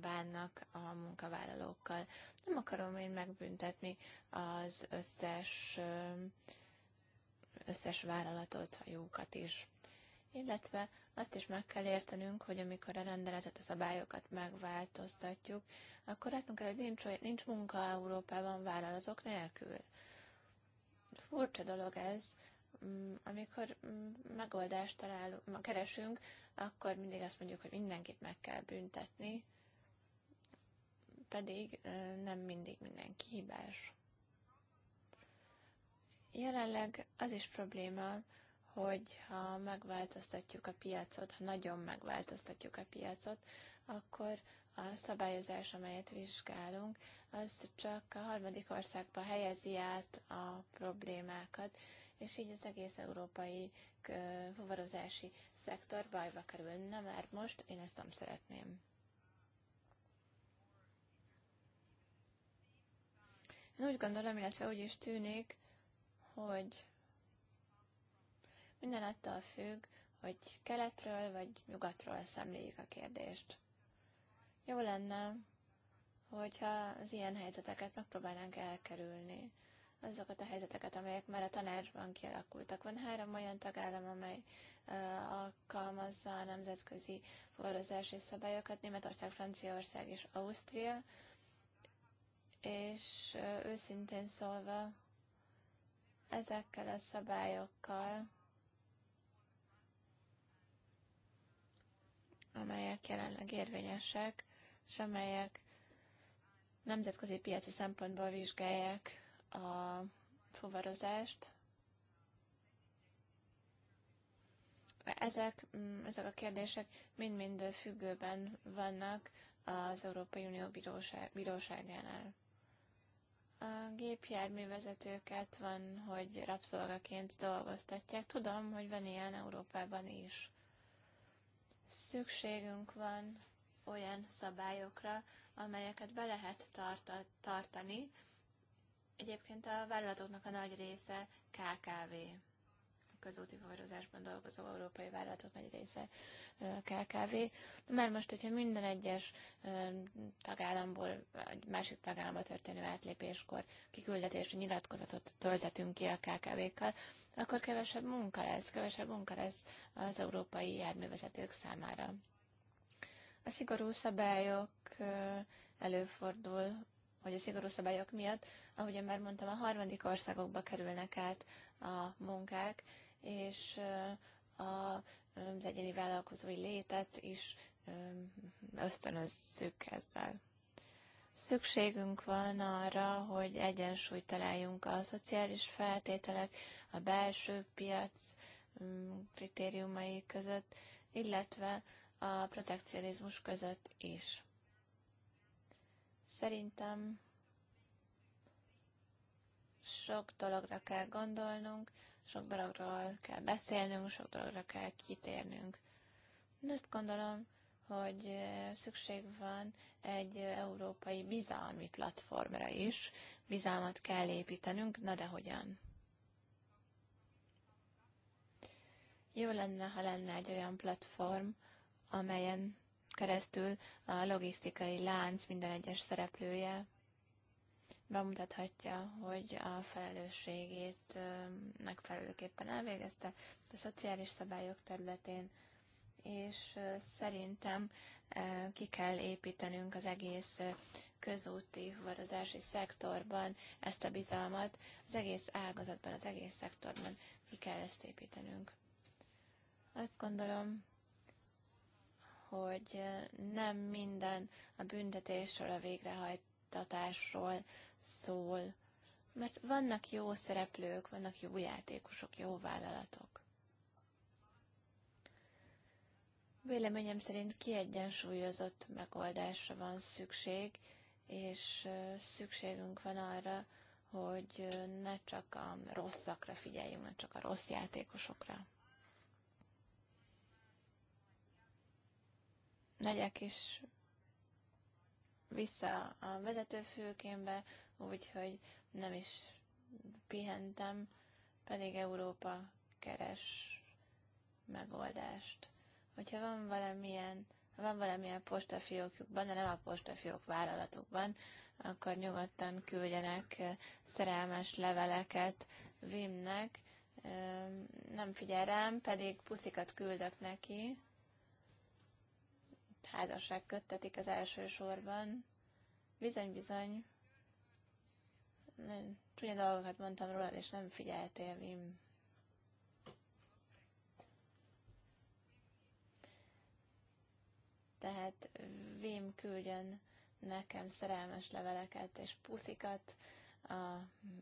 bánnak a munkavállalókkal. Nem akarom én megbüntetni az összes összes vállalatot, a jókat is illetve azt is meg kell értenünk, hogy amikor a rendeletet, a szabályokat megváltoztatjuk, akkor látunk el, hogy nincs, olyan, nincs munka Európában vállalatok nélkül. Furcsa dolog ez, mm, amikor mm, megoldást találunk, keresünk, akkor mindig azt mondjuk, hogy mindenkit meg kell büntetni, pedig nem mindig mindenki hibás. Jelenleg az is probléma, hogy ha megváltoztatjuk a piacot, ha nagyon megváltoztatjuk a piacot, akkor a szabályozás, amelyet vizsgálunk, az csak a harmadik országba helyezi át a problémákat, és így az egész európai fuvarozási szektor bajba kerül. Na már most én ezt nem szeretném. Én úgy gondolom, illetve úgy is tűnik, hogy minden attól függ, hogy keletről vagy nyugatról szemléljük a kérdést. Jó lenne, hogyha az ilyen helyzeteket megpróbálnánk elkerülni. Azokat a helyzeteket, amelyek már a tanácsban kialakultak. Van három olyan tagállam, amely uh, alkalmazza a nemzetközi fuvarozási szabályokat, Németország, Franciaország és Ausztria, és uh, őszintén szólva, ezekkel a szabályokkal amelyek jelenleg érvényesek, és amelyek nemzetközi piaci szempontból vizsgálják a fuvarozást. Ezek, mm, ezek a kérdések mind-mind függőben vannak az Európai Unió bíróság, bíróságánál. A gépjárművezetőket van, hogy rabszolgaként dolgoztatják. Tudom, hogy van ilyen Európában is. Szükségünk van olyan szabályokra, amelyeket be lehet tarta, tartani. Egyébként a vállalatoknak a nagy része KKV. A közúti forrózásban dolgozó európai vállalatok nagy része KKV. De most, hogyha minden egyes tagállamból, egy másik tagállamba történő átlépéskor kiküldetési nyilatkozatot töltetünk ki a KKV-kkal, akkor kevesebb munka lesz, kevesebb munka lesz az európai járművezetők számára. A szigorú szabályok előfordul, hogy a szigorú szabályok miatt, én már mondtam, a harmadik országokba kerülnek át a munkák, és az egyéni vállalkozói létet is ösztönözzük ezzel. Szükségünk van arra, hogy egyensúlyt találjunk a szociális feltételek, a belső piac mm, kritériumai között, illetve a protekcionizmus között is. Szerintem sok dologra kell gondolnunk, sok dologról kell beszélnünk, sok dologra kell kitérnünk. Én azt gondolom, hogy szükség van egy európai bizalmi platformra is. Bizalmat kell építenünk, na de hogyan? Jó lenne, ha lenne egy olyan platform, amelyen keresztül a logisztikai lánc minden egyes szereplője bemutathatja, hogy a felelősségét megfelelőképpen elvégezte a szociális szabályok területén, és szerintem ki kell építenünk az egész közúti fuvarozási szektorban ezt a bizalmat, az egész ágazatban, az egész szektorban ki kell ezt építenünk. Azt gondolom, hogy nem minden a büntetésről, a végrehajtatásról szól, mert vannak jó szereplők, vannak jó játékosok, jó vállalatok. Véleményem szerint kiegyensúlyozott megoldásra van szükség, és szükségünk van arra, hogy ne csak a rosszakra figyeljünk, ne csak a rossz játékosokra. Megyek is vissza a vezetőfülkémbe, úgyhogy nem is pihentem, pedig Európa keres megoldást hogyha van valamilyen, van valamilyen postafiókjukban, de nem a postafiók vállalatukban, akkor nyugodtan küldjenek szerelmes leveleket Vimnek. Nem figyel rám, pedig puszikat küldök neki. Házasság köttetik az első sorban. Bizony, bizony. Nem, csúnya dolgokat mondtam róla és nem figyeltél, Vim. tehát vém küldjön nekem szerelmes leveleket és puszikat a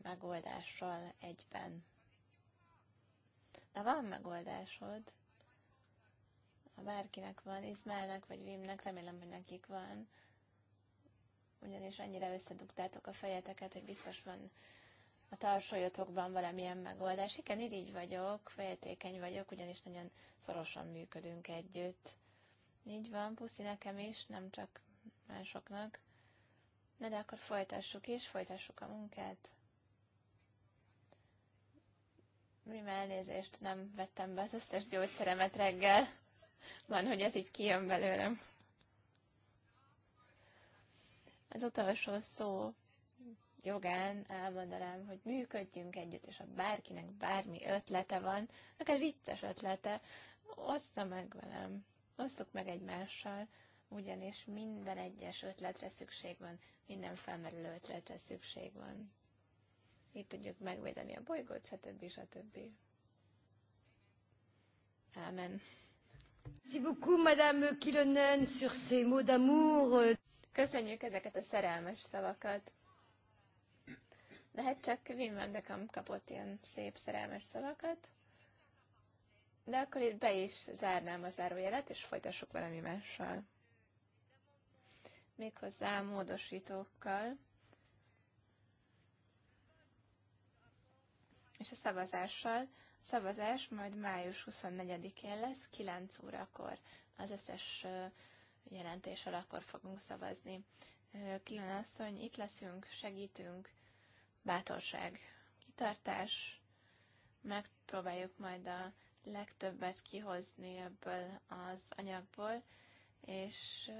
megoldással egyben. De van megoldásod, ha bárkinek van, Izmálnak vagy Vimnek, remélem, hogy nekik van, ugyanis annyira összedugtátok a fejeteket, hogy biztos van a tarsolyotokban valamilyen megoldás. Igen, így vagyok, féltékeny vagyok, ugyanis nagyon szorosan működünk együtt. Így van, puszi nekem is, nem csak másoknak. Na de akkor folytassuk is, folytassuk a munkát. Mi elnézést, nem vettem be az összes gyógyszeremet reggel. Van, hogy ez így kijön belőlem. Az utolsó szó jogán elmondanám, hogy működjünk együtt, és ha bárkinek bármi ötlete van, akár vicces ötlete, ossza meg velem. Osszuk meg egymással, ugyanis minden egyes ötletre szükség van, minden felmerülő ötletre szükség van. Így tudjuk megvédeni a bolygót, stb. stb. Amen. Merci beaucoup, Madame Kilonen, sur ces mots d'amour. Köszönjük ezeket a szerelmes szavakat. Lehet csak Wim Wendekam kapott ilyen szép szerelmes szavakat. De akkor itt be is zárnám a zárójelet, és folytassuk valami mással. Méghozzá módosítókkal. És a szavazással. A szavazás majd május 24-én lesz, 9 órakor. Az összes jelentéssel akkor fogunk szavazni. Kilen asszony, itt leszünk, segítünk, bátorság, kitartás, megpróbáljuk majd a legtöbbet kihozni ebből az anyagból, és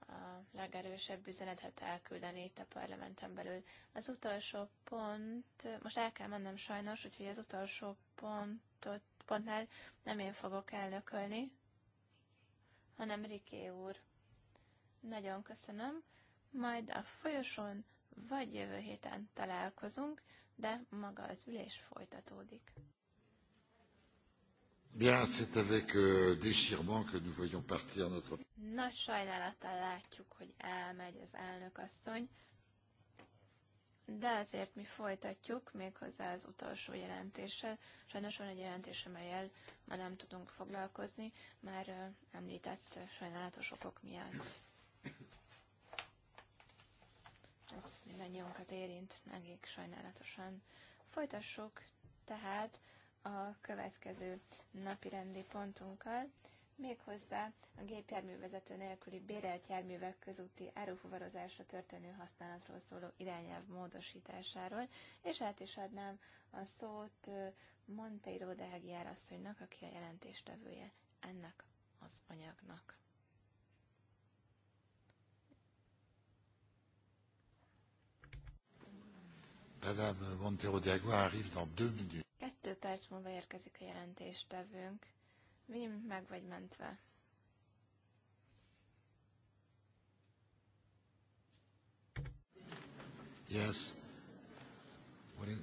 a legerősebb üzenetet elküldeni itt a parlamenten belül. Az utolsó pont, most el kell mennem sajnos, úgyhogy az utolsó pontot, pontnál nem én fogok elnökölni, hanem Riké úr. Nagyon köszönöm, majd a folyosón vagy jövő héten találkozunk, de maga az ülés folytatódik. Bien, c'est avec euh, déchirement que nous voyons partir notre... Nagy sajnálattal látjuk, hogy elmegy az asszony, de azért mi folytatjuk méghozzá az utolsó jelentéssel. Sajnos van egy jelentés, amelyel ma nem tudunk foglalkozni, már ö, említett sajnálatos okok miatt. Ez mindannyiunkat érint, elég sajnálatosan. Folytassuk tehát a következő napi rendi pontunkkal, méghozzá a gépjárművezető nélküli bérelt járművek közúti árufuvarozásra történő használatról szóló irányelv módosításáról, és át is adnám a szót Monteiro de Aguiar asszonynak, aki a jelentéstevője ennek az anyagnak. Madame Monteiro de Aguiar arrive dans deux minutes. Kettő perc múlva érkezik a jelentéstevőnk. Vim, meg vagy mentve. Yes. What is...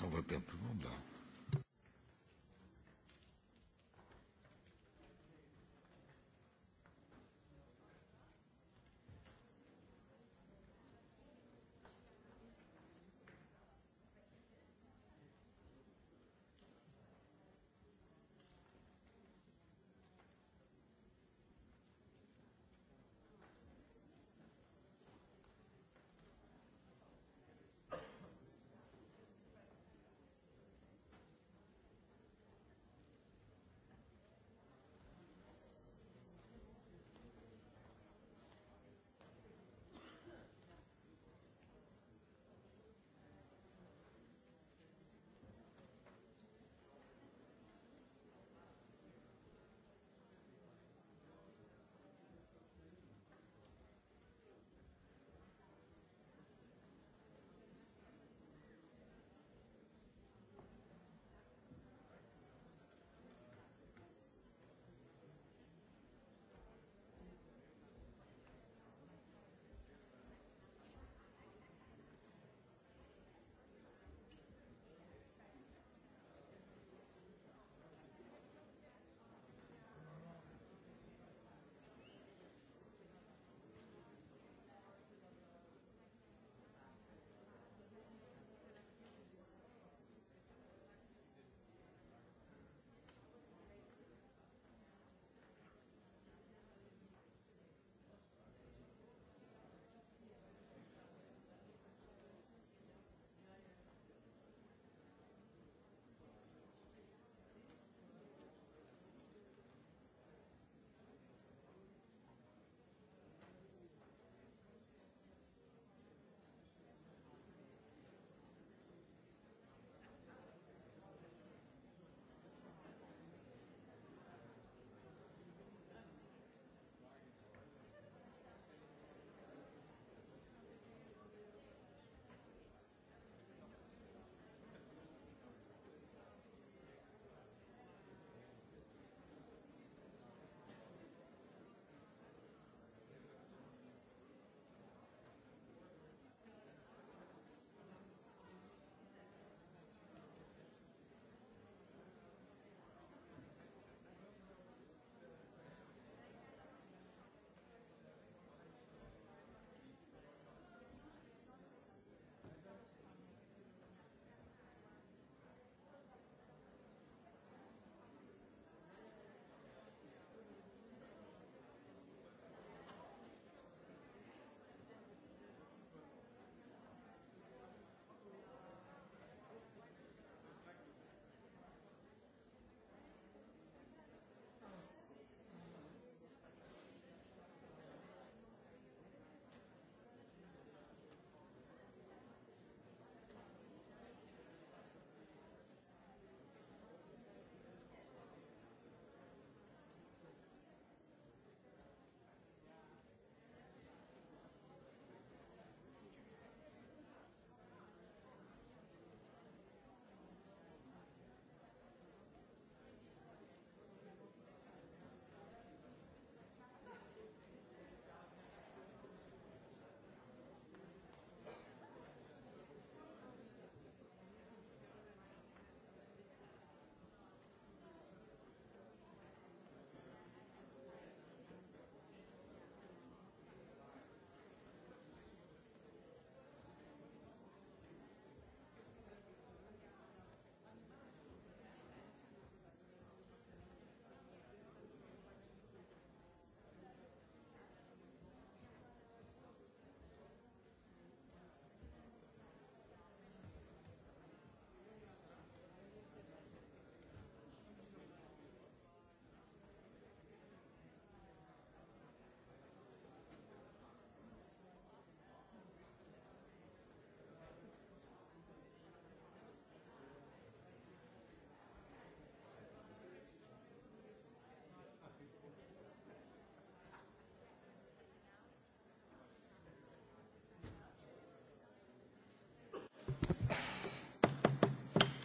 On va perdre tout le monde là.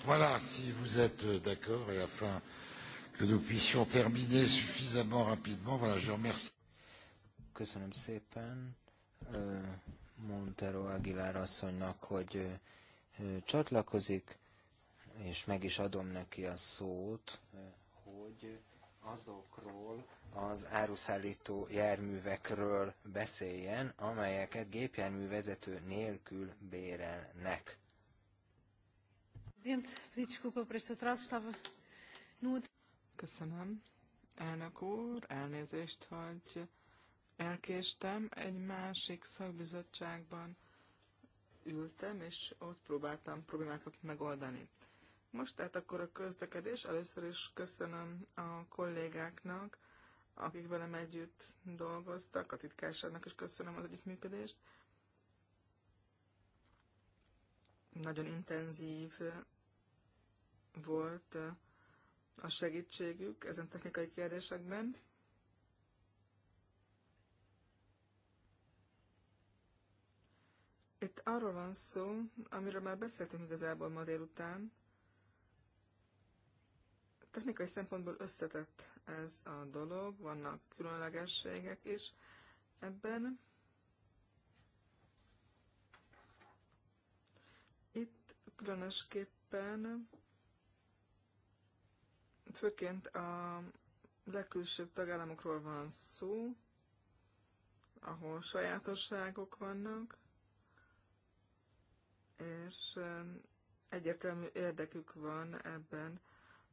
Voilà, si vous êtes euh, d'accord et afin que nous puissions terminer suffisamment rapidement, voilà, je remercie. Köszönöm szépen euh, Montero Aguilar asszonynak, hogy euh, csatlakozik, és meg is adom neki a szót, hogy azokról az áruszállító járművekről beszéljen, amelyeket gépjárművezető nélkül bérelnek. Köszönöm. Elnök úr, elnézést, hogy elkéstem. Egy másik szakbizottságban ültem, és ott próbáltam problémákat megoldani. Most tehát akkor a közlekedés. Először is köszönöm a kollégáknak, akik velem együtt dolgoztak, a titkárságnak is köszönöm az együttműködést. Nagyon intenzív volt a segítségük ezen technikai kérdésekben. Itt arról van szó, amiről már beszéltünk igazából ma délután. Technikai szempontból összetett ez a dolog, vannak különlegességek is ebben. Itt különösképpen Főként a legkülsőbb tagállamokról van szó, ahol sajátosságok vannak, és um, egyértelmű érdekük van ebben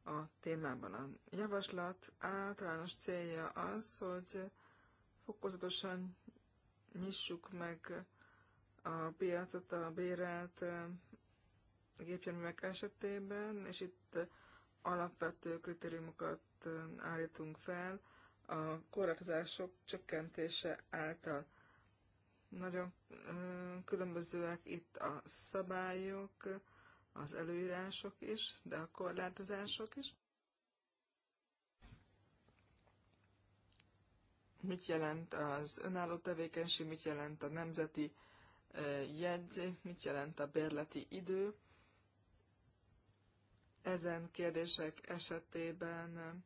a témában. A javaslat általános célja az, hogy fokozatosan nyissuk meg a piacot a bérelt um, gépjárművek esetében, és itt alapvető kritériumokat állítunk fel a korlátozások csökkentése által. Nagyon különbözőek itt a szabályok, az előírások is, de a korlátozások is. Mit jelent az önálló tevékenység, mit jelent a nemzeti jegyzék, mit jelent a bérleti idő, ezen kérdések esetében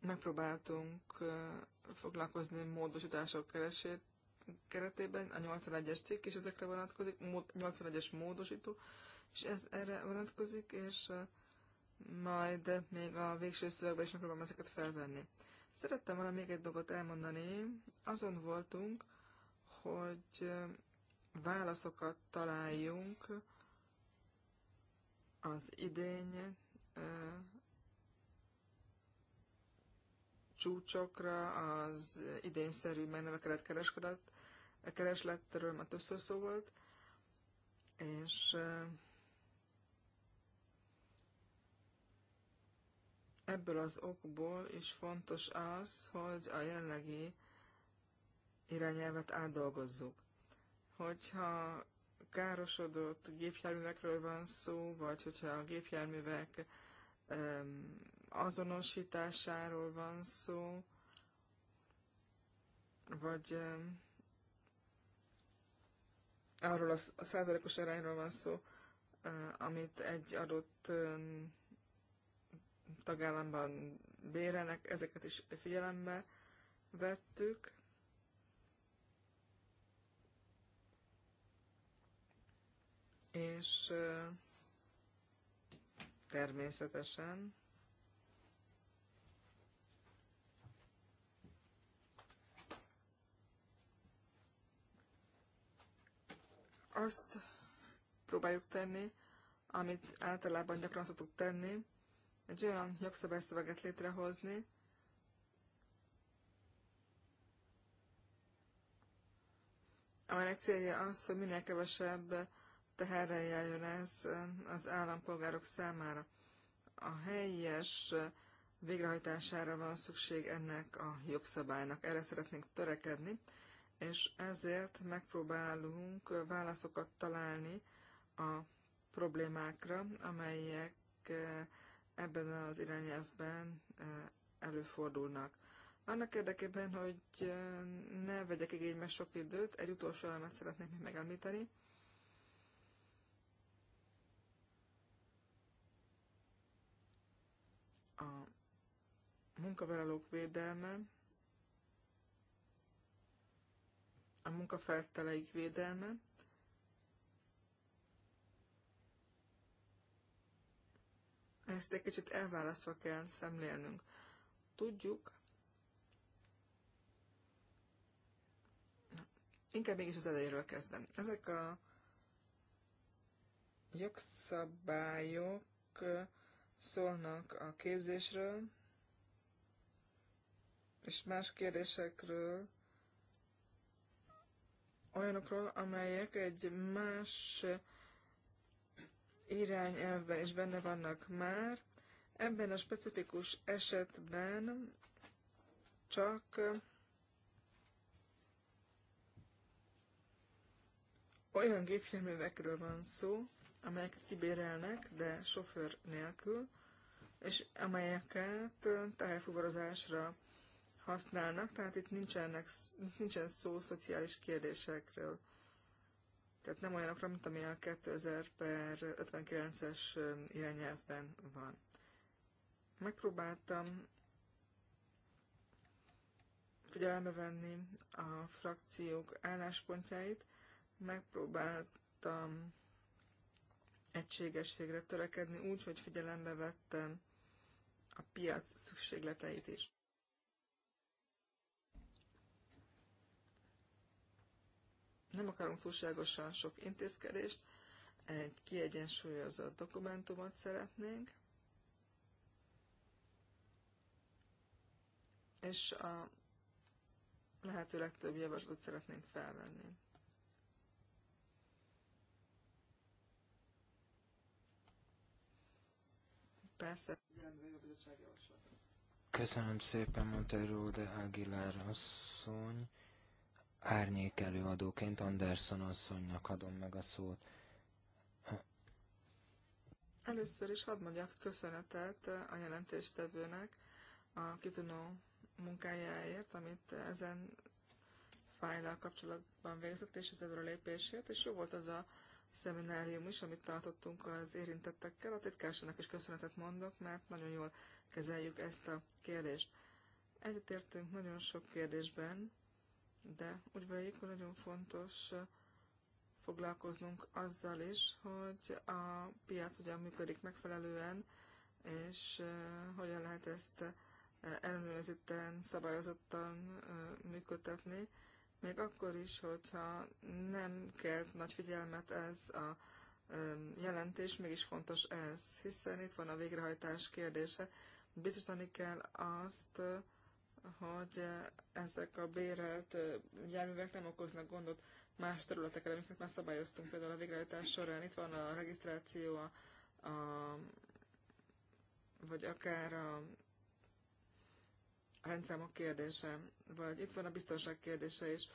megpróbáltunk foglalkozni módosítások keresét, keretében, a 81-es cikk is ezekre vonatkozik, 81-es módosító, és ez erre vonatkozik, és majd még a végső szövegben is megpróbálom ezeket felvenni. Szerettem volna még egy dolgot elmondani. Azon voltunk, hogy válaszokat találjunk az idény csúcsokra, az idényszerű megnövekedett kereskedet, keresletről már többször szó volt, és ebből az okból is fontos az, hogy a jelenlegi irányelvet átdolgozzuk hogyha károsodott gépjárművekről van szó, vagy hogyha a gépjárművek azonosításáról van szó, vagy arról a százalékos arányról van szó, e, amit egy adott tagállamban bérenek ezeket is figyelembe vettük. és természetesen azt próbáljuk tenni, amit általában gyakran szoktuk tenni, egy olyan jogszabályszöveget létrehozni, amelynek célja az, hogy minél kevesebb teherrel járjon ez az állampolgárok számára. A helyes végrehajtására van szükség ennek a jogszabálynak. Erre szeretnénk törekedni, és ezért megpróbálunk válaszokat találni a problémákra, amelyek ebben az irányelvben előfordulnak. Annak érdekében, hogy ne vegyek igénybe sok időt, egy utolsó elemet szeretnék még megemlíteni. munkavállalók védelme, a munkafelteleik védelme, ezt egy kicsit elválasztva kell szemlélnünk. Tudjuk, inkább mégis az elejéről kezdem. Ezek a jogszabályok szólnak a képzésről, és más kérdésekről, olyanokról, amelyek egy más irányelvben is benne vannak már. Ebben a specifikus esetben csak olyan gépjárművekről van szó, amelyeket kibérelnek, de sofőr nélkül, és amelyeket tájfuvarozásra használnak, tehát itt nincsenek, nincsen szó szociális kérdésekről. Tehát nem olyanokra, mint ami a 2000 per 59-es irányelvben van. Megpróbáltam figyelembe venni a frakciók álláspontjait, megpróbáltam egységességre törekedni úgy, hogy figyelembe vettem a piac szükségleteit is. Nem akarunk túlságosan sok intézkedést, egy kiegyensúlyozott dokumentumot szeretnénk, és a lehető legtöbb javaslatot szeretnénk felvenni. Persze. Köszönöm szépen, Montero de Aguilar asszony árnyék előadóként Anderson asszonynak adom meg a szót. Először is hadd mondjak köszönetet a jelentéstevőnek a kitűnő munkájáért, amit ezen fájlal kapcsolatban végzett, és az lépésért és jó volt az a szeminárium is, amit tartottunk az érintettekkel. A titkársának is köszönetet mondok, mert nagyon jól kezeljük ezt a kérdést. Egyetértünk nagyon sok kérdésben, de úgy véljük, hogy nagyon fontos foglalkoznunk azzal is, hogy a piac hogyan működik megfelelően, és hogyan lehet ezt ellenőrzetten, szabályozottan működtetni, még akkor is, hogyha nem kelt nagy figyelmet ez a jelentés, mégis fontos ez, hiszen itt van a végrehajtás kérdése. Biztosítani kell azt, hogy eh, ezek a bérelt eh, járművek nem okoznak gondot más területeken, amiket már szabályoztunk, például a végrehajtás során. Itt van a regisztráció, a, a, vagy akár a, a rendszámok kérdése, vagy itt van a biztonság kérdése is.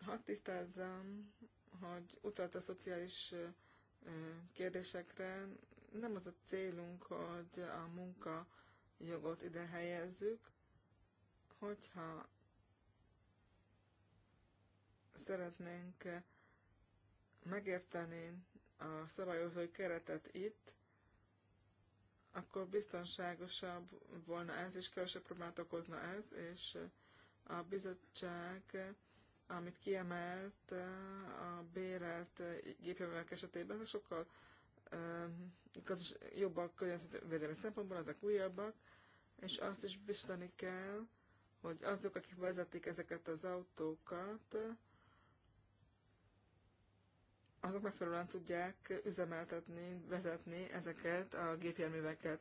Hadd tisztázzam, hogy utalt a szociális eh, kérdésekre. Nem az a célunk, hogy a munka jogot ide helyezzük, hogyha szeretnénk megérteni a szabályozói keretet itt, akkor biztonságosabb volna ez, és kevesebb problémát okozna ez, és a bizottság, amit kiemelt a bérelt gépjárművek esetében, ez sokkal igaz, jobbak környezetvédelmi szempontból, ezek újabbak, és azt is biztosítani kell, hogy azok, akik vezetik ezeket az autókat, azok megfelelően tudják üzemeltetni, vezetni ezeket a gépjárműveket.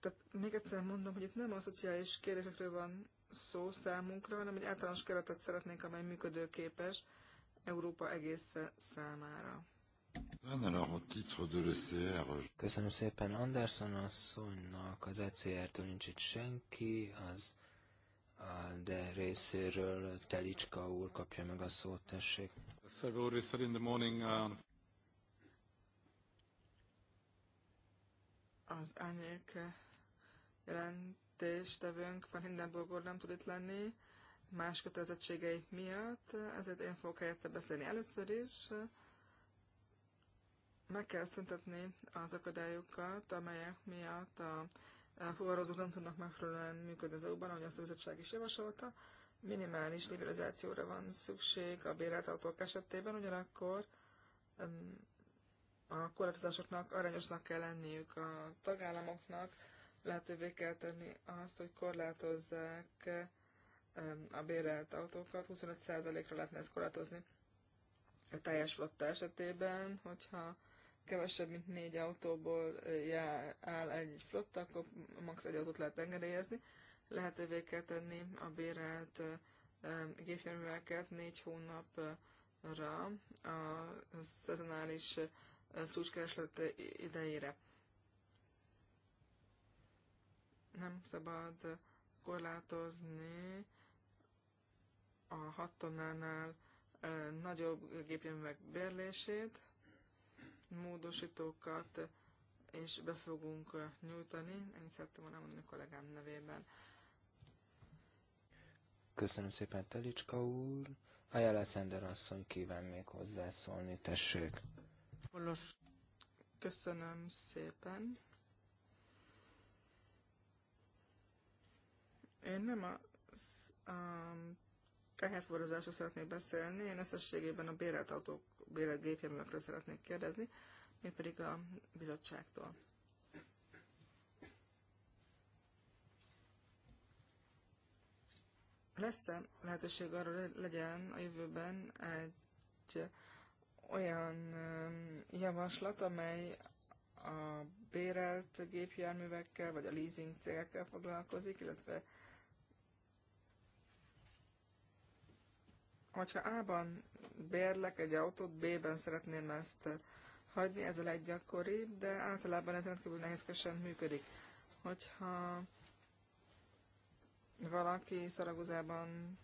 Tehát még egyszer mondom, hogy itt nem a szociális kérdésekről van szó számunkra, hanem egy általános keretet szeretnénk, amely működőképes Európa egész számára. Köszönöm szépen Anderson asszonynak, az ECR-től nincs itt senki, az de részéről Telicska úr kapja meg a szót, tessék. Uh, az árnyék jelentéstevőnk van Hindenburg úr nem tud itt lenni, más kötelezettségei miatt, ezért én fogok helyette beszélni először is. Meg kell szüntetni az akadályokat, amelyek miatt a fuvarozók nem tudnak megfelelően működni az EU-ban, ahogy azt a bizottság is javasolta. Minimális liberalizációra van szükség a bérelt autók esetében, ugyanakkor a korlátozásoknak arányosnak kell lenniük a tagállamoknak, lehetővé kell tenni azt, hogy korlátozzák a bérelt autókat, 25%-ra lehetne ezt korlátozni a teljes flotta esetében, hogyha kevesebb, mint négy autóból jár, áll egy flotta, akkor max. egy autót lehet engedélyezni. Lehetővé kell tenni a bérelt gépjárműveket négy hónapra a szezonális csúcskereslet idejére. Nem szabad korlátozni a hat tonnánál nagyobb gépjárművek bérlését, módosítókat és be fogunk nyújtani. Ennyit szerettem volna mondani a kollégám nevében. Köszönöm szépen, Telicska úr. Ajala Szender asszony kíván még hozzászólni, tessék. Köszönöm szépen. Én nem a, a teherforrozásról szeretnék beszélni, én összességében a bérelt autók bérelgépjárművekről szeretnék kérdezni, még pedig a bizottságtól. Lesz-e lehetőség arra, hogy legyen a jövőben egy olyan javaslat, amely a bérelt gépjárművekkel, vagy a leasing cégekkel foglalkozik, illetve Hogyha A-ban bérlek egy autót, B-ben szeretném ezt hagyni, ez a leggyakoribb, de általában ez rendkívül nehézkesen működik. Hogyha valaki Szaragozában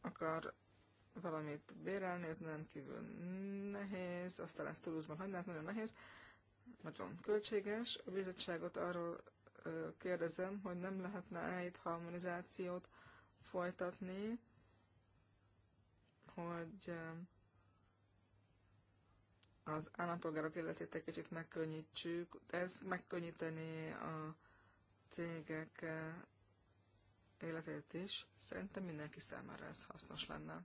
akar valamit bérelni, ez rendkívül nehéz, aztán ezt Toulouse-ban hagynát, nagyon nehéz, nagyon költséges. A bizottságot arról kérdezem, hogy nem lehetne itt harmonizációt folytatni, hogy az állampolgárok életét egy kicsit megkönnyítsük. Ez megkönnyíteni a cégek életét is. Szerintem mindenki számára ez hasznos lenne.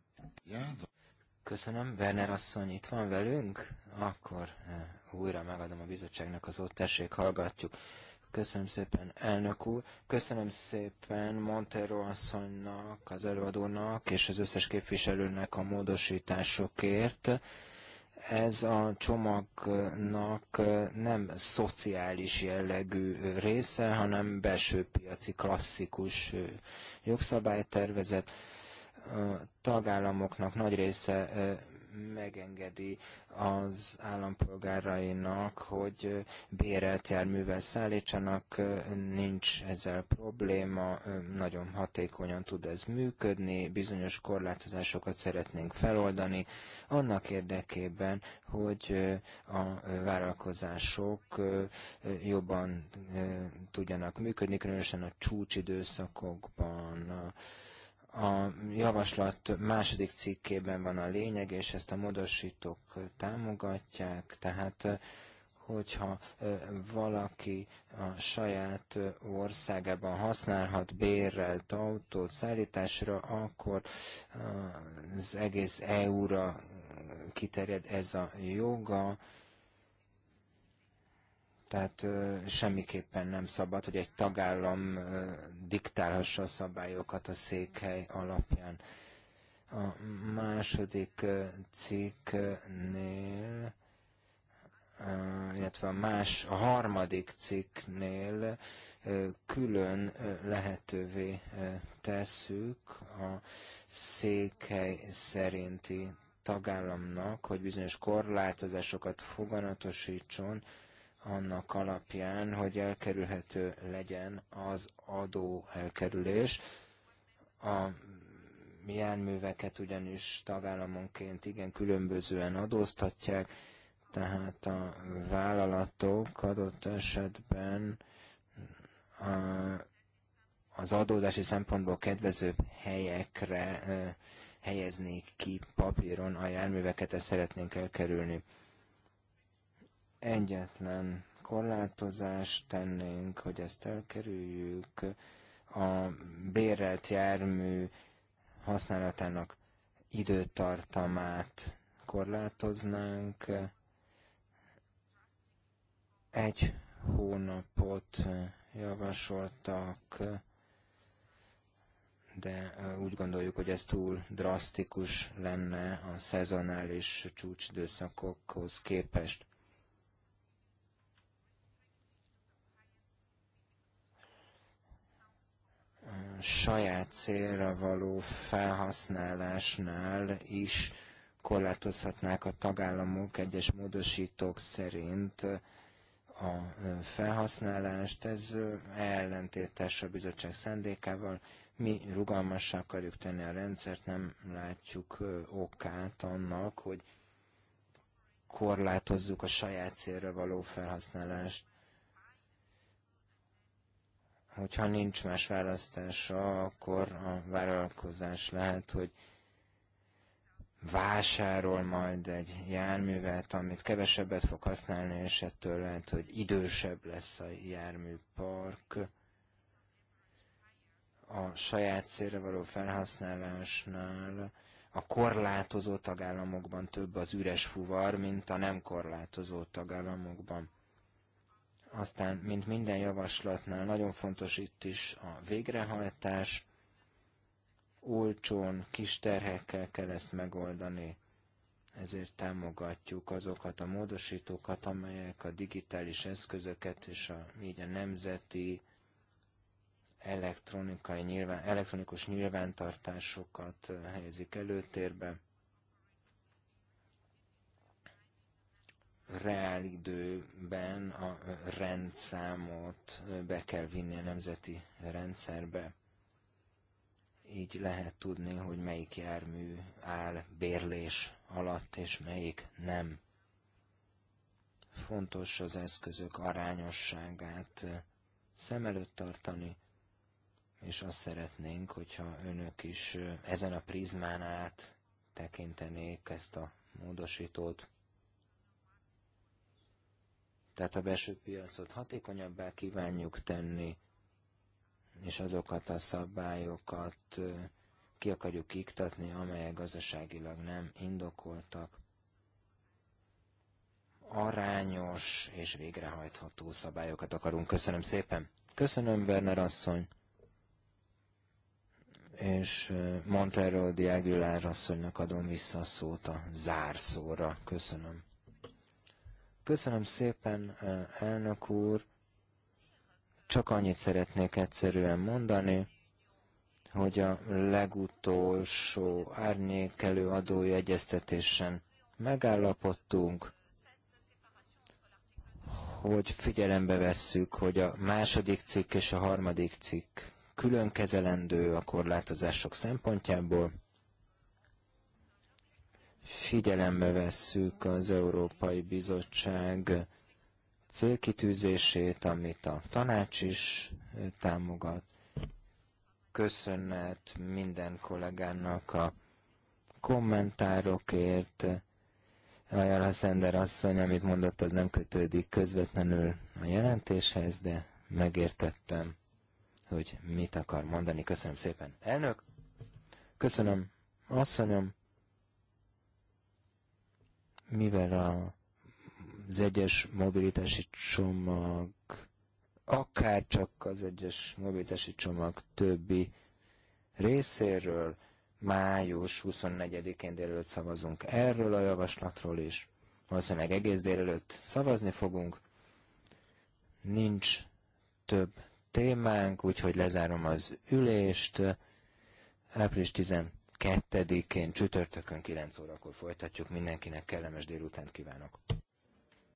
Köszönöm, Werner asszony itt van velünk. Akkor újra megadom a bizottságnak az ott tessék, hallgatjuk. Köszönöm szépen, elnök úr. Köszönöm szépen Montero asszonynak, az előadónak és az összes képviselőnek a módosításokért. Ez a csomagnak nem szociális jellegű része, hanem belső piaci klasszikus jogszabálytervezet. A tagállamoknak nagy része megengedi az állampolgárainak, hogy bérelt járművel szállítsanak, nincs ezzel probléma, nagyon hatékonyan tud ez működni, bizonyos korlátozásokat szeretnénk feloldani, annak érdekében, hogy a vállalkozások jobban tudjanak működni, különösen a csúcsidőszakokban, a a javaslat második cikkében van a lényeg, és ezt a módosítók támogatják, tehát eh, hogyha eh, valaki a saját eh, országában használhat bérelt autót szállításra, akkor az egész EU-ra kiterjed ez a joga, tehát semmiképpen nem szabad, hogy egy tagállam diktálhassa a szabályokat a székhely alapján. A második cikknél, illetve a, más, a harmadik cikknél külön lehetővé tesszük a székhely szerinti tagállamnak, hogy bizonyos korlátozásokat foganatosítson, annak alapján, hogy elkerülhető legyen az adó elkerülés. A járműveket ugyanis tagállamonként igen különbözően adóztatják, tehát a vállalatok adott esetben az adózási szempontból kedvezőbb helyekre eh, helyeznék ki papíron a járműveket, ezt szeretnénk elkerülni egyetlen korlátozást tennénk, hogy ezt elkerüljük, a bérelt jármű használatának időtartamát korlátoznánk, egy hónapot javasoltak, de úgy gondoljuk, hogy ez túl drasztikus lenne a szezonális csúcsidőszakokhoz képest. saját célra való felhasználásnál is korlátozhatnák a tagállamok egyes módosítók szerint a felhasználást. Ez ellentétes a bizottság szándékával. Mi rugalmassá akarjuk tenni a rendszert, nem látjuk okát annak, hogy korlátozzuk a saját célra való felhasználást hogyha nincs más választása, akkor a vállalkozás lehet, hogy vásárol majd egy járművet, amit kevesebbet fog használni, és ettől lehet, hogy idősebb lesz a járműpark. A saját célra való felhasználásnál a korlátozó tagállamokban több az üres fuvar, mint a nem korlátozó tagállamokban. Aztán, mint minden javaslatnál, nagyon fontos itt is a végrehajtás. Olcsón, kis terhekkel kell ezt megoldani, ezért támogatjuk azokat a módosítókat, amelyek a digitális eszközöket és a, így a nemzeti elektronikai nyilván, elektronikus nyilvántartásokat helyezik előtérbe. reál időben a rendszámot be kell vinni a nemzeti rendszerbe. Így lehet tudni, hogy melyik jármű áll bérlés alatt, és melyik nem. Fontos az eszközök arányosságát szem előtt tartani, és azt szeretnénk, hogyha önök is ezen a prizmán át tekintenék ezt a módosítót. Tehát a belső piacot hatékonyabbá kívánjuk tenni, és azokat a szabályokat ki akarjuk iktatni, amelyek gazdaságilag nem indokoltak. Arányos és végrehajtható szabályokat akarunk. Köszönöm szépen. Köszönöm, Werner asszony és Montero Diagulár asszonynak adom vissza a szót a zárszóra. Köszönöm. Köszönöm szépen, elnök úr. Csak annyit szeretnék egyszerűen mondani, hogy a legutolsó árnyékelő adói egyeztetésen megállapodtunk, hogy figyelembe vesszük, hogy a második cikk és a harmadik cikk külön kezelendő a korlátozások szempontjából, figyelembe vesszük az Európai Bizottság célkitűzését, amit a tanács is támogat. Köszönet minden kollégának a kommentárokért. a Szender asszony, amit mondott, az nem kötődik közvetlenül a jelentéshez, de megértettem, hogy mit akar mondani. Köszönöm szépen. Elnök, köszönöm asszonyom, mivel a, az egyes mobilitási csomag, akár csak az egyes mobilitási csomag többi részéről május 24-én délelőtt szavazunk erről a javaslatról is, valószínűleg egész délelőtt szavazni fogunk. Nincs több témánk, úgyhogy lezárom az ülést. Április 10 Kettedikén én csütörtökön 9 órakor folytatjuk. Mindenkinek kellemes délutánt kívánok!